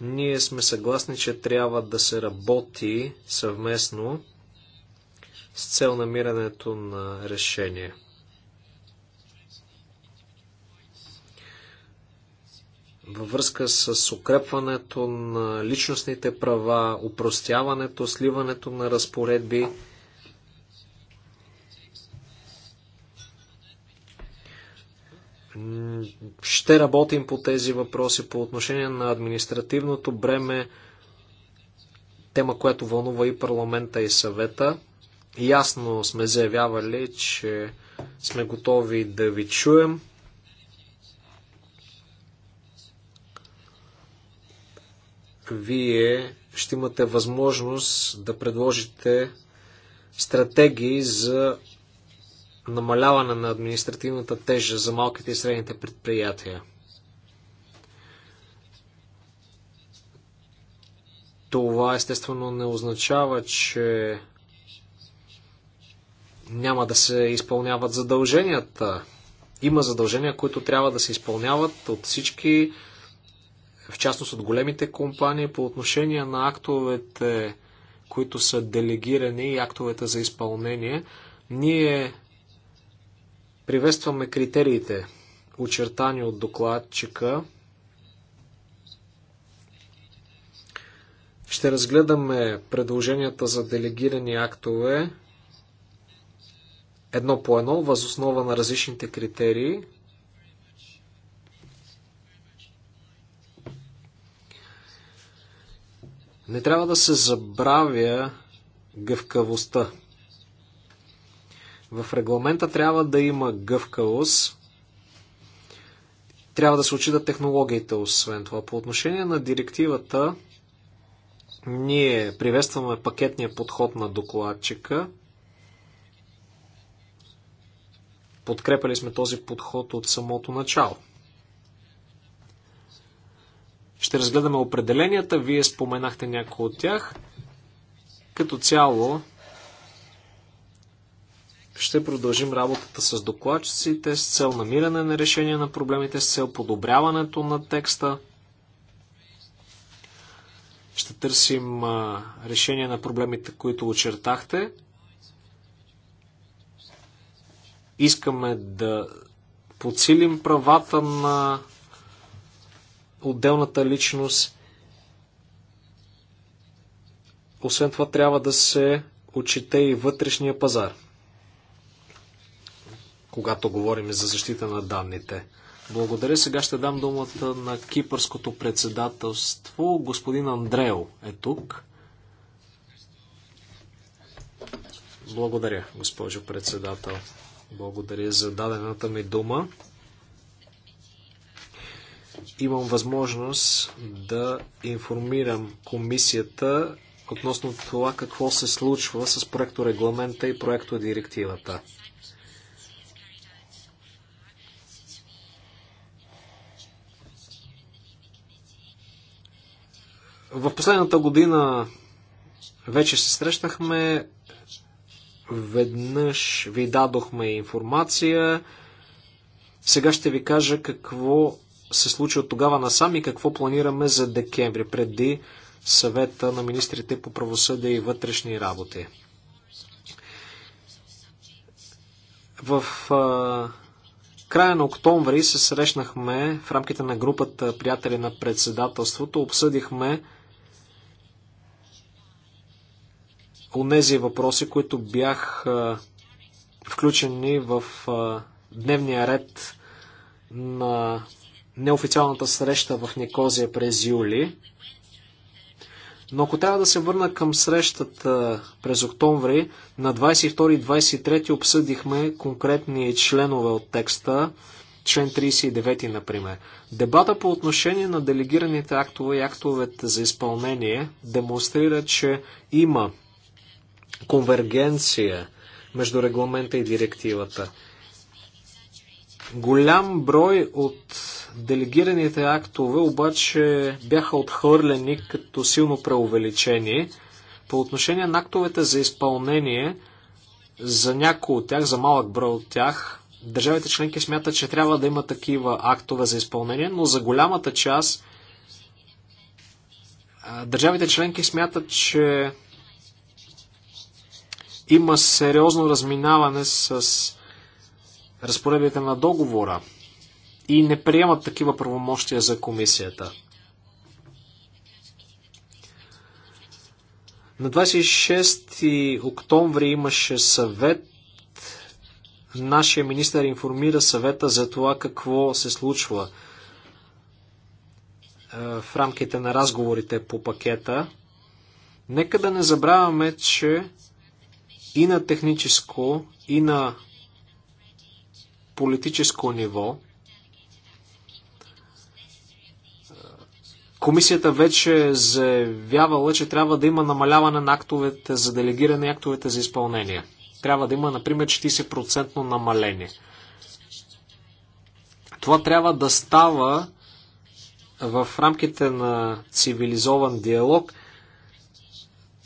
ние сме съгласни, че трябва да се работи съвместно с цел намирането на решение. във връзка с укрепването на личностните права, упростяването, сливането на разпоредби. Ще работим по тези въпроси по отношение на административното бреме, тема, която вълнува и парламента и съвета. Ясно сме заявявали, че сме готови да ви чуем. Вие ще имате възможност да предложите стратегии за намаляване на административната тежа за малките и средните предприятия. Това естествено не означава, че няма да се изпълняват задълженията. Има задължения, които трябва да се изпълняват от всички, в частност от големите компании, по отношение на актовете, които са делегирани и актовете за изпълнение. Ние Приветстваме критериите, очертани от докладчика. Ще разгледаме предложенията за делегирани актове едно по едно, възоснова на различните критерии. Не трябва да се забравя гъвкавостта в регламента трябва да има гъвкавост. Трябва да се отчитат технологиите, освен това. По отношение на директивата, ние приветстваме пакетния подход на докладчика. Подкрепали сме този подход от самото начало. Ще разгледаме определенията. Вие споменахте някои от тях. Като цяло, ще продължим работата с докладчиците с цел намиране на решение на проблемите, с цел подобряването на текста. Ще търсим решение на проблемите, които очертахте. Искаме да подсилим правата на отделната личност. Освен това трябва да се отчете и вътрешния пазар когато говорим за защита на данните. Благодаря. Сега ще дам думата на кипърското председателство. Господин Андрео е тук. Благодаря, госпожо председател. Благодаря за дадената ми дума. Имам възможност да информирам комисията относно това какво се случва с регламента и проекто директивата. В последната година вече се срещнахме, веднъж ви дадохме информация, сега ще ви кажа какво се случи от тогава насам и какво планираме за декември, преди съвета на министрите по правосъдие и вътрешни работи. В а, края на октомври се срещнахме в рамките на групата Приятели на председателството, обсъдихме онези въпроси, които бях включени в дневния ред на неофициалната среща в Никозия през юли. Но ако трябва да се върна към срещата през октомври, на 22 23 обсъдихме конкретни членове от текста, член 39 например. Дебата по отношение на делегираните актове и актовете за изпълнение демонстрира, че има конвергенция между регламента и директивата. Голям брой от делегираните актове обаче бяха отхвърлени като силно преувеличени. По отношение на актовете за изпълнение, за някои от тях, за малък брой от тях, държавите членки смятат, че трябва да има такива актове за изпълнение, но за голямата част държавите членки смятат, че има сериозно разминаване с разпоредбите на договора и не приемат такива правомощия за комисията. На 26 октомври имаше съвет. Нашия министър информира съвета за това какво се случва е, в рамките на разговорите по пакета. Нека да не забравяме, че и на техническо, и на политическо ниво. Комисията вече заявявала, че трябва да има намаляване на актовете за делегиране и актовете за изпълнение. Трябва да има, например, 40% намаление. Това трябва да става в рамките на цивилизован диалог,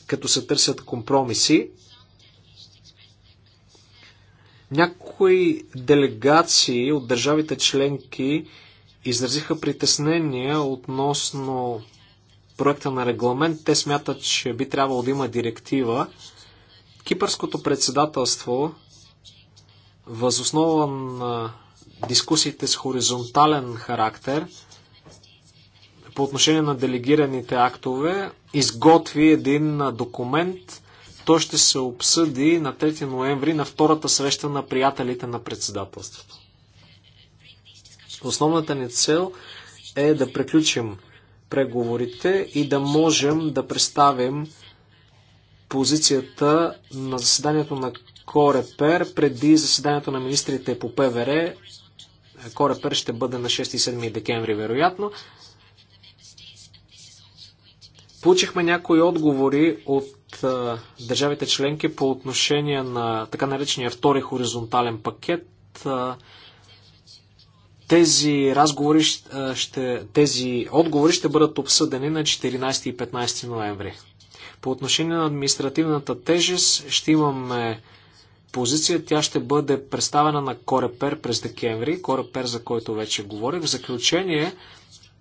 като се търсят компромиси. Някои делегации от държавите членки изразиха притеснения относно проекта на регламент. Те смятат, че би трябвало да има директива. Кипърското председателство, възоснова на дискусиите с хоризонтален характер, по отношение на делегираните актове, изготви един документ, то ще се обсъди на 3 ноември на втората среща на приятелите на председателството. Основната ни цел е да приключим преговорите и да можем да представим позицията на заседанието на Корепер преди заседанието на министрите по ПВР. Корепер ще бъде на 6 и 7 декември, вероятно. Получихме някои отговори от а, държавите членки по отношение на така наречения втори хоризонтален пакет. А, тези, разговори, а, ще, тези отговори ще бъдат обсъдени на 14 и 15 ноември. По отношение на административната тежест ще имаме позиция. Тя ще бъде представена на Корепер през декември, Корепер за който вече говорих. В заключение,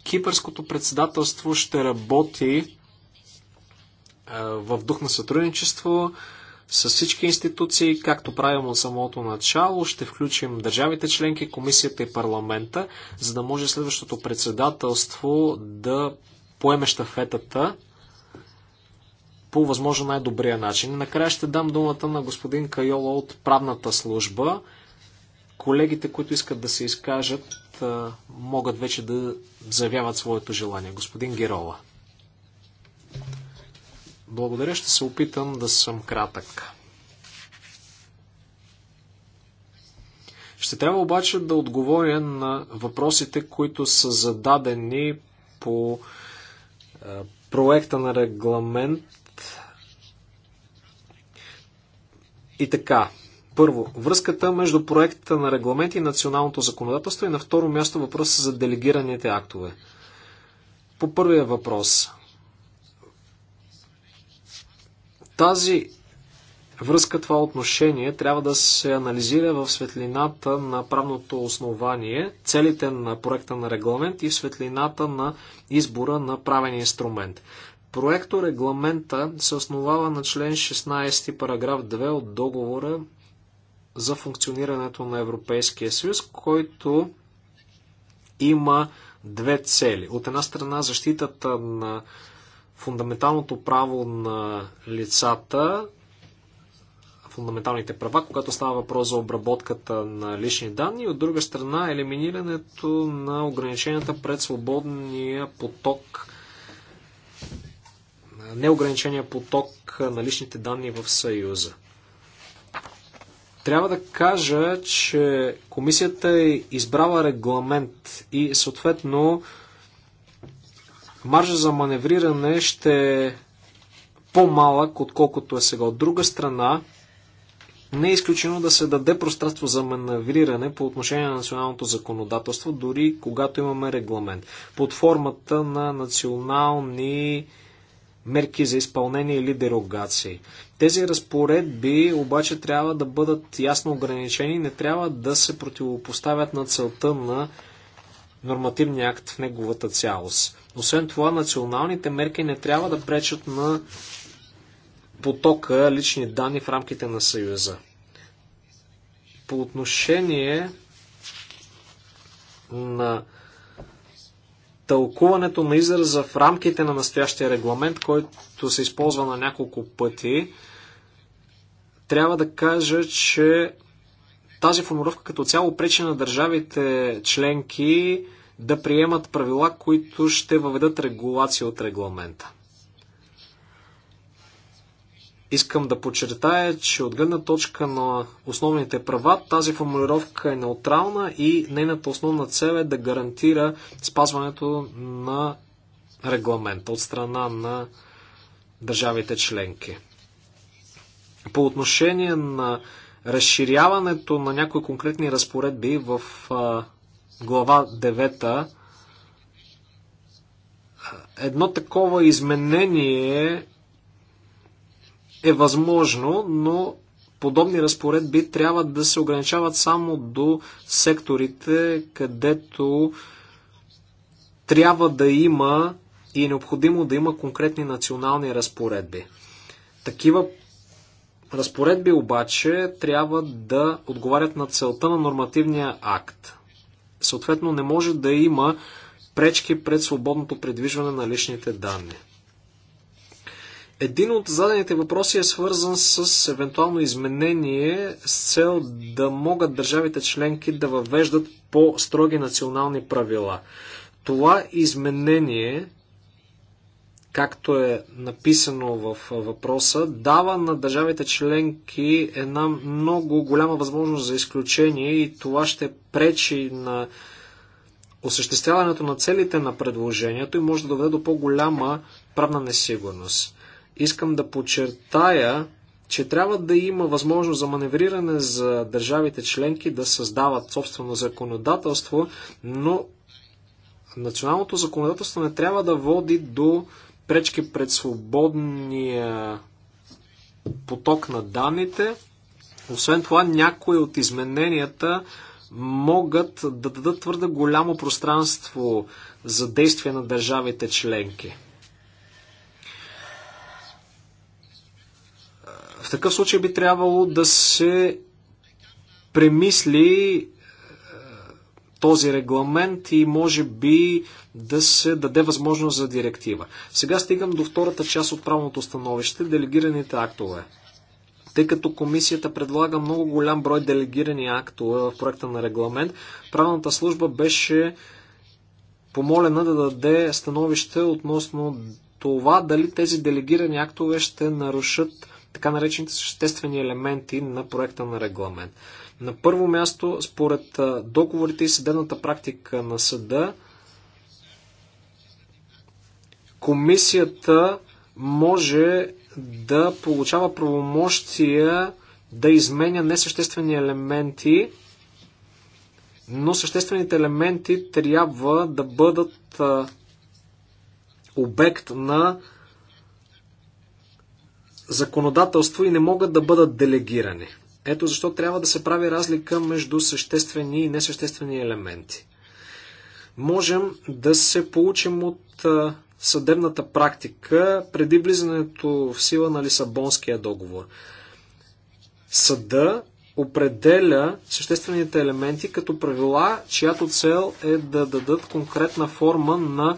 Кипърското председателство ще работи в дух на сътрудничество с всички институции, както правим от самото начало. Ще включим държавите членки, комисията и парламента, за да може следващото председателство да поеме щафетата по възможно най-добрия начин. Накрая ще дам думата на господин Кайола от правната служба. Колегите, които искат да се изкажат, могат вече да заявяват своето желание. Господин Герола. Благодаря, ще се опитам да съм кратък. Ще трябва обаче да отговоря на въпросите, които са зададени по е, проекта на регламент. И така, първо, връзката между проекта на регламент и националното законодателство и на второ място въпроса за делегираните актове. По първия въпрос, тази връзка, това отношение трябва да се анализира в светлината на правното основание, целите на проекта на регламент и в светлината на избора на правен инструмент. Проекто регламента се основава на член 16 параграф 2 от договора за функционирането на Европейския съюз, който има две цели. От една страна защитата на фундаменталното право на лицата, фундаменталните права, когато става въпрос за обработката на лични данни, от друга страна елиминирането на ограниченията пред свободния поток, неограничения поток на личните данни в Съюза. Трябва да кажа, че комисията е избрала регламент и съответно Маржа за маневриране ще е по-малък, отколкото е сега. От друга страна, не е изключено да се даде пространство за маневриране по отношение на националното законодателство, дори когато имаме регламент, под формата на национални мерки за изпълнение или дерогации. Тези разпоредби обаче трябва да бъдат ясно ограничени, не трябва да се противопоставят на целта на нормативния акт в неговата цялост. Освен това, националните мерки не трябва да пречат на потока лични данни в рамките на Съюза. По отношение на тълкуването на израза в рамките на настоящия регламент, който се използва на няколко пъти, трябва да кажа, че тази формулировка като цяло пречи на държавите членки да приемат правила, които ще въведат регулация от регламента. Искам да подчертая, че от гледна точка на основните права тази формулировка е неутрална и нейната основна цел е да гарантира спазването на регламента от страна на държавите членки. По отношение на разширяването на някои конкретни разпоредби в глава 9 едно такова изменение е възможно, но подобни разпоредби трябва да се ограничават само до секторите, където трябва да има и е необходимо да има конкретни национални разпоредби. Такива разпоредби обаче трябва да отговарят на целта на нормативния акт. Съответно, не може да има пречки пред свободното придвижване на личните данни. Един от зададените въпроси е свързан с евентуално изменение с цел да могат държавите членки да въвеждат по-строги национални правила. Това изменение както е написано в въпроса, дава на държавите членки една много голяма възможност за изключение и това ще пречи на осъществяването на целите на предложението и може да доведе до по-голяма правна несигурност. Искам да подчертая, че трябва да има възможност за маневриране за държавите членки да създават собствено законодателство, но националното законодателство не трябва да води до пречки пред свободния поток на данните. Освен това, някои от измененията могат да дадат твърде голямо пространство за действие на държавите членки. В такъв случай би трябвало да се премисли този регламент и може би да се даде възможност за директива. Сега стигам до втората част от правното становище делегираните актове. Тъй като комисията предлага много голям брой делегирани актове в проекта на регламент, правната служба беше помолена да даде становище относно това дали тези делегирани актове ще нарушат така наречените съществени елементи на проекта на регламент. На първо място, според договорите и съдебната практика на съда, комисията може да получава правомощия да изменя несъществени елементи, но съществените елементи трябва да бъдат обект на законодателство и не могат да бъдат делегирани. Ето защо трябва да се прави разлика между съществени и несъществени елементи. Можем да се получим от съдебната практика преди влизането в сила на Лисабонския договор. Съда определя съществените елементи като правила, чиято цел е да дадат конкретна форма на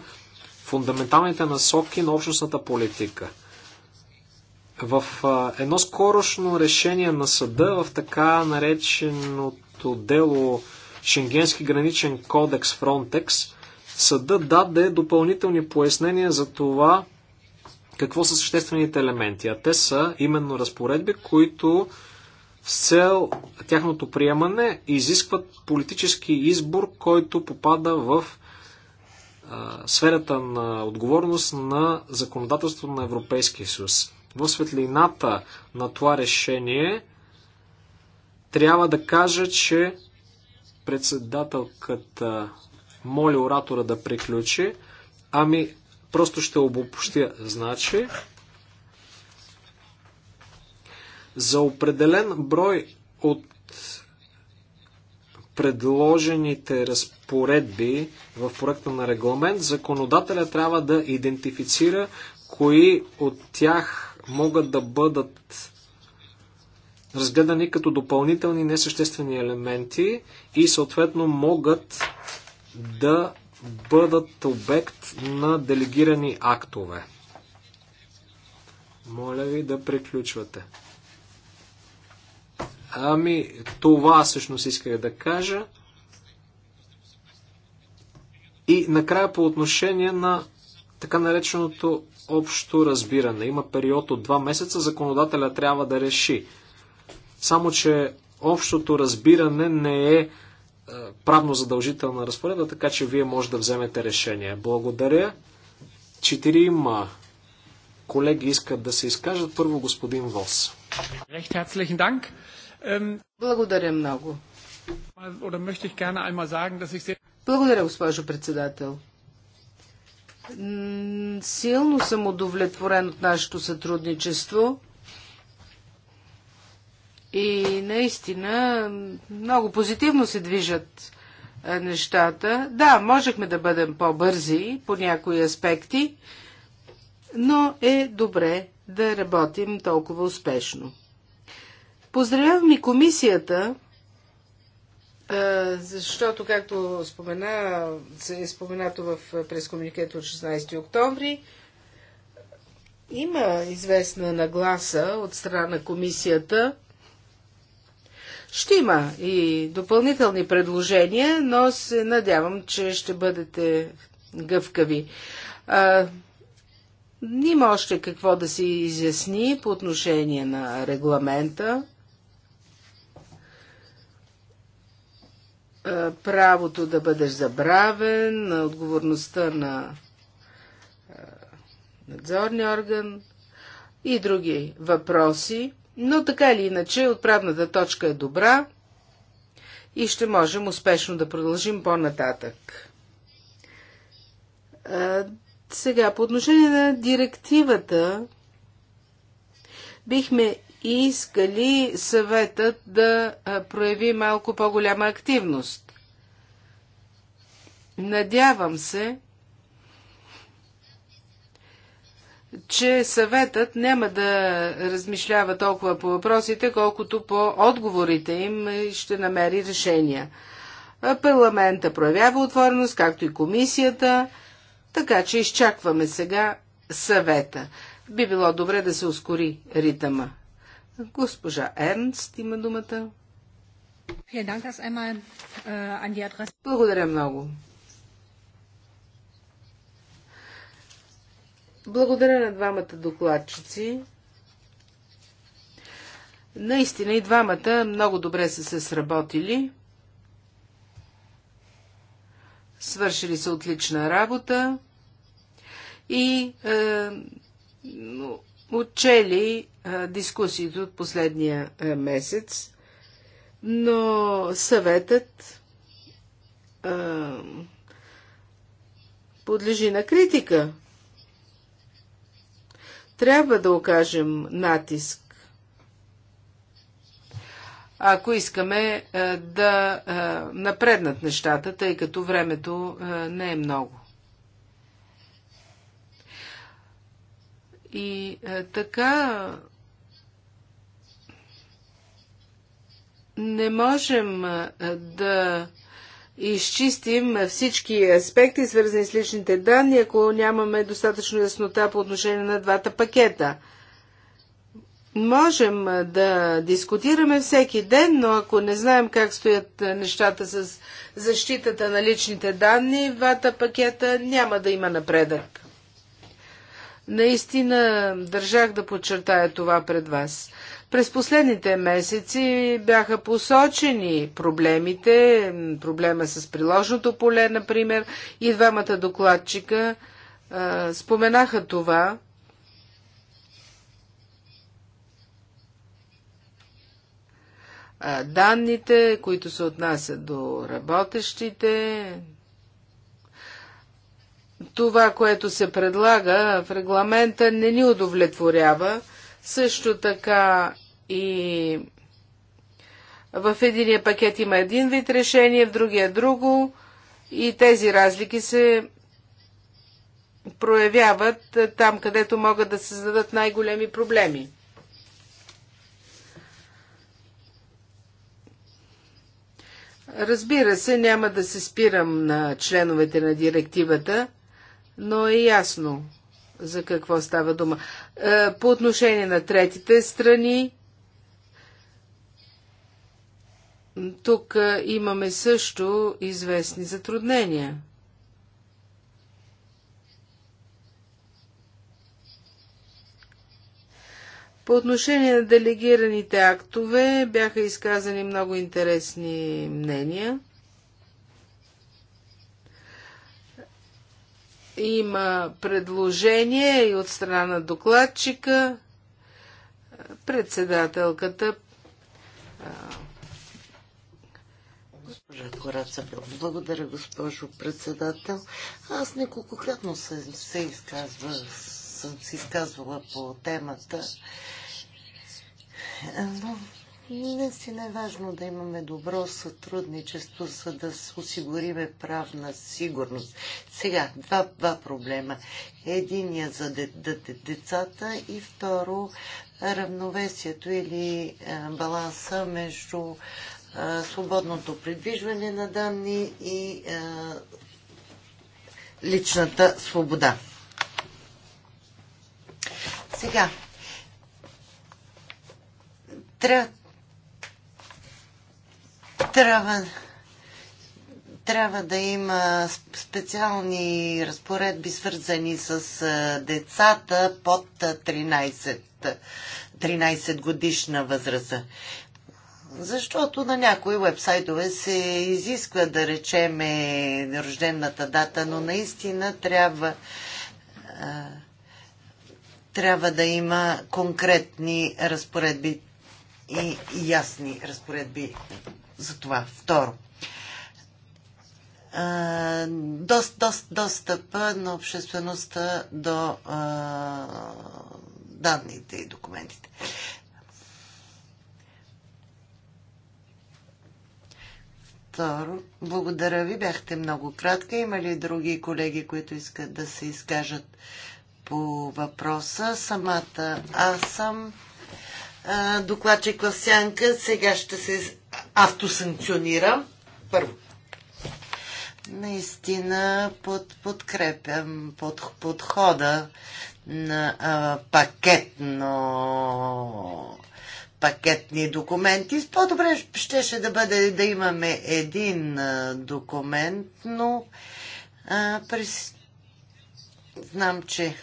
фундаменталните насоки на общностната политика – в едно скорошно решение на съда в така нареченото дело Шенгенски граничен кодекс Frontex, съда даде допълнителни пояснения за това какво са съществените елементи. А те са именно разпоредби, които с цел тяхното приемане изискват политически избор, който попада в а, сферата на отговорност на законодателство на Европейския съюз. В светлината на това решение трябва да кажа, че председателката моли оратора да приключи. Ами, просто ще обобщя. Значи, за определен брой от предложените разпоредби в проекта на регламент, законодателя трябва да идентифицира кои от тях могат да бъдат разгледани като допълнителни несъществени елементи и съответно могат да бъдат обект на делегирани актове. Моля ви да приключвате. Ами, това всъщност исках да кажа. И накрая по отношение на така нареченото общо разбиране. Има период от два месеца, законодателя трябва да реши. Само, че общото разбиране не е, е правно задължителна разпоредба, така че вие може да вземете решение. Благодаря. Четирима колеги искат да се изкажат. Първо господин Вос. Благодаря много. Благодаря, госпожо председател. Силно съм удовлетворен от нашето сътрудничество. И наистина много позитивно се движат е, нещата. Да, можехме да бъдем по-бързи по някои аспекти, но е добре да работим толкова успешно. Поздравявам и комисията защото, както спомена, е споменато в прескомуникето от 16 октомври, има известна нагласа от страна на комисията. Ще има и допълнителни предложения, но се надявам, че ще бъдете гъвкави. А, има още какво да се изясни по отношение на регламента. Е, правото да бъдеш забравен, на отговорността на е, надзорния орган и други въпроси, но така или иначе отправната точка е добра и ще можем успешно да продължим по-нататък. Е, сега, по отношение на директивата, бихме иска ли съветът да прояви малко по-голяма активност? Надявам се, че съветът няма да размишлява толкова по въпросите, колкото по отговорите им ще намери решения. Парламента проявява отвореност, както и комисията, така че изчакваме сега съвета. Би било добре да се ускори ритъма. Госпожа Ернст има думата. Äh, Благодаря много. Благодаря на двамата докладчици. Наистина и двамата много добре са се сработили. Свършили са отлична работа и е, отчели дискусиите от последния месец, но съветът а, подлежи на критика. Трябва да окажем натиск, ако искаме да напреднат нещата, тъй като времето не е много. И е, така не можем е, да изчистим всички аспекти, свързани с личните данни, ако нямаме достатъчно яснота по отношение на двата пакета. Можем е, да дискутираме всеки ден, но ако не знаем как стоят нещата с защитата на личните данни, двата пакета няма да има напредък. Наистина държах да подчертая това пред вас. През последните месеци бяха посочени проблемите, проблема с приложното поле, например, и двамата докладчика а, споменаха това. А, данните, които се отнасят до работещите, това, което се предлага в регламента, не ни удовлетворява. Също така и в единия пакет има един вид решение, в другия друго и тези разлики се проявяват там, където могат да създадат най-големи проблеми. Разбира се, няма да се спирам на членовете на директивата – но е ясно за какво става дума. Е, по отношение на третите страни, тук е, имаме също известни затруднения. По отношение на делегираните актове бяха изказани много интересни мнения – Има предложение и от страна на докладчика. Председателката госпожа Кораца. Благодаря, госпожо председател. Аз неколкократно се, се изказва, съм се изказвала по темата. Но Наистина е важно да имаме добро сътрудничество, за да осигуриме правна сигурност. Сега, два, два проблема. Единия за де, де, де, децата и второ равновесието или е, баланса между е, свободното придвижване на данни и е, личната свобода. Сега, трябва трябва, трябва да има специални разпоредби, свързани с децата под 13, 13 годишна възраст. Защото на някои вебсайтове се изисква, да речеме, рождената дата, но наистина трябва, трябва да има конкретни разпоредби и ясни разпоредби за това. Второ, дост, дост, достъп на обществеността до а, данните и документите. Второ, благодаря ви, бяхте много кратка. Има ли други колеги, които искат да се изкажат по въпроса? Самата аз съм докладчик в сянка. Сега ще се автосанкционира. Първо. Наистина под, подкрепям под, подхода на а, пакетно пакетни документи. По-добре щеше да бъде да имаме един а, документ, но а, през... знам, че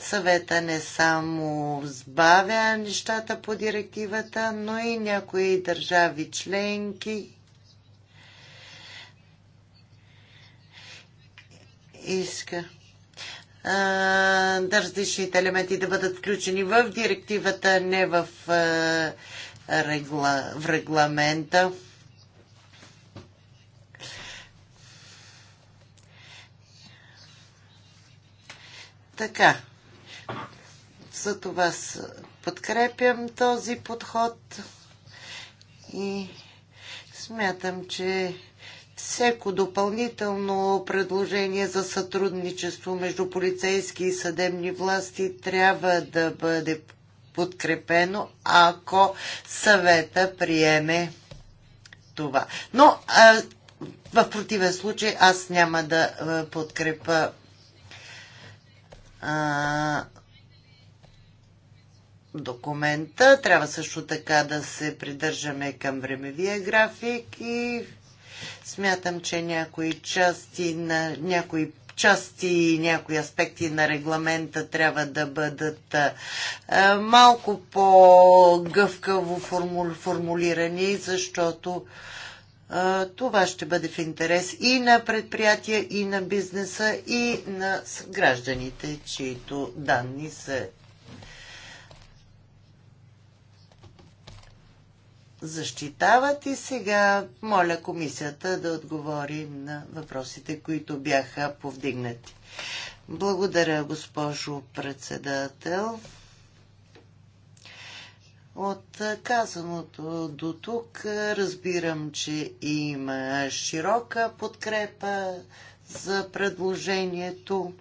Съвета не само сбавя нещата по директивата, но и някои държави членки иска да различните елементи да бъдат включени в директивата, не в, регла, в регламента. Така. За това подкрепям този подход и смятам, че всеко допълнително предложение за сътрудничество между полицейски и съдебни власти трябва да бъде подкрепено, ако съвета приеме това. Но а, в противен случай аз няма да подкрепа а, документа. Трябва също така да се придържаме към времевия график и смятам, че някои части на някои части и някои аспекти на регламента трябва да бъдат малко по-гъвкаво формулирани, защото това ще бъде в интерес и на предприятия, и на бизнеса, и на гражданите, чието данни са защитават и сега моля комисията да отговори на въпросите, които бяха повдигнати. Благодаря, госпожо председател. От казаното до тук разбирам, че има широка подкрепа за предложението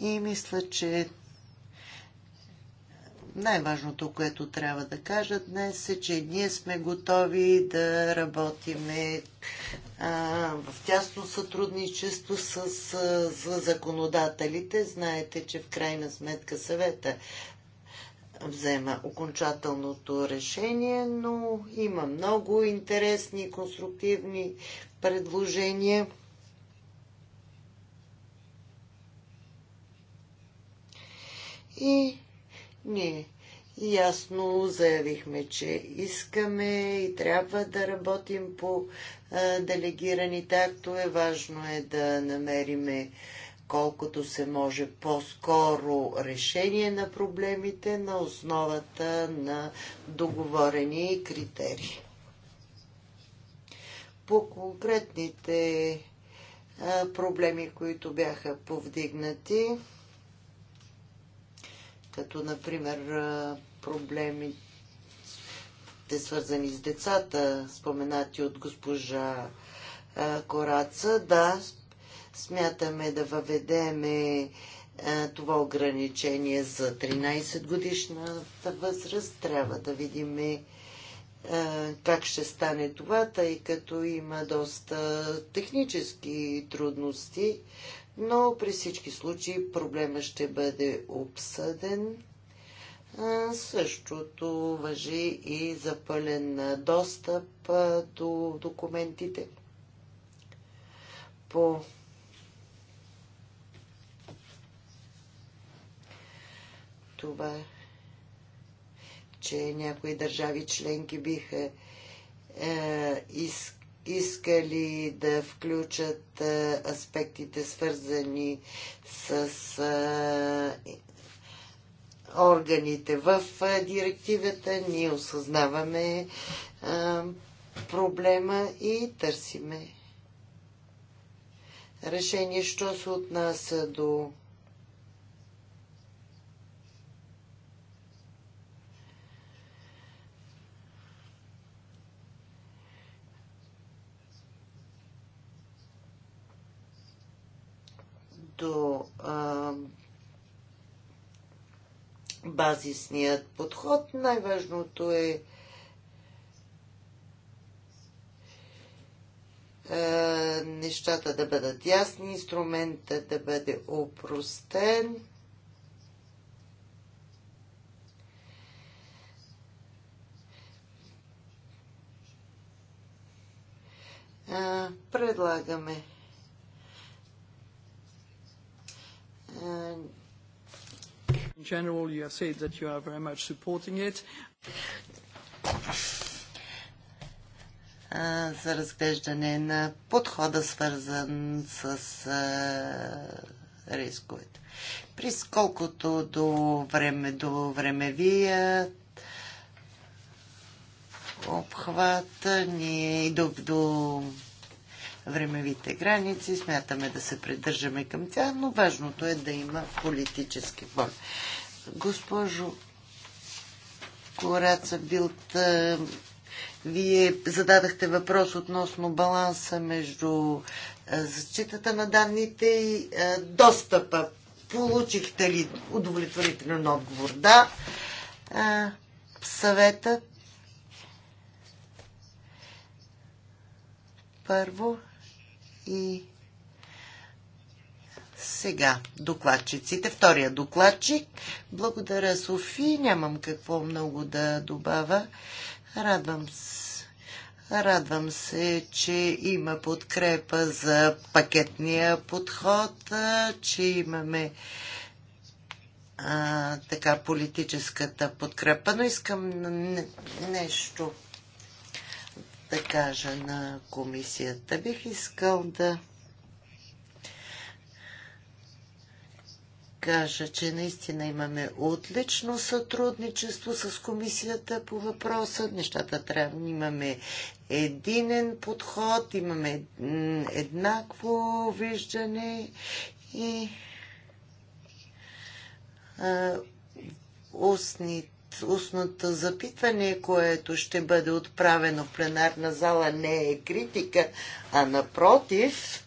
и мисля, че най-важното, което трябва да кажа днес е, че ние сме готови да работиме в тясно сътрудничество с, с законодателите. Знаете, че в крайна сметка съвета взема окончателното решение, но има много интересни, конструктивни предложения. И ние ясно заявихме, че искаме и трябва да работим по делегираните актове. Важно е да намериме колкото се може по-скоро решение на проблемите на основата на договорени критерии. По конкретните проблеми, които бяха повдигнати, като например проблемите свързани с децата, споменати от госпожа Кораца. Да, смятаме да въведеме това ограничение за 13 годишната възраст. Трябва да видим как ще стане това, тъй като има доста технически трудности, но при всички случаи проблема ще бъде обсъден. Същото въжи и за пълен достъп до документите. По това, че някои държави членки биха е, искали искали да включат аспектите свързани с органите в директивата. Ние осъзнаваме проблема и търсиме решение, що се отнася до като а, базисният подход. Най-важното е а, нещата да бъдат ясни, инструментът да бъде опростен. предлагаме In general, you have said that you are very much supporting it. За разглеждане на подхода, свързан с рисковете. При сколкото до, време, до времевия обхват, ние до, до времевите граници. Смятаме да се придържаме към тях, но важното е да има политически воля. Госпожо Кораца Билт, вие зададахте въпрос относно баланса между защитата на данните и достъпа. Получихте ли удовлетворителен отговор? Да. Съветът първо и сега докладчиците. Втория докладчик. Благодаря, Софи. Нямам какво много да добавя. Радвам се. Радвам се, че има подкрепа за пакетния подход, че имаме а, така политическата подкрепа, но искам нещо да кажа на комисията. Бих искал да кажа, че наистина имаме отлично сътрудничество с комисията по въпроса. Нещата трябва. да Имаме единен подход, имаме еднакво виждане и а, устните устното запитване, което ще бъде отправено в пленарна зала, не е критика, а напротив,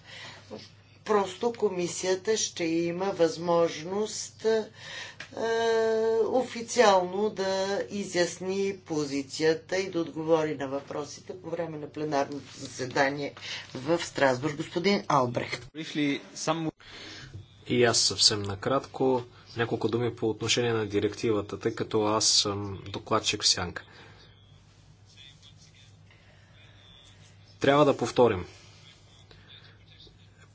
просто комисията ще има възможност е, официално да изясни позицията и да отговори на въпросите по време на пленарното заседание в Страсбург. Господин Албрехт. И аз съвсем накратко няколко думи по отношение на директивата, тъй като аз съм докладчик в сянка. Трябва да повторим.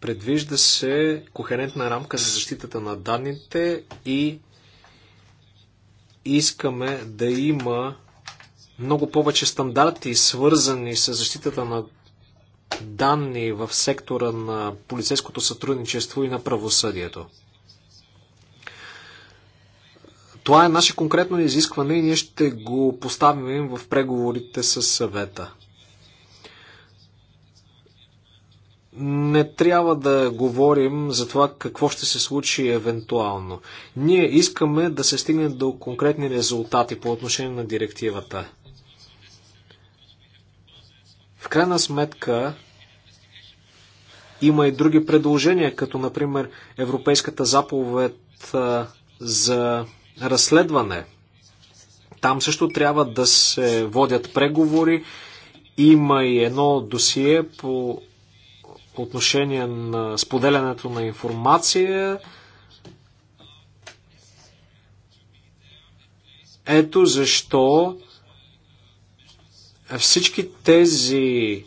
Предвижда се кохерентна рамка за защитата на данните и искаме да има много повече стандарти, свързани с защитата на данни в сектора на полицейското сътрудничество и на правосъдието. Това е наше конкретно изискване и ние ще го поставим в преговорите с съвета. Не трябва да говорим за това какво ще се случи евентуално. Ние искаме да се стигне до конкретни резултати по отношение на директивата. В крайна сметка, има и други предложения, като например Европейската заповед за разследване. Там също трябва да се водят преговори. Има и едно досие по отношение на споделянето на информация. Ето защо всички тези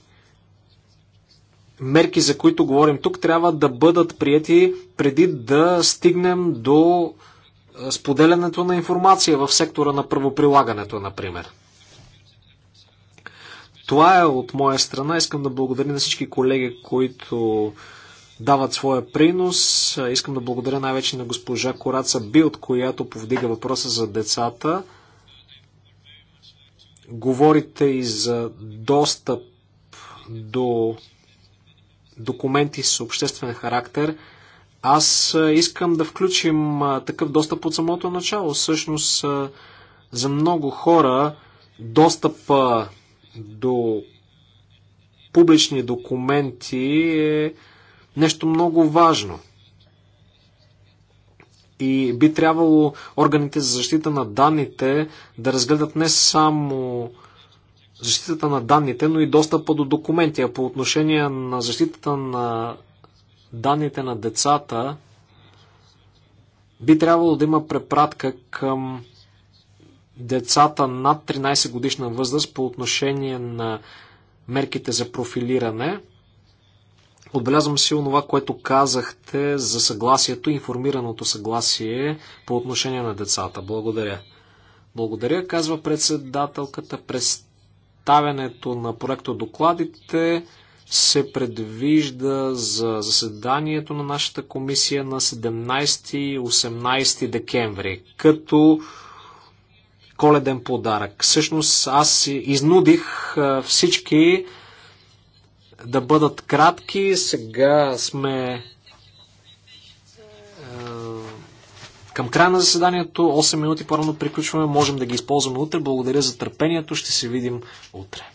мерки, за които говорим тук, трябва да бъдат прияти преди да стигнем до споделянето на информация в сектора на правоприлагането, например. Това е от моя страна. Искам да благодаря на всички колеги, които дават своя принос. Искам да благодаря най-вече на госпожа Кораца Билт, която повдига въпроса за децата. Говорите и за достъп до документи с обществен характер – аз искам да включим такъв достъп от самото начало. Всъщност, за много хора достъпа до публични документи е нещо много важно. И би трябвало органите за защита на данните да разгледат не само защитата на данните, но и достъпа до документи. А по отношение на защитата на данните на децата, би трябвало да има препратка към децата над 13 годишна възраст по отношение на мерките за профилиране. Отбелязвам си онова, което казахте за съгласието, информираното съгласие по отношение на децата. Благодаря. Благодаря, казва председателката. Представянето на проекто докладите се предвижда за заседанието на нашата комисия на 17 и 18 декември, като коледен подарък. Всъщност аз изнудих всички да бъдат кратки. Сега сме към края на заседанието. 8 минути по-рано приключваме. Можем да ги използваме утре. Благодаря за търпението. Ще се видим утре.